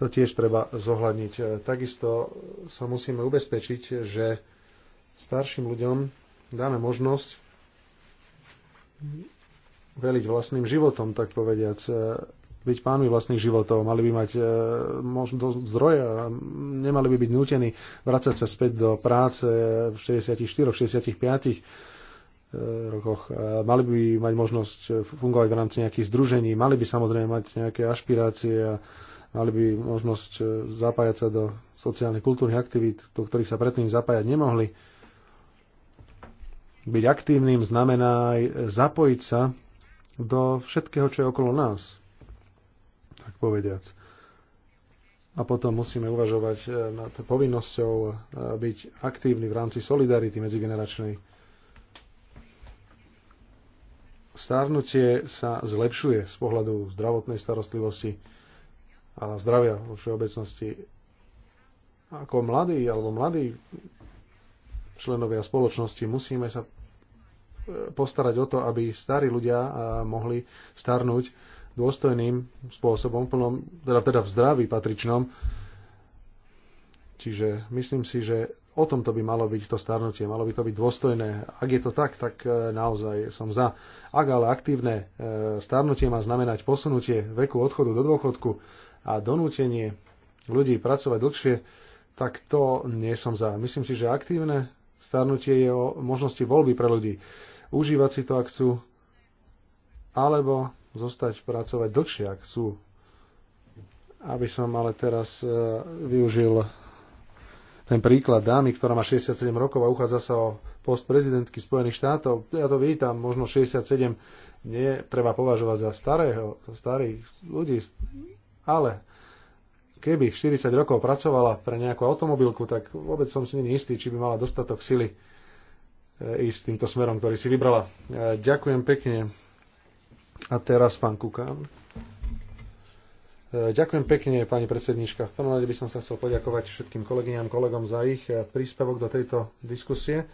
To tiež treba zohľadniť. Takisto sa musíme ubezpečiť, že starším ľuďom dáme možnosť veliť vlastným životom, tak povediať, e, byť pánmi vlastných životov, mali by mať e, možno zdroje a nemali by byť nútení vrácať sa späť do práce v 64-65 e, rokoch. Mali by mať možnosť fungovať v rámci nejakých združení, mali by samozrejme mať nejaké ašpirácie a mali by možnosť zapájať sa do sociálnych kultúrnych aktivít, do ktorých sa predtým zapájať nemohli. Byť aktívnym znamená aj zapojiť sa do všetkého, čo je okolo nás, tak povediac. A potom musíme uvažovať eh, nad povinnosťou eh, byť aktívni v rámci solidarity medzigeneračnej. Stárnutie sa zlepšuje z pohľadu zdravotnej starostlivosti a zdravia vo všeobecnosti. Ako mladí alebo mladí členovia spoločnosti musíme sa postarať o to, aby starí ľudia mohli starnúť dôstojným spôsobom, plnom, teda, teda v zdraví patričnom. Čiže myslím si, že o tom to by malo byť to starnutie, malo by to byť dôstojné. Ak je to tak, tak e, naozaj som za. Ak ale aktívne e, starnutie má znamenať posunutie veku odchodu do dôchodku a donútenie ľudí pracovať dlhšie, tak to nie som za. Myslím si, že aktívne starnutie je o možnosti voľby pre ľudí užívať si to, ak chcú, alebo zostať pracovať dlhšie, ak chcú. Aby som ale teraz e, využil ten príklad dámy, ktorá má 67 rokov a uchádza sa o post prezidentky Spojených štátov. Ja to vítam, možno 67 nie treba považovať za starého, starých ľudí, ale keby 40 rokov pracovala pre nejakú automobilku, tak vôbec som si nie istý, či by mala dostatok sily E, ísť týmto smerom, ktorý si vybrala. E, ďakujem pekne. A teraz pán Kukán. E, ďakujem pekne, pani predsednička. V prvom rade by som sa chcel poďakovať všetkým kolegyňam, kolegom za ich príspevok do tejto diskusie.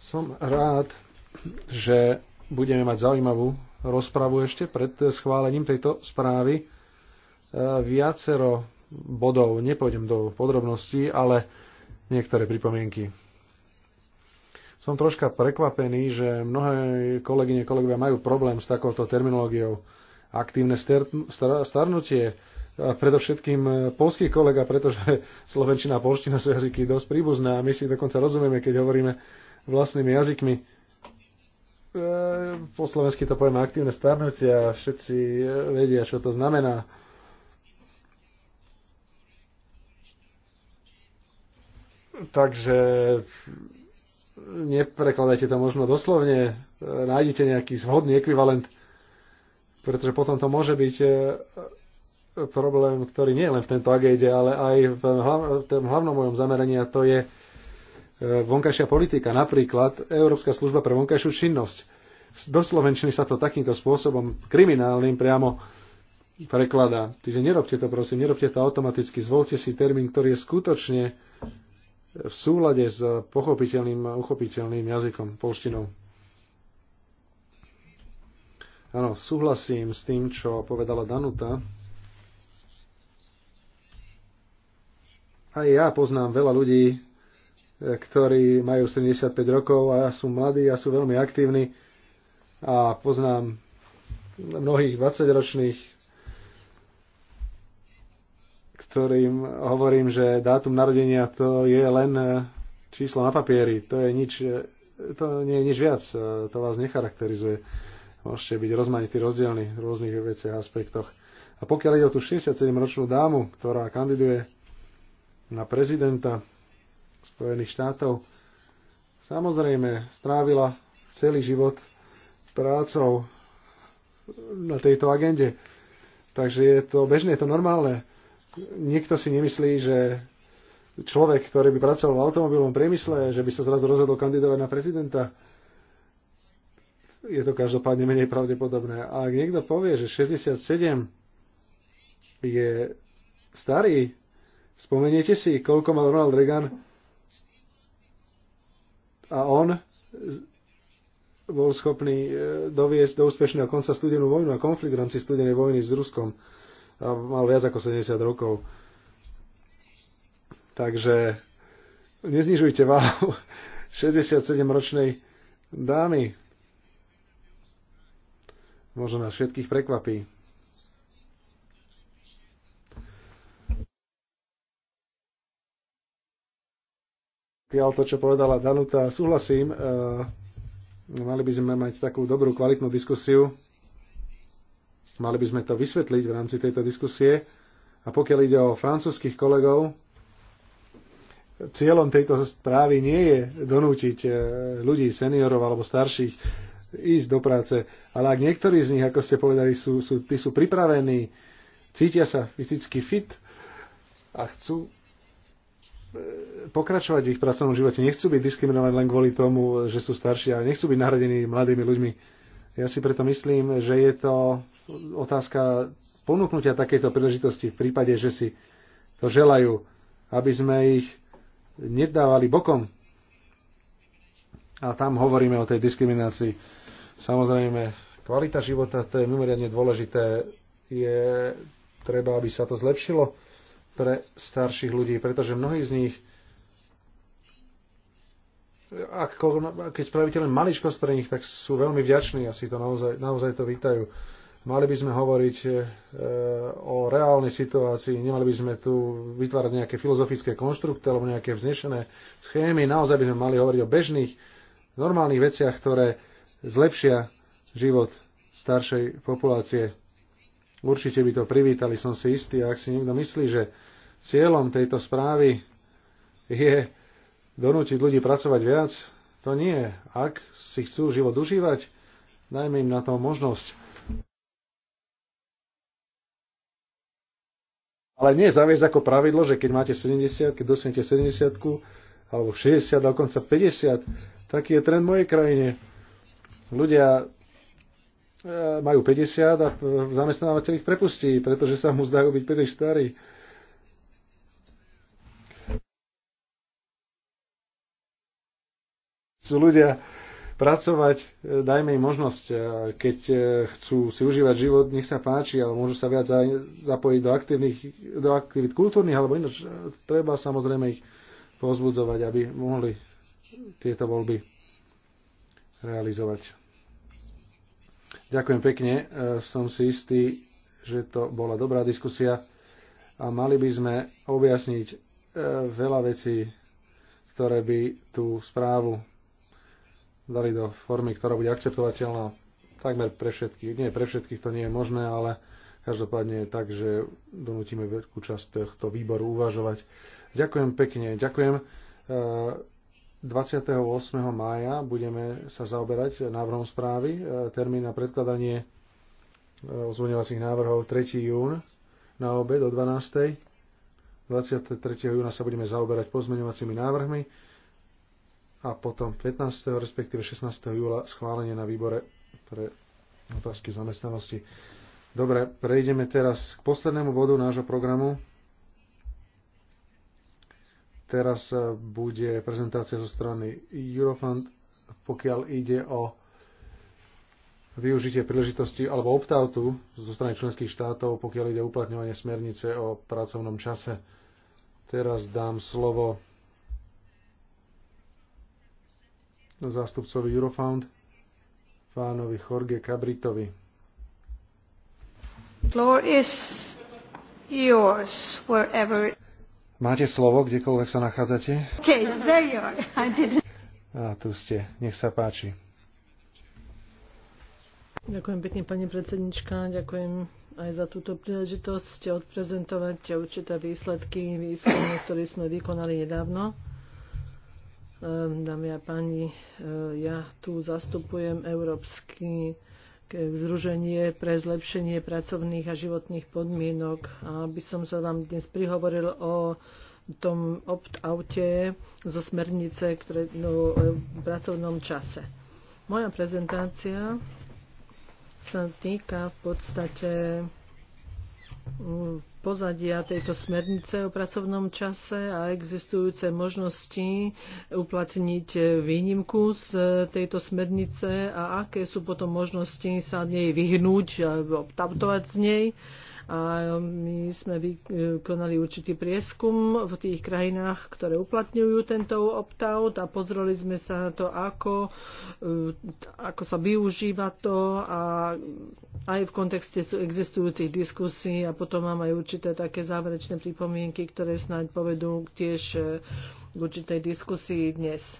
Som rád, že budeme mať zaujímavú rozpravu ešte pred schválením tejto správy. Viacero bodov, nepôjdem do podrobností, ale niektoré pripomienky. Som troška prekvapený, že mnohé kolegyne, kolegovia majú problém s takouto terminológiou. Aktívne starnutie, a predovšetkým e, polský kolega, pretože slovenčina a polština sú jazyky dosť príbuzné a my si dokonca rozumieme, keď hovoríme vlastnými jazykmi. E, po slovensky to povieme aktívne starnutie a všetci e, vedia, čo to znamená. Takže neprekladajte to možno doslovne, nájdete nejaký zhodný ekvivalent, pretože potom to môže byť e, problém, ktorý nie je len v tento agéde, ale aj v, hlav, v tom hlavnom mojom zameraní a to je e, vonkajšia politika, napríklad Európska služba pre vonkajšiu činnosť. Do Slovenčiny sa to takýmto spôsobom kriminálnym priamo prekladá. Čiže nerobte to prosím, nerobte to automaticky, zvolte si termín, ktorý je skutočne v súlade s pochopiteľným a uchopiteľným jazykom, polštinou. Áno, súhlasím s tým, čo povedala Danuta. Aj ja poznám veľa ľudí, eh, ktorí majú 75 rokov a sú mladí a sú veľmi aktívni. A poznám mnohých 20-ročných ktorým hovorím, že dátum narodenia to je len e, číslo na papieri, to je nič, e, to nie je nič viac, e, to vás necharakterizuje. Môžete byť rozmanití, rozdielni v rôznych veciach a aspektoch. A pokiaľ ide o tú 67-ročnú dámu, ktorá kandiduje na prezidenta Spojených štátov, samozrejme strávila celý život prácou na tejto agende. Takže je to bežné, je to normálne. Nikto si nemyslí, že človek, ktorý by pracoval v automobilovom priemysle, že by sa zrazu rozhodol kandidovať na prezidenta, je to každopádne menej pravdepodobné. A ak niekto povie, že 67 je starý, spomeniete si, koľko mal Ronald Reagan a on bol schopný eh, doviesť do úspešného konca studenú vojnu a konflikt v rámci studenej vojny s Ruskom mal viac ako 70 rokov. Takže neznižujte váhu 67-ročnej dámy. Možno nás všetkých prekvapí. Ja to, čo povedala Danuta, súhlasím. E, mali by sme mať takú dobrú, kvalitnú diskusiu Mali by sme to vysvetliť v rámci tejto diskusie. A pokiaľ ide o francúzských kolegov, cieľom tejto správy nie je donútiť e, ľudí, seniorov alebo starších, ísť do práce. Ale ak niektorí z nich, ako ste povedali, sú, sú, tí sú pripravení, cítia sa fyzicky fit a chcú e, pokračovať v ich pracovnom živote. Nechcú byť diskriminovaní len kvôli tomu, že sú starší a nechcú byť nahradení mladými ľuďmi. Ja si preto myslím, že je to otázka ponúknutia takejto príležitosti v prípade, že si to želajú, aby sme ich nedávali bokom. A tam hovoríme o tej diskriminácii. Samozrejme, kvalita života, to je mimoriadne dôležité. Je treba, aby sa to zlepšilo pre starších ľudí, pretože mnohí z nich ak, keď spravíte len maličkosť pre nich, tak sú veľmi vďační a si to naozaj, naozaj to vítajú. Mali by sme hovoriť e, o reálnej situácii, nemali by sme tu vytvárať nejaké filozofické konštrukty alebo nejaké vznešené schémy. Naozaj by sme mali hovoriť o bežných, normálnych veciach, ktoré zlepšia život staršej populácie. Určite by to privítali, som si istý. A ak si niekto myslí, že cieľom tejto správy je donútiť ľudí pracovať viac, to nie. Ak si chcú život užívať, dajme im na to možnosť ale nie zaviesť ako pravidlo, že keď máte 70, keď dosiahnete 70 alebo 60, dokonca 50, taký je trend v mojej krajine. Ľudia e, majú 50 a e, zamestnávateľ ich prepustí, pretože sa mu zdajú byť príliš starí. Sú ľudia, pracovať, e, dajme im možnosť, e, keď e, chcú si užívať život, nech sa páči, ale môžu sa viac zapojiť do, aktívnych, do aktivít kultúrnych, alebo ináč treba samozrejme ich pozbudzovať, aby mohli tieto voľby realizovať. Ďakujem pekne, som si istý, že to bola dobrá diskusia a mali by sme objasniť veľa vecí, ktoré by tú správu dali do formy, ktorá bude akceptovateľná takmer pre všetkých. Nie, pre všetkých to nie je možné, ale každopádne je tak, že donútime veľkú časť tohto výboru uvažovať. Ďakujem pekne, ďakujem. 28. E, mája budeme sa zaoberať návrhom správy. E, termín na predkladanie e, ozvoňovacích návrhov 3. jún na obed o 12. 23. júna sa budeme zaoberať pozmeňovacími návrhmi a potom 15. respektíve 16. júla schválenie na výbore pre otázky zamestnanosti. Dobre, prejdeme teraz k poslednému bodu nášho programu. Teraz e, bude prezentácia zo strany Eurofund, pokiaľ ide o využitie príležitosti alebo optautu zo strany členských štátov, pokiaľ ide o uplatňovanie smernice o pracovnom čase. Teraz dám slovo zástupcovi Eurofound, pánovi Jorge Cabritovi. Floor is yours, wherever... Máte slovo, kdekoľvek sa nachádzate? Okay, there you are. I didn't... A tu ste, nech sa páči. Ďakujem pekne, pani predsednička. Ďakujem aj za túto príležitosť odprezentovať určité výsledky výsledky, ktorý sme vykonali nedávno. Ehm, dámy a páni, ehm, ja tu zastupujem Európsky Združenie pre zlepšenie pracovných a životných podmienok. A som sa vám dnes prihovoril o tom opt-oute zo smernice ktoré, no, e, v pracovnom čase. Moja prezentácia sa týka v podstate pozadia tejto smernice o pracovnom čase a existujúce možnosti uplatniť výnimku z tejto smernice a aké sú potom možnosti sa nej vyhnúť a optautovať z nej a um, my sme vykonali e, určitý prieskum v tých krajinách, ktoré uplatňujú tento opt-out a pozreli sme sa na to, ako, e, ako sa využíva to a aj v kontexte existujúcich diskusí a potom mám aj určité také záverečné pripomienky, ktoré snáď povedú tiež e, k určitej diskusii dnes.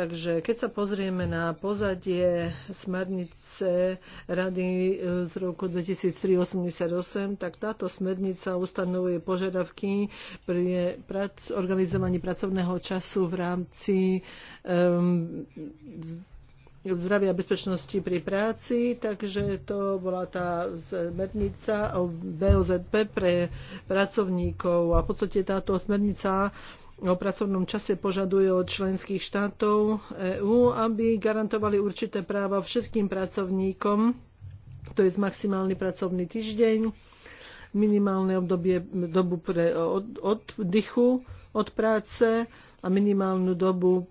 Takže keď sa pozrieme na pozadie smernice Rady z roku 2003, tak táto smernica ustanovuje požiadavky pri prac, organizovaní pracovného času v rámci um, zdravia a bezpečnosti pri práci, takže to bola tá smernica o BOZP pre pracovníkov. A v podstate táto smernica o pracovnom čase požaduje od členských štátov EÚ, aby garantovali určité práva všetkým pracovníkom, to je maximálny pracovný týždeň, minimálne obdobie, dobu pre od, oddychu od práce a minimálnu dobu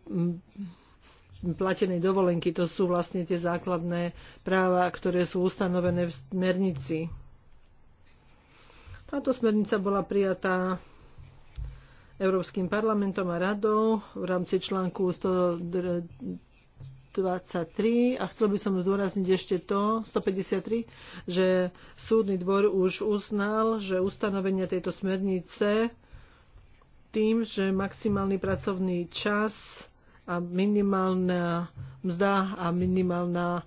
platenej dovolenky. To sú vlastne tie základné práva, ktoré sú ustanovené v smernici. Táto smernica bola prijatá Európskym parlamentom a radou v rámci článku 123 a chcel by som zdôrazniť ešte to, 153, že súdny dvor už uznal, že ustanovenia tejto smernice tým, že maximálny pracovný čas a minimálna mzda a minimálna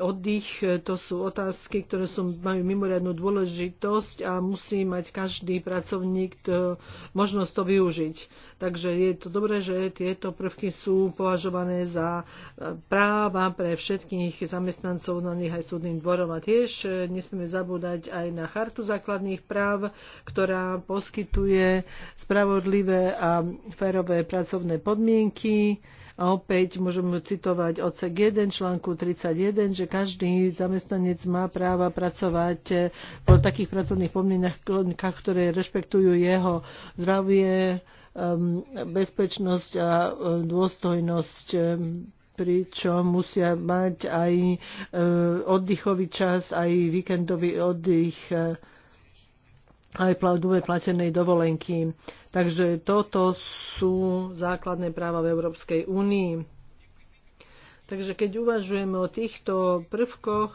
oddych, to sú otázky, ktoré sú, majú mimoriadnú dôležitosť a musí mať každý pracovník to, možnosť to využiť. Takže je to dobré, že tieto prvky sú považované za e, práva pre všetkých zamestnancov, na nich aj súdnym dvorom. A tiež e, nesmieme zabúdať aj na chartu základných práv, ktorá poskytuje spravodlivé a férové pracovné podmienky a opäť môžeme citovať odsek 1 článku 31, že každý zamestnanec má práva pracovať eh, po takých pracovných podmienkach, ktoré rešpektujú jeho zdravie, ehm, bezpečnosť a eh, dôstojnosť pričom musia mať aj eh, oddychový čas, aj víkendový oddych aj dobe platenej dovolenky. Takže toto sú základné práva v Európskej únii. Takže keď uvažujeme o týchto prvkoch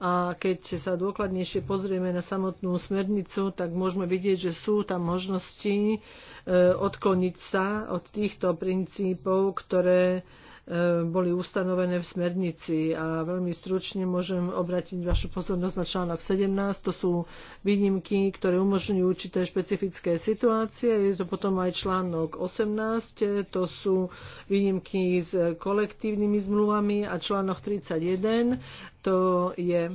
a keď sa dôkladnejšie pozrieme na samotnú smernicu, tak môžeme vidieť, že sú tam možnosti e, odkloniť sa od týchto princípov, ktoré boli ustanovené v smernici. A veľmi stručne môžem obratiť vašu pozornosť na článok 17. To sú výnimky, ktoré umožňujú určité špecifické situácie. Je to potom aj článok 18. To sú výnimky s kolektívnymi zmluvami a článok 31. To je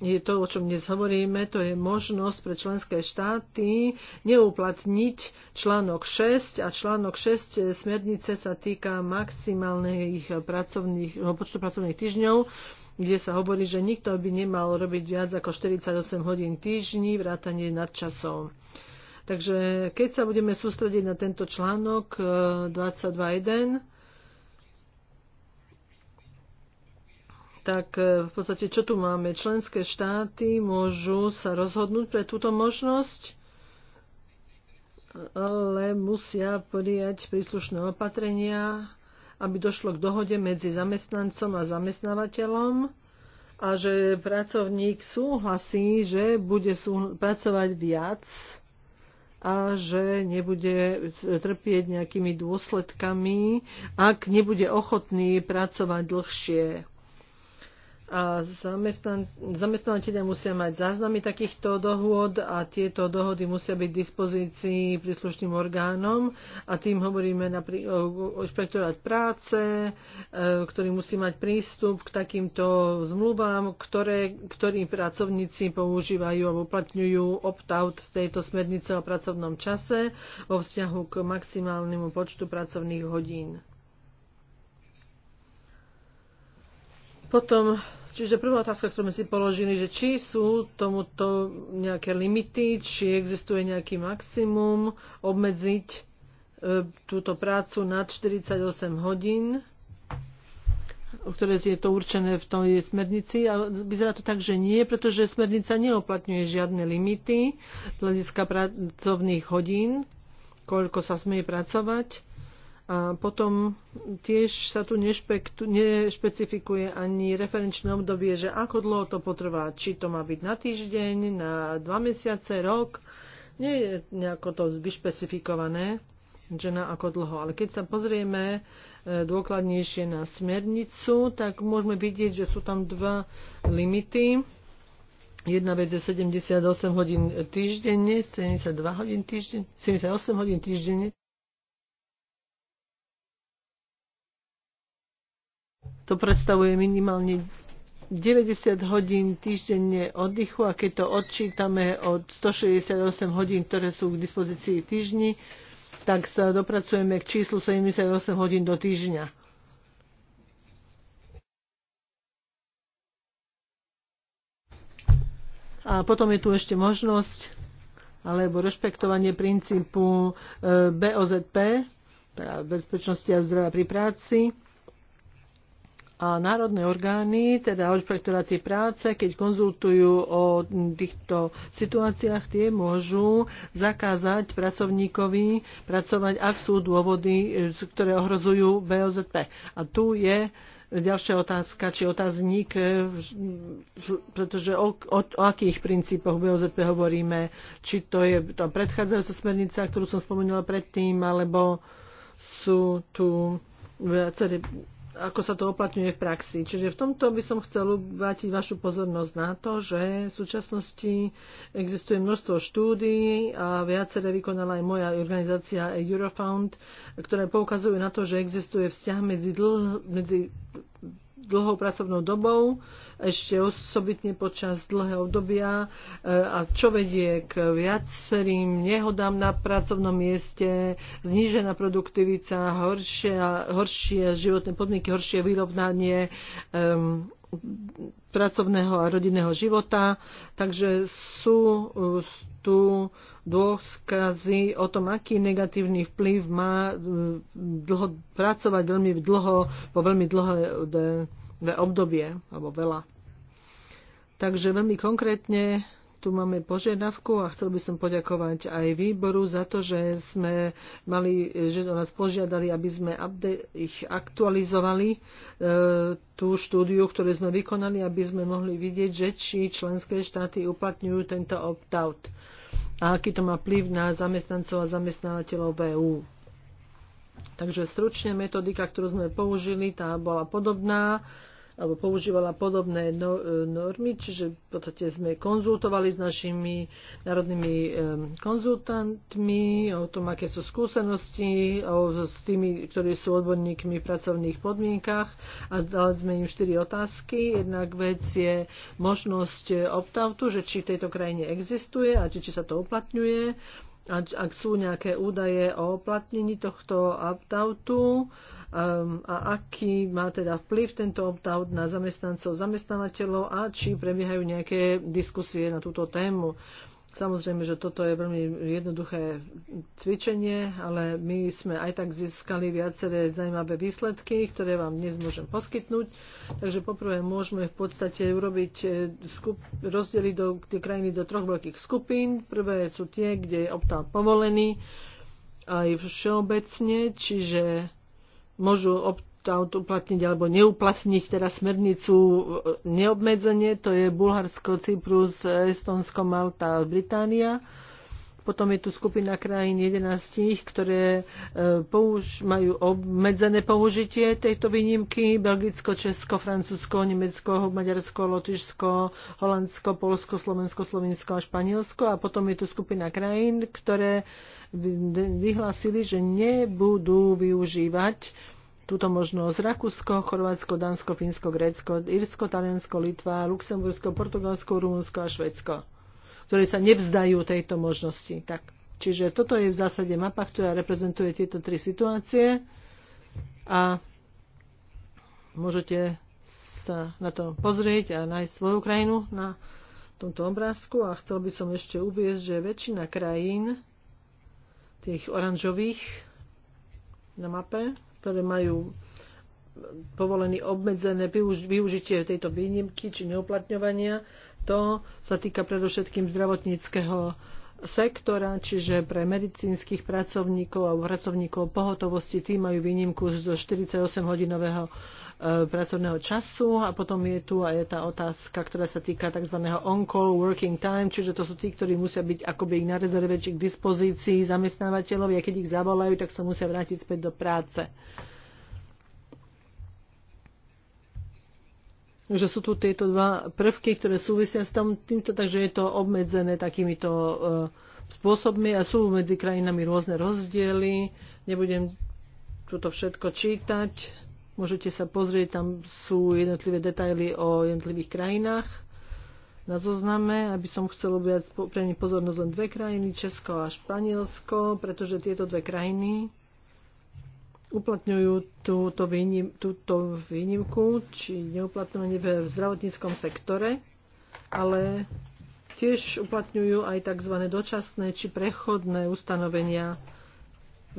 je to, o čom dnes hovoríme, to je možnosť pre členské štáty neuplatniť článok 6 a článok 6 smernice sa týka maximálnych pracovných, no, počtu pracovných týždňov, kde sa hovorí, že nikto by nemal robiť viac ako 48 hodín týždni, vrátanie nadčasov. Takže keď sa budeme sústrediť na tento článok 22.1, eh, tak e, v podstate čo tu máme? Členské štáty môžu sa rozhodnúť pre túto možnosť, ale musia prijať príslušné opatrenia, aby došlo k dohode medzi zamestnancom a zamestnávateľom a že pracovník súhlasí, že bude pracovať viac a že nebude trpieť nejakými dôsledkami, ak nebude ochotný pracovať dlhšie a zamestnan- zamestnávateľia musia mať záznamy takýchto dohôd a tieto dohody musia byť v dispozícii príslušným orgánom a tým hovoríme napri- o inšpektorát práce, e, ktorý musí mať prístup k takýmto zmluvám, ktoré, ktorí pracovníci používajú a uplatňujú opt-out z tejto smernice o pracovnom čase vo vzťahu k maximálnemu počtu pracovných hodín. Potom Čiže prvá otázka, ktorú sme si položili, že či sú tomuto nejaké limity, či existuje nejaký maximum obmedziť e, túto prácu nad 48 hodín, o ktoré je to určené v tej smernici. A vyzerá to tak, že nie, pretože smernica neoplatňuje žiadne limity z hľadiska pracovných hodín, koľko sa smie pracovať a potom tiež sa tu nešpecifikuje ani referenčné obdobie, že ako dlho to potrvá, či to má byť na týždeň, na dva mesiace, rok. Nie je nejako to vyšpecifikované, že na ako dlho. Ale keď sa pozrieme e, dôkladnejšie na smernicu, tak môžeme vidieť, že sú tam dva limity. Jedna vec je 78 hodín týždenne, 72 hodín týždenne, 78 hodín týždenne To predstavuje minimálne 90 hodín týždenne oddychu a keď to odčítame od 168 hodín, ktoré sú k dispozícii týždni, tak sa dopracujeme k číslu 78 hodín do týždňa. A potom je tu ešte možnosť alebo rešpektovanie princípu e, BOZP, bezpečnosti a zdravia pri práci a národné orgány, teda inšpektoráty práce, keď konzultujú o týchto situáciách, tie môžu zakázať pracovníkovi pracovať, ak sú dôvody, ktoré ohrozujú BOZP. A tu je ďalšia otázka, či otáznik, pretože o, o, o akých princípoch BOZP hovoríme, či to je tá predchádzajúca smernica, ktorú som spomínala predtým, alebo sú tu viaceré ako sa to oplatňuje v praxi. Čiže v tomto by som chcel vrátiť vašu pozornosť na to, že v súčasnosti existuje množstvo štúdií a viaceré vykonala aj moja organizácia Eurofound, ktoré poukazujú na to, že existuje vzťah medzi, dl- medzi dlhou pracovnou dobou, ešte osobitne počas dlhého obdobia e, a čo vedie k viacerým nehodám na pracovnom mieste, znížená produktivita, horšie, horšie životné podmienky, horšie vyrovnanie um, pracovného a rodinného života. Takže sú e, tu dôkazy o tom, aký negatívny vplyv má e, dlho, pracovať veľmi dlho, po veľmi dlhé obdobie, alebo veľa. Takže veľmi konkrétne tu máme požiadavku a chcel by som poďakovať aj výboru za to, že sme mali, že do nás požiadali, aby sme ich aktualizovali e, tú štúdiu, ktorú sme vykonali, aby sme mohli vidieť, že či členské štáty uplatňujú tento opt-out a aký to má vplyv na zamestnancov a zamestnávateľov EÚ. Takže stručne metodika, ktorú sme použili, tá bola podobná alebo používala podobné no, e, normy, čiže v podstate sme konzultovali s našimi národnými konzultantmi o tom, aké sú skúsenosti o, s tými, ktorí sú odborníkmi v pracovných podmienkach a dali sme im štyri otázky. Jednak vec je možnosť optautu, že či v tejto krajine existuje a či sa to uplatňuje ak sú nejaké údaje o oplatnení tohto opt-outu um, a aký má teda vplyv tento opt-out na zamestnancov, zamestnávateľov a či prebiehajú nejaké diskusie na túto tému. Samozrejme, že toto je veľmi jednoduché cvičenie, ale my sme aj tak získali viaceré zaujímavé výsledky, ktoré vám dnes môžem poskytnúť. Takže poprvé môžeme v podstate urobiť e, skup, rozdeliť do, tie krajiny do troch veľkých skupín. Prvé sú tie, kde je optál povolený aj všeobecne, čiže môžu opt- uplatniť alebo neuplatniť teda smernicu e, neobmedzenie, to je Bulharsko, Cyprus, Estonsko, Malta, Británia. Potom je tu skupina krajín 11, ktoré e, použ- majú obmedzené použitie tejto výnimky. Belgicko, Česko, Francúzsko, Nemecko, Maďarsko, Lotyšsko, Holandsko, Polsko, Slovensko, Slovinsko a Španielsko. A potom je tu skupina krajín, ktoré vyhlásili, že nebudú využívať túto možnosť Rakúsko, Chorvátsko, Dánsko, Fínsko, Grécko, Írsko, Taliansko, Litva, Luxembursko, Portugalsko, Rumunsko a Švedsko, ktoré sa nevzdajú tejto možnosti. Tak. Čiže toto je v zásade mapa, ktorá reprezentuje tieto tri situácie a môžete sa na to pozrieť a nájsť svoju krajinu na tomto obrázku a chcel by som ešte uviezť, že väčšina krajín tých oranžových na mape ktoré majú povolený obmedzené využitie tejto výnimky či neuplatňovania. To sa týka predovšetkým zdravotníckého sektora, čiže pre medicínskych pracovníkov a pracovníkov pohotovosti, tí majú výnimku zo 48-hodinového e, pracovného času a potom je tu aj tá otázka, ktorá sa týka tzv. on-call working time, čiže to sú tí, ktorí musia byť akoby ich na rezerve či k dispozícii zamestnávateľov a keď ich zavolajú, tak sa musia vrátiť späť do práce. Takže sú tu tieto dva prvky, ktoré súvisia s tom, týmto, takže je to obmedzené takýmito e, spôsobmi a sú medzi krajinami rôzne rozdiely. Nebudem toto všetko čítať. Môžete sa pozrieť, tam sú jednotlivé detaily o jednotlivých krajinách na zozname, aby som chcel objať pre pozornosť len dve krajiny, Česko a Španielsko, pretože tieto dve krajiny uplatňujú túto, výnim, túto výnimku či neuplatňovanie v zdravotníckom sektore, ale tiež uplatňujú aj tzv. dočasné či prechodné ustanovenia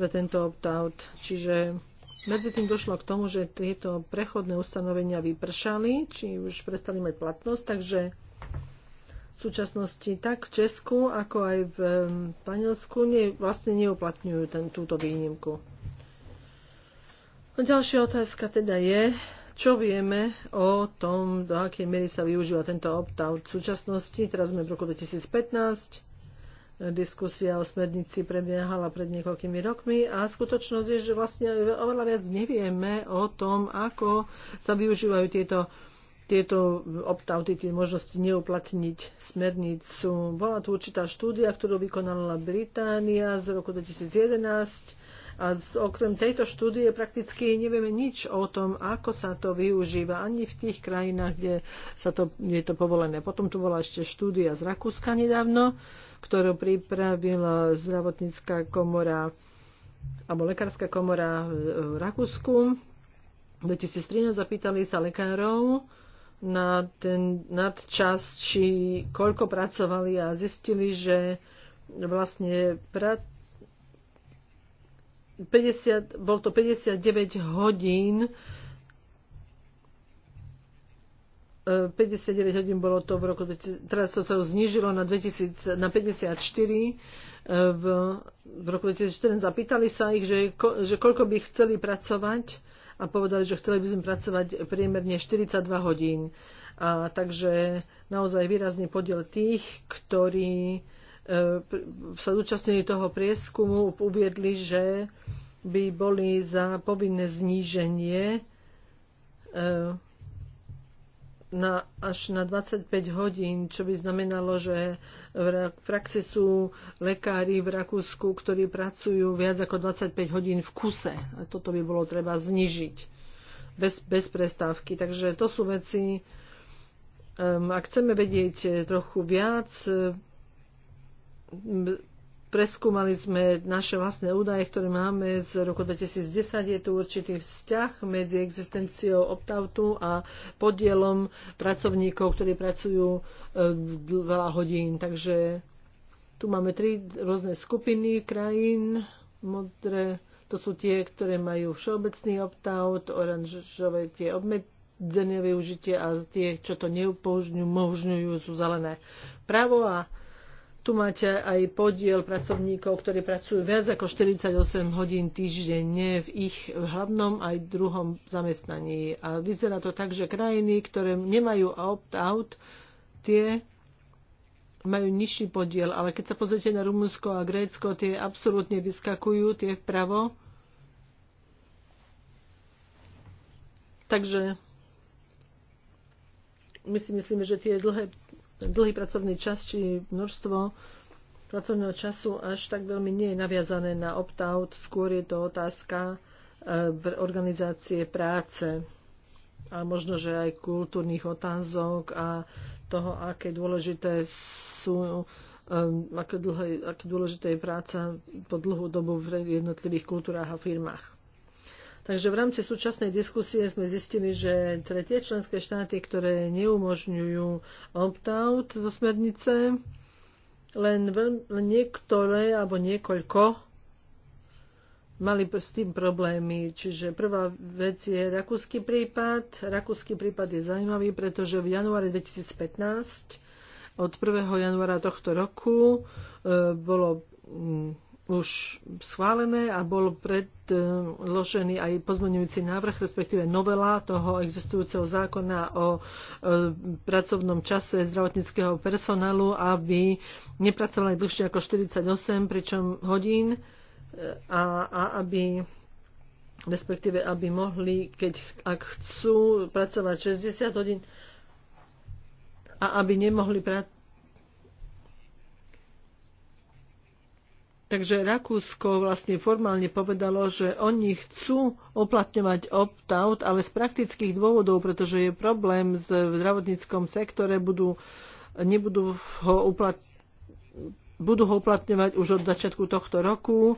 pre tento opt-out. Čiže medzi tým došlo k tomu, že tieto prechodné ustanovenia vypršali, či už prestali mať platnosť, takže v súčasnosti tak v Česku, ako aj v Španielsku vlastne neuplatňujú ten, túto výnimku. Ďalšia otázka teda je, čo vieme o tom, do akej miery sa využíva tento opt-out v súčasnosti. Teraz sme v roku 2015. Diskusia o smernici prebiehala pred niekoľkými rokmi a skutočnosť je, že vlastne oveľa viac nevieme o tom, ako sa využívajú tieto tieto opt-outy, tie možnosti neuplatniť smernicu. Bola tu určitá štúdia, ktorú vykonala Británia z roku 2011 a z, okrem tejto štúdie prakticky nevieme nič o tom, ako sa to využíva ani v tých krajinách, kde sa to, je to povolené. Potom tu bola ešte štúdia z Rakúska nedávno, ktorú pripravila zdravotnícká komora alebo lekárska komora v Rakúsku. V 2013 zapýtali sa lekárov, na ten nadčas, či koľko pracovali a zistili, že vlastne prat, 50, bol to 59 hodín 59 e, hodín bolo to v roku, teraz to sa znižilo na, 2000, na 54 e, v, v roku 2014 zapýtali sa ich, že, ko, že koľko by chceli pracovať a povedali, že chceli by sme pracovať priemerne 42 hodín. A takže naozaj výrazný podiel tých, ktorí sa zúčastnili toho prieskumu, uviedli, že by boli za povinné zníženie e, na, až na 25 hodín, čo by znamenalo, že v praxi sú lekári v Rakúsku, ktorí pracujú viac ako 25 hodín v kuse. A toto by bolo treba znižiť bez, bez prestávky. Takže to sú veci, e, ak chceme vedieť trochu viac, preskúmali sme naše vlastné údaje, ktoré máme z roku 2010. Je tu určitý vzťah medzi existenciou optautu a podielom pracovníkov, ktorí pracujú e, veľa hodín. Takže tu máme tri rôzne skupiny krajín. Modré to sú tie, ktoré majú všeobecný opt oranžové tie obmedzené využitie a tie, čo to možňujú sú zelené. Pravo a tu máte aj podiel pracovníkov, ktorí pracujú viac ako 48 hodín týždenne v ich hlavnom aj druhom zamestnaní. A vyzerá to tak, že krajiny, ktoré nemajú opt-out, tie majú nižší podiel, ale keď sa pozrite na Rumunsko a Grécko, tie absolútne vyskakujú, tie vpravo. Takže my si myslíme, že tie dlhé dlhý pracovný čas či množstvo pracovného času až tak veľmi nie je naviazané na opt-out, skôr je to otázka e, organizácie práce a možno, že aj kultúrnych otázok a toho, aké dôležité sú e, aké, dlhé, aké dôležité je práca po dlhú dobu v jednotlivých kultúrách a firmách. Takže v rámci súčasnej diskusie sme zistili, že teda tie členské štáty, ktoré neumožňujú opt-out zo smernice, len, niektoré alebo niekoľko mali s tým problémy. Čiže prvá vec je rakúsky prípad. Rakúsky prípad je zaujímavý, pretože v januári 2015 od 1. januára tohto roku e, bolo mm, už schválené a bol predložený aj pozmeňujúci návrh, respektíve novela toho existujúceho zákona o e, pracovnom čase zdravotníckého personálu, aby nepracovali dlhšie ako 48 pričom hodín e, a, a aby respektíve aby mohli, keď, ak chcú pracovať 60 hodín, a aby nemohli prac. Takže Rakúsko vlastne formálne povedalo, že oni chcú oplatňovať opt-out, ale z praktických dôvodov, pretože je problém s zdravotníckom sektore, budú, nebudú ho uplat, budú ho uplatňovať už od začiatku tohto roku.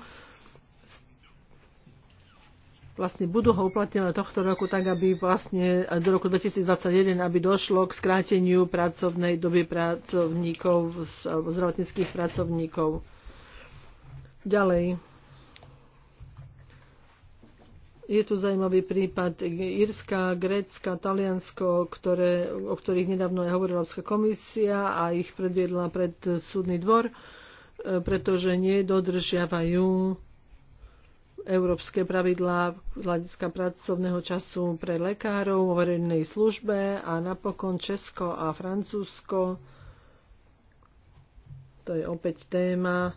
Vlastne budú ho uplatňovať tohto roku tak, aby vlastne do roku 2021, aby došlo k skráteniu pracovnej doby pracovníkov, zdravotníckých pracovníkov. Ďalej. Je tu zaujímavý prípad Írska, Grécka, Taliansko, ktoré, o ktorých nedávno aj hovorila Európska komisia a ich predviedla pred súdny dvor, e, pretože nedodržiavajú európske pravidlá z hľadiska pracovného času pre lekárov vo verejnej službe a napokon Česko a Francúzsko. To je opäť téma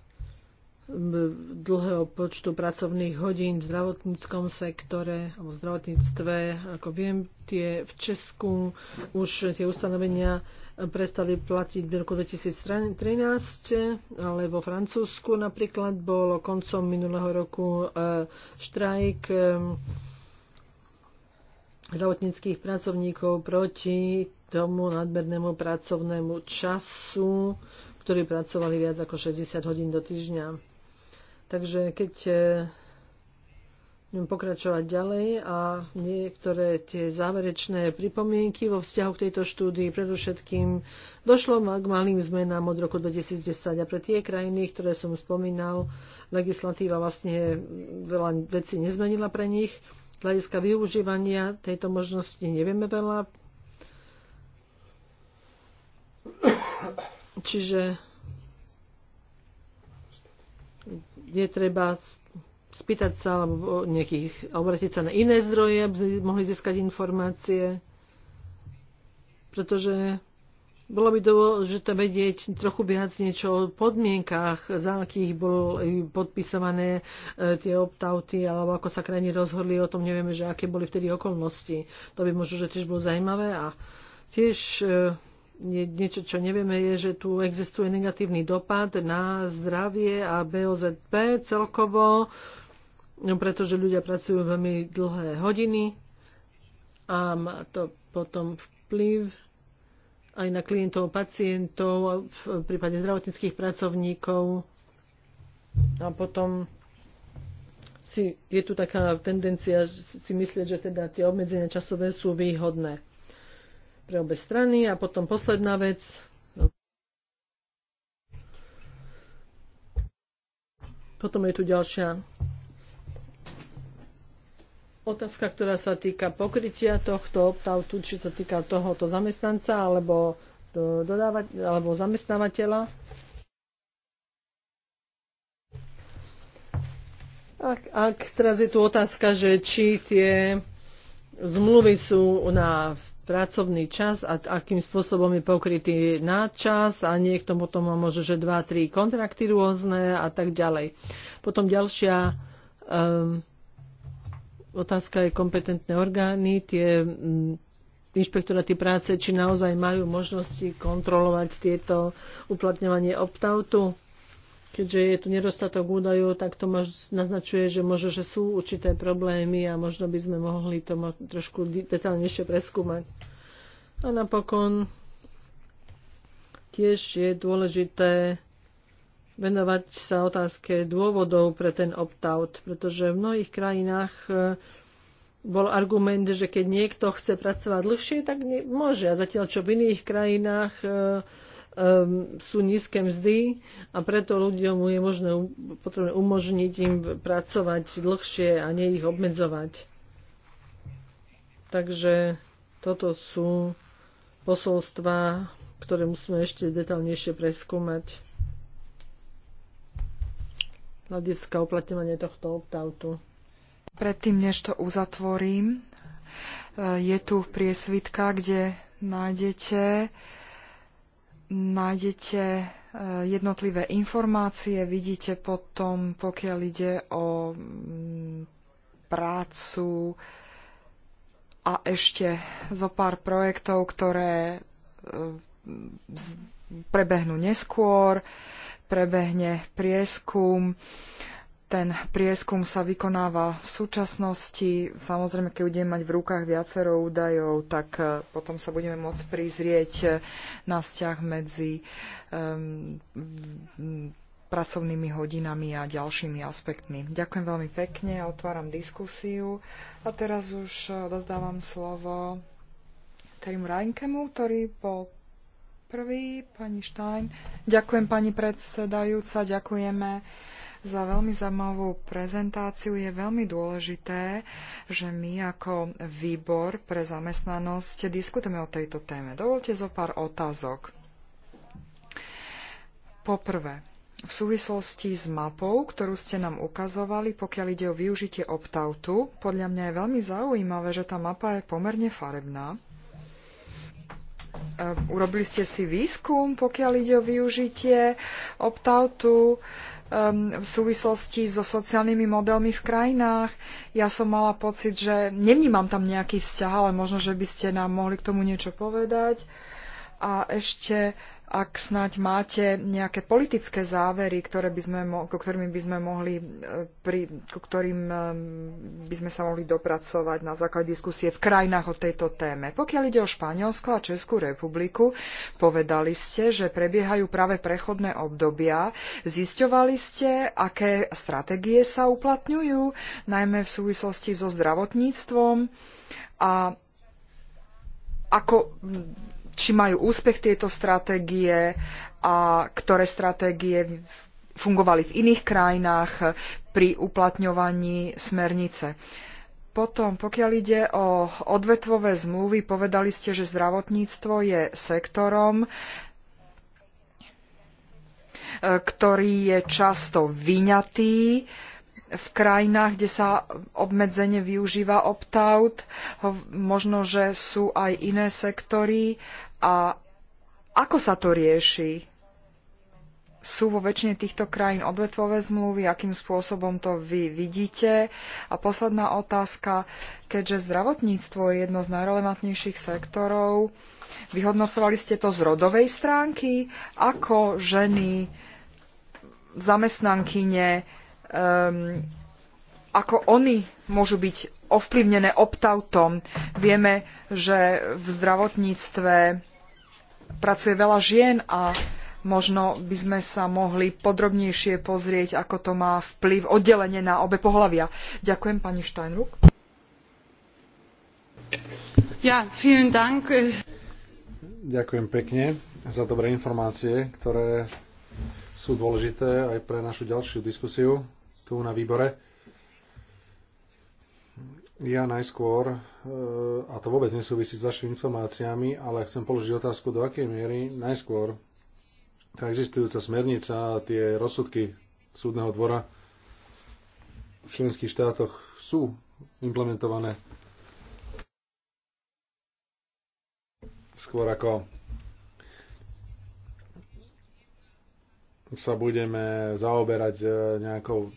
dlhého počtu pracovných hodín v zdravotníckom sektore alebo v zdravotníctve. Ako viem, tie v Česku už tie ustanovenia prestali platiť v roku 2013, ale vo Francúzsku napríklad bolo koncom minulého roku e, štrajk e, zdravotníckých pracovníkov proti tomu nadmernému pracovnému času, ktorí pracovali viac ako 60 hodín do týždňa. Takže keď e, budem pokračovať ďalej a niektoré tie záverečné pripomienky vo vzťahu k tejto štúdii predovšetkým došlo k malým zmenám od roku 2010 a pre tie krajiny, ktoré som spomínal, legislatíva vlastne veľa vecí nezmenila pre nich. Z hľadiska využívania tejto možnosti nevieme veľa. Čiže je treba spýtať sa alebo nejakých, obratiť sa na iné zdroje, aby sme mohli získať informácie, pretože bolo by dôležité vedieť trochu viac niečo o podmienkách, za akých boli eh, podpisované eh, tie optauty, alebo ako sa krajiny rozhodli, o tom nevieme, že aké boli vtedy okolnosti. To by možno, že tiež bolo zaujímavé a tiež eh, niečo, čo nevieme, je, že tu existuje negatívny dopad na zdravie a BOZP celkovo, no, pretože ľudia pracujú veľmi dlhé hodiny a má to potom vplyv aj na klientov, pacientov, v prípade zdravotníckých pracovníkov. A potom si, je tu taká tendencia si myslieť, že teda tie obmedzenia časové sú výhodné pre obe strany. A potom posledná vec. Potom je tu ďalšia otázka, ktorá sa týka pokrytia tohto optautu, či sa týka tohoto zamestnanca alebo, dodávať, alebo zamestnávateľa. Ak, ak teraz je tu otázka, že či tie zmluvy sú na pracovný čas a akým spôsobom je pokrytý nadčas a niekto potom má možno, že 2-3 kontrakty rôzne a tak ďalej. Potom ďalšia um, otázka je kompetentné orgány, tie um, inšpektoráty práce, či naozaj majú možnosti kontrolovať tieto uplatňovanie opt-outu keďže je tu nedostatok údajov, tak to mož, naznačuje, že možno, že sú určité problémy a možno by sme mohli to mo- trošku detálnejšie preskúmať. A napokon tiež je dôležité venovať sa otázke dôvodov pre ten opt-out, pretože v mnohých krajinách eh, bol argument, že keď niekto chce pracovať dlhšie, tak môže. A zatiaľ čo v iných krajinách eh, um, sú nízke mzdy a preto ľuďom je možné um, potrebné umožniť im pracovať dlhšie a nie ich obmedzovať. Takže toto sú posolstva, ktoré musíme ešte detálnejšie preskúmať hľadiska uplatňovania tohto optautu. Predtým, než to uzatvorím, e, je tu priesvitka, kde nájdete nájdete e, jednotlivé informácie, vidíte potom, pokiaľ ide o mm, prácu a ešte zo pár projektov, ktoré e, prebehnú neskôr, prebehne prieskum ten prieskum sa vykonáva v súčasnosti. Samozrejme, keď budeme mať v rukách viacero údajov, tak e, potom sa budeme môcť prizrieť e, na vzťah medzi um, pracovnými hodinami a ďalšími aspektmi. Ďakujem veľmi pekne a otváram diskusiu. A teraz už e, dozdávam slovo Terim Reinkemu, ktorý bol prvý, pani Stein. Ďakujem pani predsedajúca, ďakujeme za veľmi zaujímavú prezentáciu. Je veľmi dôležité, že my ako výbor pre zamestnanosť diskutujeme o tejto téme. Dovolte zo pár otázok. Poprvé, v súvislosti s mapou, ktorú ste nám ukazovali, pokiaľ ide o využitie optautu, podľa mňa je veľmi zaujímavé, že tá mapa je pomerne farebná. Urobili ste si výskum, pokiaľ ide o využitie optautu v súvislosti so sociálnymi modelmi v krajinách. Ja som mala pocit, že nevnímam tam nejaký vzťah, ale možno, že by ste nám mohli k tomu niečo povedať. A ešte ak snáď máte nejaké politické závery, ktoré by sme, ko ktorým by sme mohli, e, pri, ko ktorým e, by sme sa mohli dopracovať na základe diskusie v krajinách o tejto téme. Pokiaľ ide o Španielsko a Českú republiku, povedali ste, že prebiehajú práve prechodné obdobia. Zisťovali ste, aké stratégie sa uplatňujú, najmä v súvislosti so zdravotníctvom a ako či majú úspech tieto stratégie a ktoré stratégie fungovali v iných krajinách pri uplatňovaní smernice. Potom, pokiaľ ide o odvetvové zmluvy, povedali ste, že zdravotníctvo je sektorom, ktorý je často vyňatý v krajinách, kde sa obmedzenie využíva opt-out. Možno, že sú aj iné sektory, a ako sa to rieši? Sú vo väčšine týchto krajín odvetvové zmluvy, akým spôsobom to vy vidíte? A posledná otázka, keďže zdravotníctvo je jedno z najrelevantnejších sektorov, vyhodnocovali ste to z rodovej stránky, ako ženy, zamestnankyne, um, ako oni môžu byť ovplyvnené optautom, Vieme, že v zdravotníctve pracuje veľa žien a možno by sme sa mohli podrobnejšie pozrieť, ako to má vplyv oddelenie na obe pohlavia. Ďakujem pani Steinruck. Ja, vielen Dank. Ďakujem pekne za dobré informácie, ktoré sú dôležité aj pre našu ďalšiu diskusiu tu na výbore. Ja najskôr, e, a to vôbec nesúvisí s vašimi informáciami, ale chcem položiť otázku, do akej miery najskôr tá existujúca smernica a tie rozsudky súdneho dvora v členských štátoch sú implementované skôr ako sa budeme zaoberať e, nejakou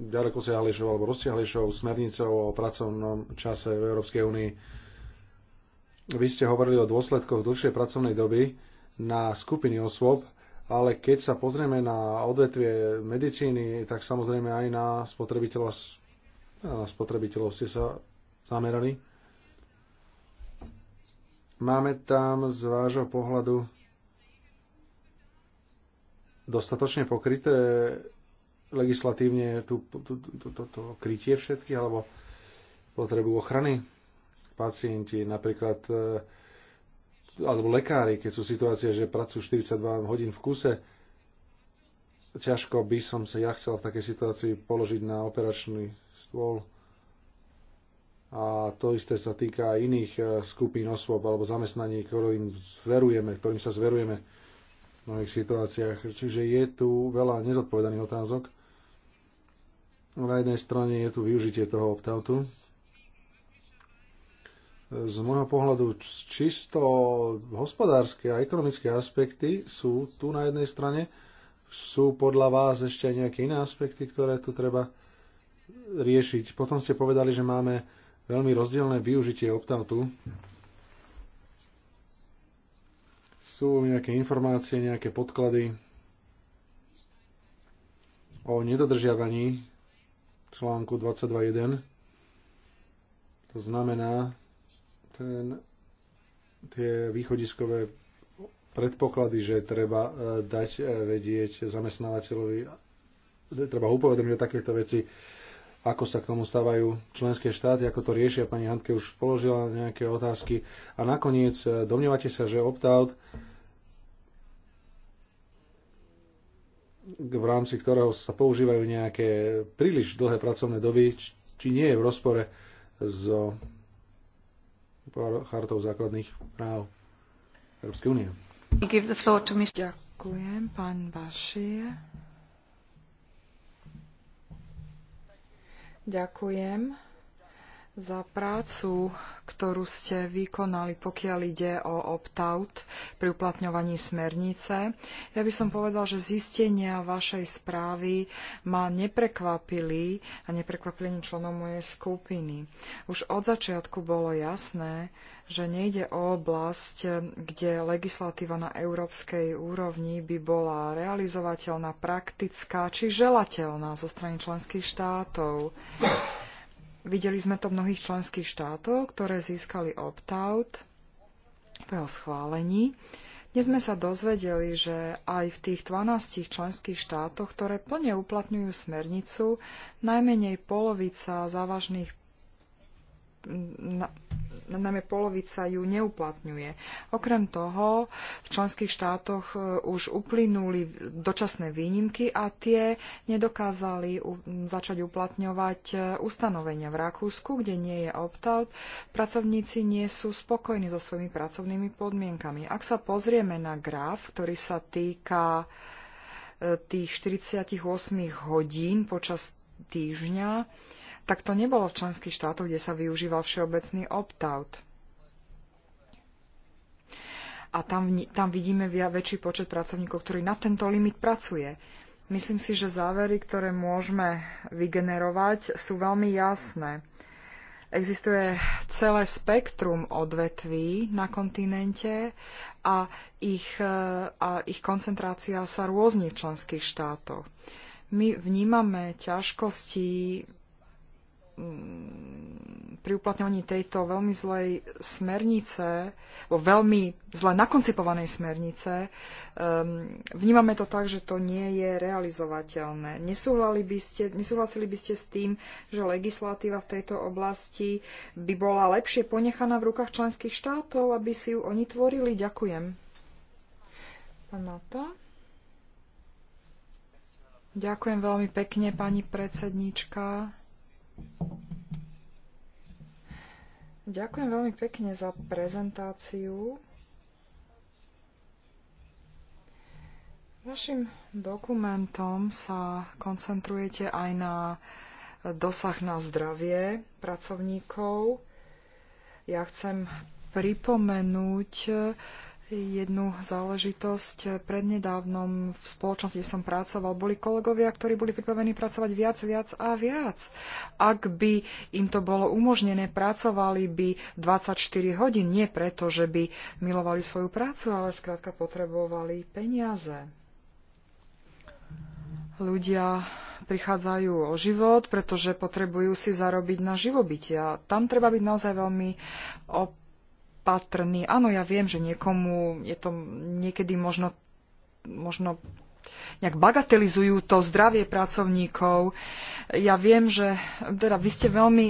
ďaleko siahlejšou alebo rozsiahlejšou smernicou o pracovnom čase v Európskej únii. Vy ste hovorili o dôsledkoch dlhšej pracovnej doby na skupiny osôb, ale keď sa pozrieme na odvetvie medicíny, tak samozrejme aj na spotrebiteľov, na spotrebiteľov ste sa zamerali. Máme tam z vášho pohľadu dostatočne pokryté legislatívne tú, tú, tú, tú, tú krytie všetky alebo potrebu ochrany pacienti, napríklad e, alebo lekári, keď sú situácie, že pracujú 42 hodín v kuse, ťažko by som sa ja chcel v takej situácii položiť na operačný stôl. A to isté sa týka aj iných e, skupín osôb alebo zamestnaní, ktorým zverujeme, ktorým sa zverujeme v mnohých situáciách. Čiže je tu veľa nezodpovedaných otázok na jednej strane je tu využitie toho optautu. Z môjho pohľadu čisto hospodárske a ekonomické aspekty sú tu na jednej strane. Sú podľa vás ešte aj nejaké iné aspekty, ktoré tu treba riešiť. Potom ste povedali, že máme veľmi rozdielne využitie optautu. Sú nejaké informácie, nejaké podklady o nedodržiavaní článku 22.1. To znamená, ten, tie východiskové predpoklady, že treba e, dať e, vedieť zamestnávateľovi, e, treba upovedomiť o takéto veci, ako sa k tomu stávajú členské štáty, ako to riešia. Pani Hantke už položila nejaké otázky. A nakoniec, domnievate sa, že opt-out v rámci ktorého sa používajú nejaké príliš dlhé pracovné doby, či nie je v rozpore so chartou základných práv Európskej únie. Ďakujem, pán Bašie. Ďakujem za prácu, ktorú ste vykonali, pokiaľ ide o opt-out pri uplatňovaní smernice. Ja by som povedal, že zistenia vašej správy ma neprekvapili a neprekvapili členom mojej skupiny. Už od začiatku bolo jasné, že nejde o oblasť, kde legislatíva na európskej úrovni by bola realizovateľná, praktická či želateľná zo strany členských štátov. Videli sme to v mnohých členských štátoch, ktoré získali opt-out po jeho schválení. Dnes sme sa dozvedeli, že aj v tých 12 členských štátoch, ktoré plne uplatňujú smernicu, najmenej polovica závažných najmä polovica ju neuplatňuje. Okrem toho, v členských štátoch e, už uplynuli dočasné výnimky a tie nedokázali začať uplatňovať e, ustanovenia v Rakúsku, kde nie je optal. Pracovníci nie sú spokojní so svojimi pracovnými podmienkami. Ak sa pozrieme na graf, ktorý sa týka e, tých 48 hodín počas týždňa, tak to nebolo v členských štátoch, kde sa využíval všeobecný opt-out. A tam, tam vidíme väčší počet pracovníkov, ktorí na tento limit pracuje. Myslím si, že závery, ktoré môžeme vygenerovať, sú veľmi jasné. Existuje celé spektrum odvetví na kontinente a ich, eh, a ich koncentrácia sa rôzni v členských štátoch. My vnímame ťažkosti Mm, pri uplatňovaní tejto veľmi zlej smernice, veľmi zle nakoncipovanej smernice, um, vnímame to tak, že to nie je realizovateľné. By ste, nesúhlasili by ste s tým, že legislatíva v tejto oblasti by bola lepšie ponechaná v rukách členských štátov, aby si ju oni tvorili? Ďakujem. Pán Mata. Ďakujem veľmi pekne, pani predsednička. Ďakujem veľmi pekne za prezentáciu. Vašim dokumentom sa koncentrujete aj na dosah na zdravie pracovníkov. Ja chcem pripomenúť, jednu záležitosť. Prednedávnom v spoločnosti, kde som pracoval, boli kolegovia, ktorí boli pripravení pracovať viac, viac a viac. Ak by im to bolo umožnené, pracovali by 24 hodín, nie preto, že by milovali svoju prácu, ale skrátka potrebovali peniaze. Ľudia prichádzajú o život, pretože potrebujú si zarobiť na živobytie. A tam treba byť naozaj veľmi op- opatrní. Áno, ja viem, že niekomu je to niekedy možno, možno nejak bagatelizujú to zdravie pracovníkov. Ja viem, že teda vy ste veľmi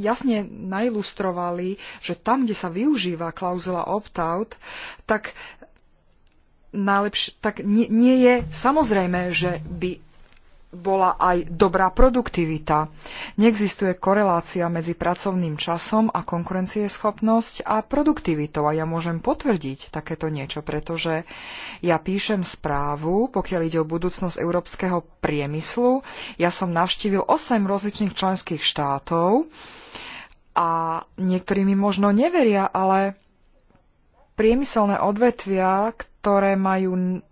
jasne nailustrovali, že tam, kde sa využíva klauzula opt-out, tak, najlepš- tak nie, nie je samozrejme, že by bola aj dobrá produktivita. Neexistuje korelácia medzi pracovným časom a konkurencieschopnosť a produktivitou a ja môžem potvrdiť takéto niečo, pretože ja píšem správu, pokiaľ ide o budúcnosť európskeho priemyslu. Ja som navštívil 8 rozličných členských štátov a niektorí mi možno neveria, ale priemyselné odvetvia, ktoré majú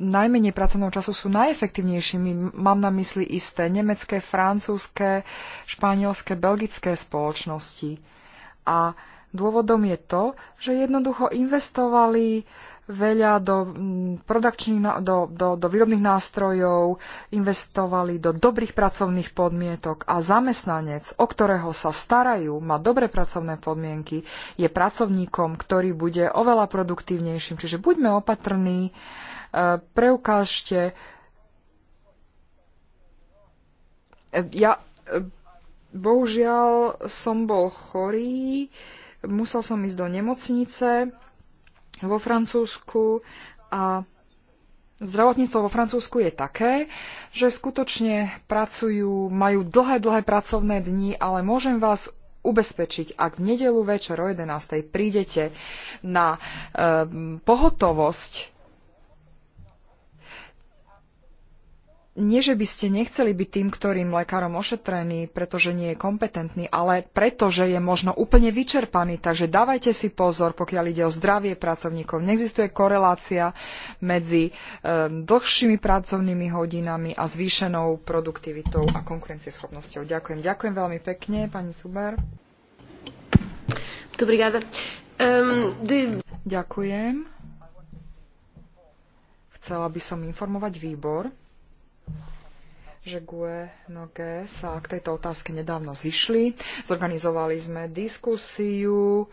najmenej pracovného času sú najefektívnejšími. Mám na mysli isté nemecké, francúzske, španielské, belgické spoločnosti. A Dôvodom je to, že jednoducho investovali veľa do, mm, produkčných, do, do, do výrobných nástrojov, investovali do dobrých pracovných podmietok a zamestnanec, o ktorého sa starajú, má dobré pracovné podmienky, je pracovníkom, ktorý bude oveľa produktívnejším. Čiže buďme opatrní, e, preukážte. E, ja e, bohužiaľ som bol chorý musel som ísť do nemocnice vo Francúzsku a zdravotníctvo vo Francúzsku je také, že skutočne pracujú, majú dlhé, dlhé pracovné dni, ale môžem vás ubezpečiť, ak v nedelu večer o 11.00 prídete na e, pohotovosť nie, že by ste nechceli byť tým, ktorým lekárom ošetrený, pretože nie je kompetentný, ale pretože je možno úplne vyčerpaný. Takže dávajte si pozor, pokiaľ ide o zdravie pracovníkov. Neexistuje korelácia medzi um, dlhšími pracovnými hodinami a zvýšenou produktivitou a konkurencieschopnosťou. Ďakujem. Ďakujem veľmi pekne, pani Suber. Obrigada. Um, ehm, the... Ďakujem. Chcela by som informovať výbor, že GUE NOGE sa k tejto otázke nedávno zišli. Zorganizovali sme diskusiu,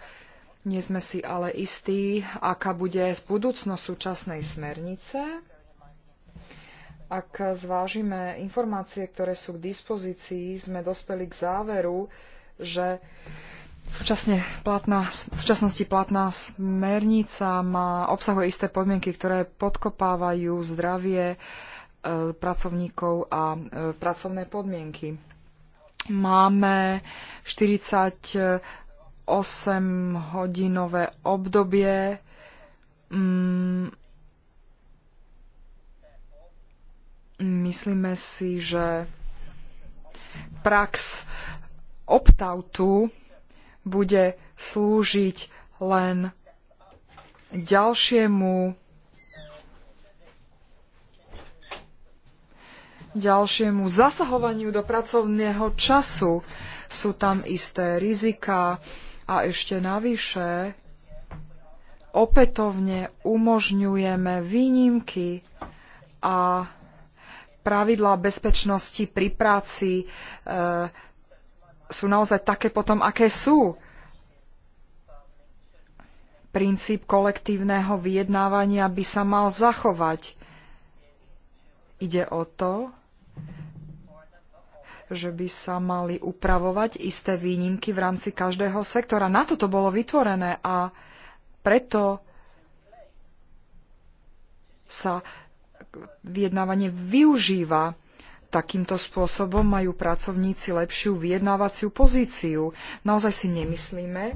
nie sme si ale istí, aká bude budúcnosť súčasnej smernice. Ak zvážime informácie, ktoré sú k dispozícii, sme dospeli k záveru, že Súčasne platná, v súčasnosti platná smernica má, obsahuje isté podmienky, ktoré podkopávajú zdravie E, pracovníkov a e, pracovné podmienky. Máme 48 hodinové obdobie. Mm, myslíme si, že prax optautu bude slúžiť len ďalšiemu ďalšiemu zasahovaniu do pracovného času. Sú tam isté rizika a ešte navyše opätovne umožňujeme výnimky a pravidlá bezpečnosti pri práci e, sú naozaj také potom, aké sú. Princíp kolektívneho vyjednávania by sa mal zachovať. Ide o to, že by sa mali upravovať isté výnimky v rámci každého sektora. Na to to bolo vytvorené a preto sa vyjednávanie využíva Takýmto spôsobom majú pracovníci lepšiu vyjednávaciu pozíciu. Naozaj si nemyslíme,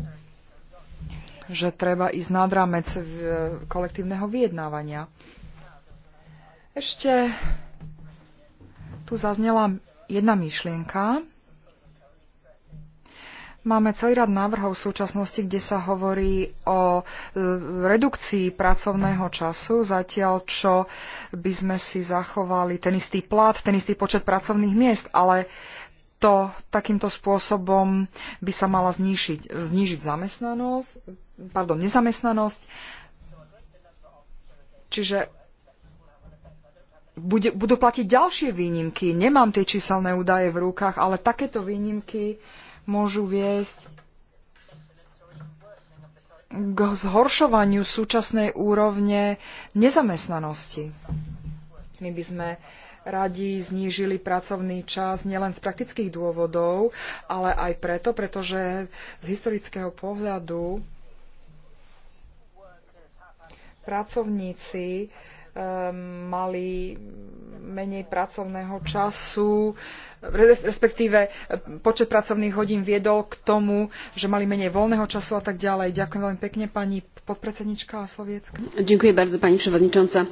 že treba ísť nad rámec kolektívneho vyjednávania. Ešte tu zaznela jedna myšlienka. Máme celý rad návrhov v súčasnosti, kde sa hovorí o e, redukcii pracovného času, zatiaľ čo by sme si zachovali ten istý plat, ten istý počet pracovných miest, ale to takýmto spôsobom by sa mala znížiť, znížiť zamestnanosť, pardon, nezamestnanosť. Čiže bude, budú platiť ďalšie výnimky. Nemám tie číselné údaje v rukách, ale takéto výnimky môžu viesť k zhoršovaniu súčasnej úrovne nezamestnanosti. My by sme radi znížili pracovný čas nielen z praktických dôvodov, ale aj preto, pretože z historického pohľadu pracovníci uh, Ehm, mali menej pracovného času, respektíve ehm, počet pracovných hodín viedol k tomu, že mali menej voľného času a tak ďalej. Ďakujem veľmi pekne pani podpredsednička Sloviecka. Ďakujem bardzo pani przewodnicząca.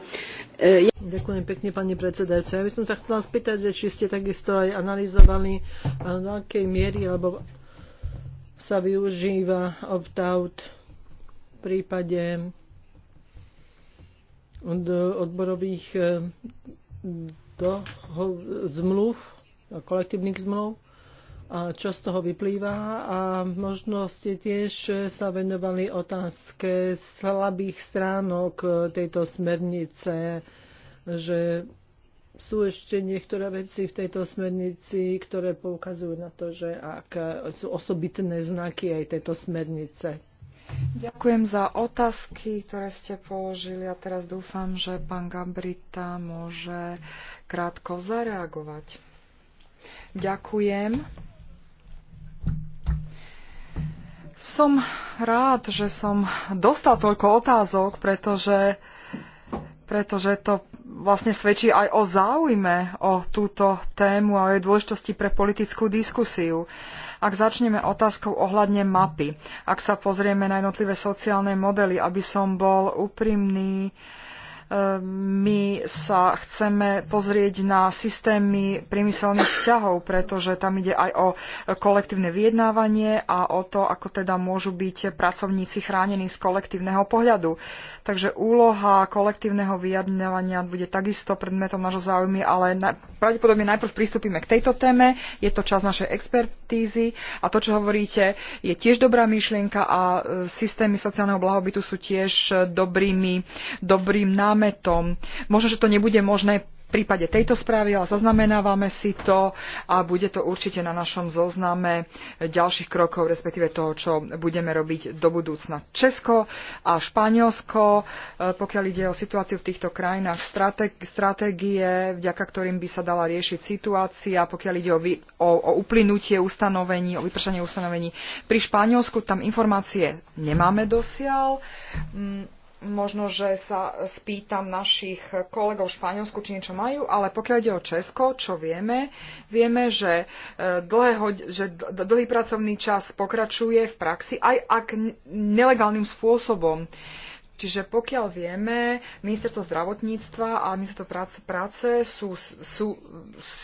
E, Ďakujem pekne pani predsedajúca. Ja by som sa chcela spýtať, že či ste takisto aj analyzovali e, do akej miery alebo sa využíva opt-out v prípade odborových e, doho, zmluv, kolektívnych zmluv a čo z toho vyplýva a možno ste tiež e, sa venovali otázke slabých stránok e, tejto smernice, že sú ešte niektoré veci v tejto smernici, ktoré poukazujú na to, že ak sú osobitné znaky aj tejto smernice. Ďakujem za otázky, ktoré ste položili a teraz dúfam, že pán Gabrita môže krátko zareagovať. Ďakujem. Som rád, že som dostal toľko otázok, pretože, pretože to vlastne svedčí aj o záujme o túto tému a o jej dôležitosti pre politickú diskusiu. Ak začneme otázkou ohľadne mapy, ak sa pozrieme na jednotlivé sociálne modely, aby som bol úprimný, uh, my sa chceme pozrieť na systémy priemyselných vzťahov, pretože tam ide aj o kolektívne vyjednávanie a o to, ako teda môžu byť pracovníci chránení z kolektívneho pohľadu. Takže úloha kolektívneho vyjednávania bude takisto predmetom nášho záujmy, ale na, pravdepodobne najprv pristúpime k tejto téme. Je to čas našej expertízy a to, čo hovoríte, je tiež dobrá myšlienka a e, systémy sociálneho blahobytu sú tiež e, dobrými, dobrým nám to. Možno, že to nebude možné v prípade tejto správy, ale zaznamenávame si to a bude to určite na našom zozname ďalších krokov, respektíve toho, čo budeme robiť do budúcna. Česko a Španielsko, eh, pokiaľ ide o situáciu v týchto krajinách, stratégie, vďaka ktorým by sa dala riešiť situácia, pokiaľ ide o, vy, o, o uplynutie ustanovení, o vypršanie ustanovení. Pri Španielsku tam informácie nemáme dosiaľ. Mm, možno, že sa spýtam našich kolegov v Španielsku, či niečo majú, ale pokiaľ ide o Česko, čo vieme, vieme, že, e, dlhé, že dlhý pracovný čas pokračuje v praxi, aj ak nelegálnym spôsobom. Čiže pokiaľ vieme, ministerstvo zdravotníctva a ministerstvo práce, práce sú, sú,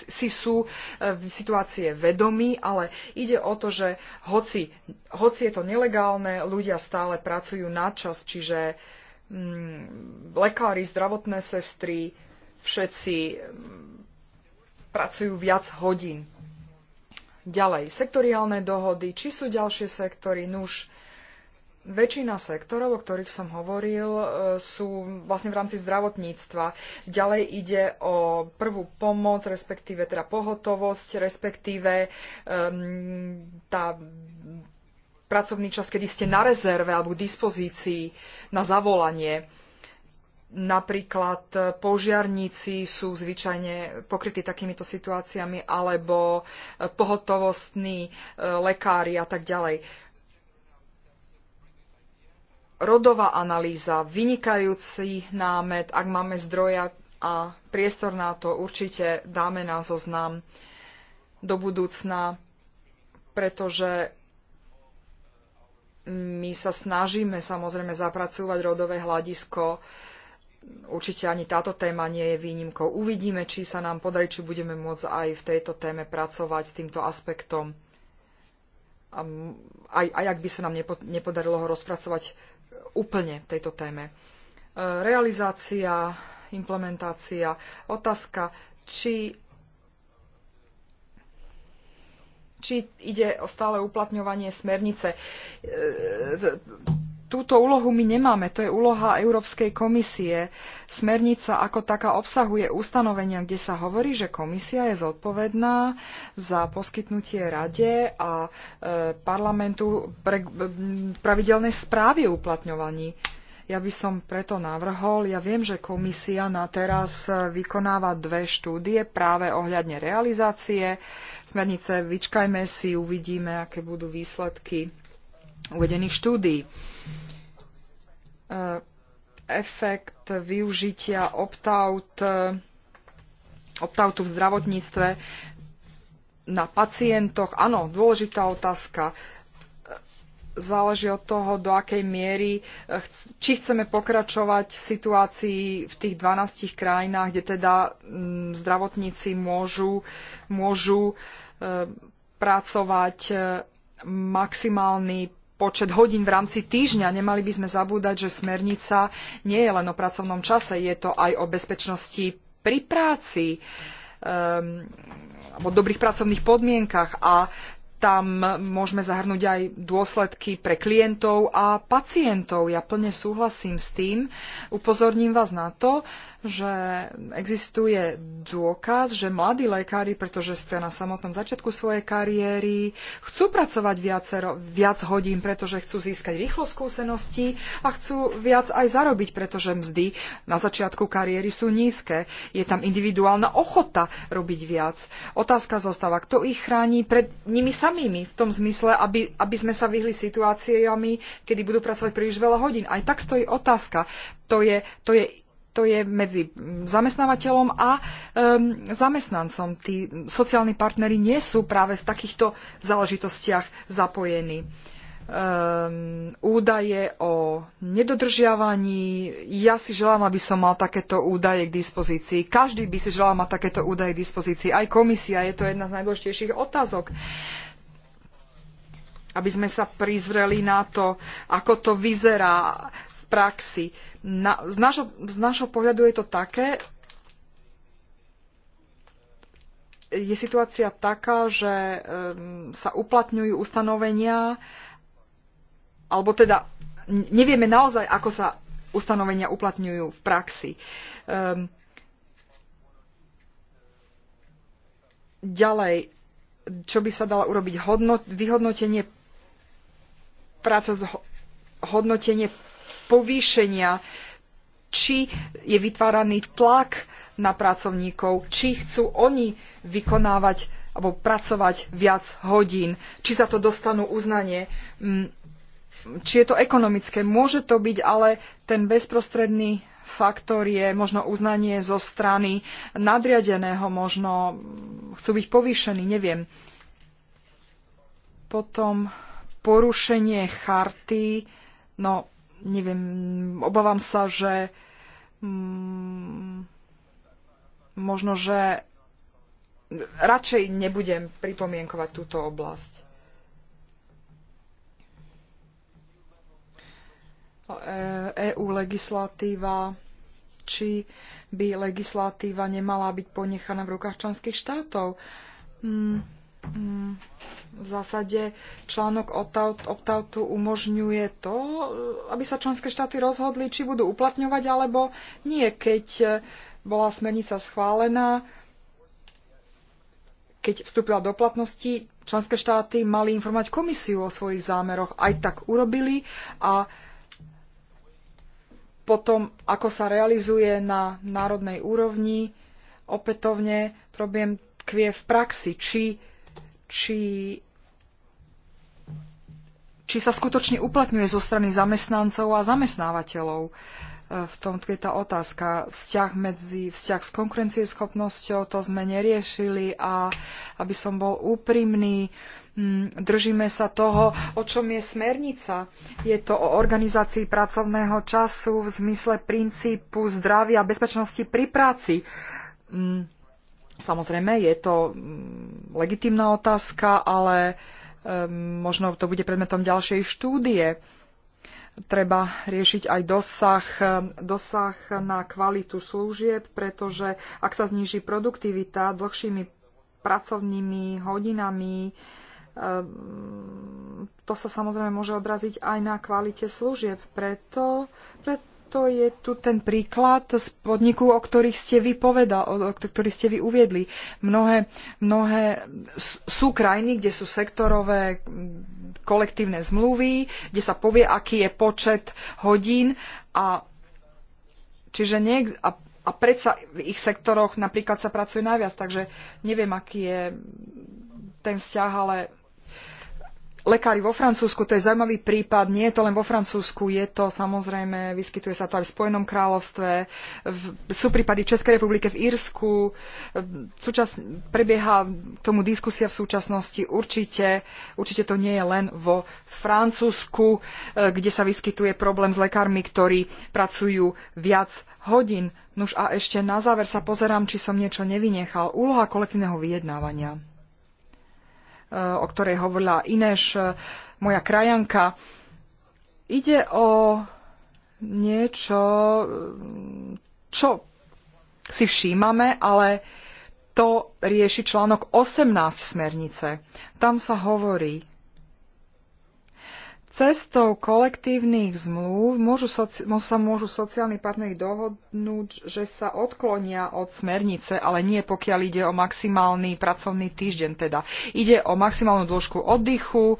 si sú e, v situácie vedomí, ale ide o to, že hoci, hoci je to nelegálne, ľudia stále pracujú na čas, čiže uh, Mm, lekári, zdravotné sestry, všetci mm, pracujú viac hodín. Ďalej, sektoriálne dohody, či sú ďalšie sektory, nuž, väčšina sektorov, o ktorých som hovoril, e, sú vlastne v rámci zdravotníctva. Ďalej ide o prvú pomoc, respektíve teda pohotovosť, respektíve um, tá pracovný čas, kedy ste na rezerve alebo k dispozícii na zavolanie. Napríklad e, požiarníci sú zvyčajne pokrytí takýmito situáciami, alebo e, pohotovostní e, lekári a tak ďalej. Rodová analýza, vynikajúci námet, ak máme zdroja a priestor na to, určite dáme na zoznam do budúcna, pretože my sa snažíme samozrejme zapracovať rodové hľadisko. Určite ani táto téma nie je výnimkou. Uvidíme, či sa nám podarí, či budeme môcť aj v tejto téme pracovať s týmto aspektom. Aj, aj ak by sa nám nepodarilo ho rozpracovať úplne v tejto téme. E, realizácia, implementácia, otázka, či či ide o stále uplatňovanie smernice. E, túto úlohu my nemáme, to je úloha Európskej komisie. Smernica ako taká obsahuje ustanovenia, kde sa hovorí, že komisia je zodpovedná za poskytnutie rade a e, parlamentu pravidelnej správy uplatňovaní ja by som preto navrhol, ja viem, že komisia na teraz e, vykonáva dve štúdie práve ohľadne realizácie smernice. Vyčkajme si, uvidíme, aké budú výsledky uvedených štúdií. E, efekt využitia opt-out e, opt-outu v zdravotníctve na pacientoch. Áno, dôležitá otázka záleží od toho, do akej miery, eh, či chceme pokračovať v situácii v tých 12 krajinách, kde teda mm, zdravotníci môžu, môžu eh, pracovať eh, maximálny počet hodín v rámci týždňa. Nemali by sme zabúdať, že smernica nie je len o pracovnom čase, je to aj o bezpečnosti pri práci um, ehm, o dobrých pracovných podmienkach a tam môžeme zahrnúť aj dôsledky pre klientov a pacientov. Ja plne súhlasím s tým. Upozorním vás na to, že existuje dôkaz, že mladí lekári, pretože ste na samotnom začiatku svojej kariéry, chcú pracovať viacero, viac hodín, pretože chcú získať rýchlo skúsenosti a chcú viac aj zarobiť, pretože mzdy na začiatku kariéry sú nízke. Je tam individuálna ochota robiť viac. Otázka zostáva, kto ich chráni pred nimi samými v tom zmysle, aby, aby sme sa vyhli situáciami, kedy budú pracovať príliš veľa hodín. Aj tak stojí otázka. To je, to je to je medzi mm, zamestnávateľom a um, zamestnancom. Tí sociálni partnery nie sú práve v takýchto záležitostiach zapojení. Um, údaje o nedodržiavaní. Ja si želám, aby som mal takéto údaje k dispozícii. Každý by si želal mať takéto údaje k dispozícii. Aj komisia, je to jedna z najdôležitejších otázok aby sme sa prizreli na to, ako to vyzerá, praxi. Na, z, našo, z našho pohľadu je to také, je situácia taká, že um, sa uplatňujú ustanovenia, alebo teda nevieme naozaj, ako sa ustanovenia uplatňujú v praxi. Um, ďalej, čo by sa dalo urobiť? Hodno, vyhodnotenie práce hodnotenie povýšenia, či je vytváraný tlak na pracovníkov, či chcú oni vykonávať alebo pracovať viac hodín, či za to dostanú uznanie, mm, či je to ekonomické. Môže to byť, ale ten bezprostredný faktor je možno uznanie zo strany nadriadeného, možno chcú byť povýšení, neviem. Potom porušenie charty, no neviem, obávam sa, že mm, možno, že radšej nebudem pripomienkovať túto oblasť. EU e legislatíva, či by legislatíva nemala byť ponechaná v rukách členských štátov. Mm Mm, v zásade článok opt-outu umožňuje to, e, aby sa členské štáty rozhodli, či budú uplatňovať alebo nie. Keď e, bola smernica schválená, keď vstúpila do platnosti, členské štáty mali informovať komisiu o svojich zámeroch. Aj tak urobili a potom, ako sa realizuje na národnej úrovni, opätovne problém tkvie v praxi, či či, či sa skutočne uplatňuje zo strany zamestnancov a zamestnávateľov e, v tom je tá otázka. Vzťah, medzi, vzťah s konkurencieschopnosťou, to sme neriešili a aby som bol úprimný, mm, držíme sa toho, o čom je smernica. Je to o organizácii pracovného času v zmysle princípu zdravia a bezpečnosti pri práci. Mm, Samozrejme, je to mm, legitimná otázka, ale možno to bude predmetom ďalšej štúdie. Treba riešiť aj dosah, dosah na kvalitu služieb, pretože ak sa zníži produktivita dlhšími pracovnými hodinami, to sa samozrejme môže odraziť aj na kvalite služieb. Preto, pre, preto je tu ten príklad z podniku, o ktorých ste vy povedal, o, o ktorých ste vy uviedli. Mnohé, mnohé sú krajiny, kde sú sektorové mm, kolektívne zmluvy, kde sa povie, aký je počet hodín a čiže nie, a, a predsa v ich sektoroch napríklad sa pracuje najviac, takže neviem, aký je ten vzťah, ale lekári vo Francúzsku, to je zaujímavý prípad, nie je to len vo Francúzsku, je to samozrejme, vyskytuje sa to aj v Spojenom kráľovstve, v, sú prípady v Českej republike, v Írsku, súčas, prebieha k tomu diskusia v súčasnosti, určite, určite to nie je len vo Francúzsku, e, kde sa vyskytuje problém s lekármi, ktorí pracujú viac hodín. Nuž a ešte na záver sa pozerám, či som niečo nevynechal. Úloha kolektívneho vyjednávania o ktorej hovorila Ineš, e, moja krajanka. Ide o niečo, e, čo si všímame, ale to rieši článok 18 smernice. Tam sa hovorí, Cestou kolektívnych zmluv môžu soci- sa môžu sociálni partneri dohodnúť, že sa odklonia od smernice, ale nie pokiaľ ide o maximálny pracovný týždeň. Teda. Ide o maximálnu dĺžku oddychu, um,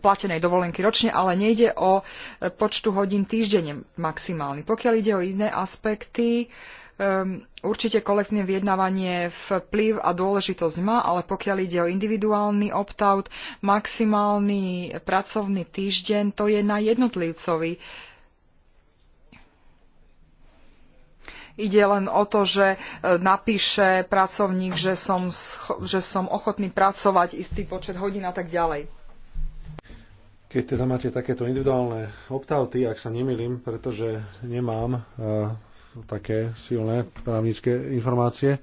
platenej dovolenky ročne, ale nejde o e, počtu hodín týždenne maximálny. Pokiaľ ide o iné aspekty, uh, Um, určite kolektívne vyjednávanie vplyv a dôležitosť má, ale pokiaľ ide o individuálny opt-out, maximálny pracovný týždeň, to je na jednotlivcovi. ide len o to, že e, napíše pracovník, že som, že som ochotný pracovať istý počet hodín a tak ďalej. Keď teda máte takéto individuálne optauty, ak sa nemýlim, pretože nemám e, také silné právnické informácie.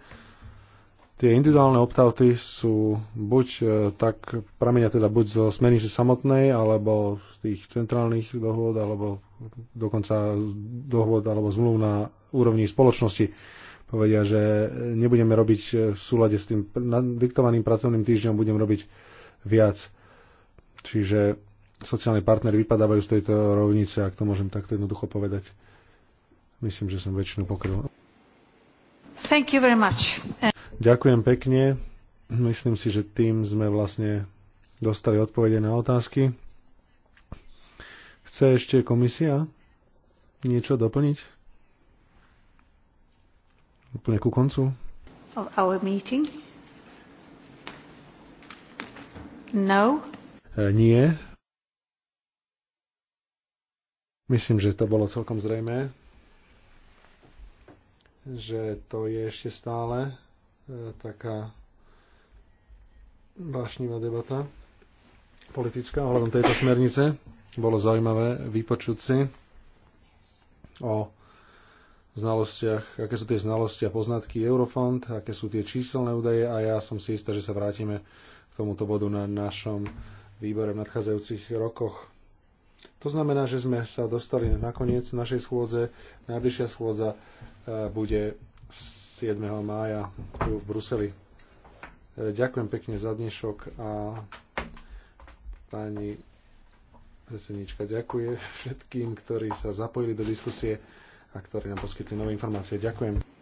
Tie individuálne optauty sú buď e, tak, pramenia teda buď zo smernice samotnej, alebo z tých centrálnych dohôd, alebo dokonca dohôd alebo zmluv na úrovni spoločnosti. Povedia, že nebudeme robiť e, v súlade s tým diktovaným pracovným týždňom, budem robiť viac. Čiže sociálni partnery vypadávajú z tejto rovnice, ak to môžem takto jednoducho povedať. Myslím, že som väčšinu pokryl. Thank you very much. Ďakujem pekne. Myslím si, že tým sme vlastne dostali odpovede na otázky. Chce ešte komisia niečo doplniť? Úplne ku koncu. Of our meeting? No. E, nie. Myslím, že to bolo celkom zrejmé že to je ešte stále e, taká vášnivá debata politická ohľadom tejto smernice. Bolo zaujímavé vypočuť si o znalostiach, aké sú tie znalosti a poznatky Eurofond, aké sú tie číselné údaje a ja som si istá, že sa vrátime k tomuto bodu na našom výbore v nadchádzajúcich rokoch. To znamená, že sme sa dostali na koniec našej schôdze. Najbližšia schôdza e, bude 7. mája tu v Bruseli. E, ďakujem pekne za dnešok a pani predsednička ďakuje všetkým, ktorí sa zapojili do diskusie a ktorí nám poskytli nové informácie. Ďakujem.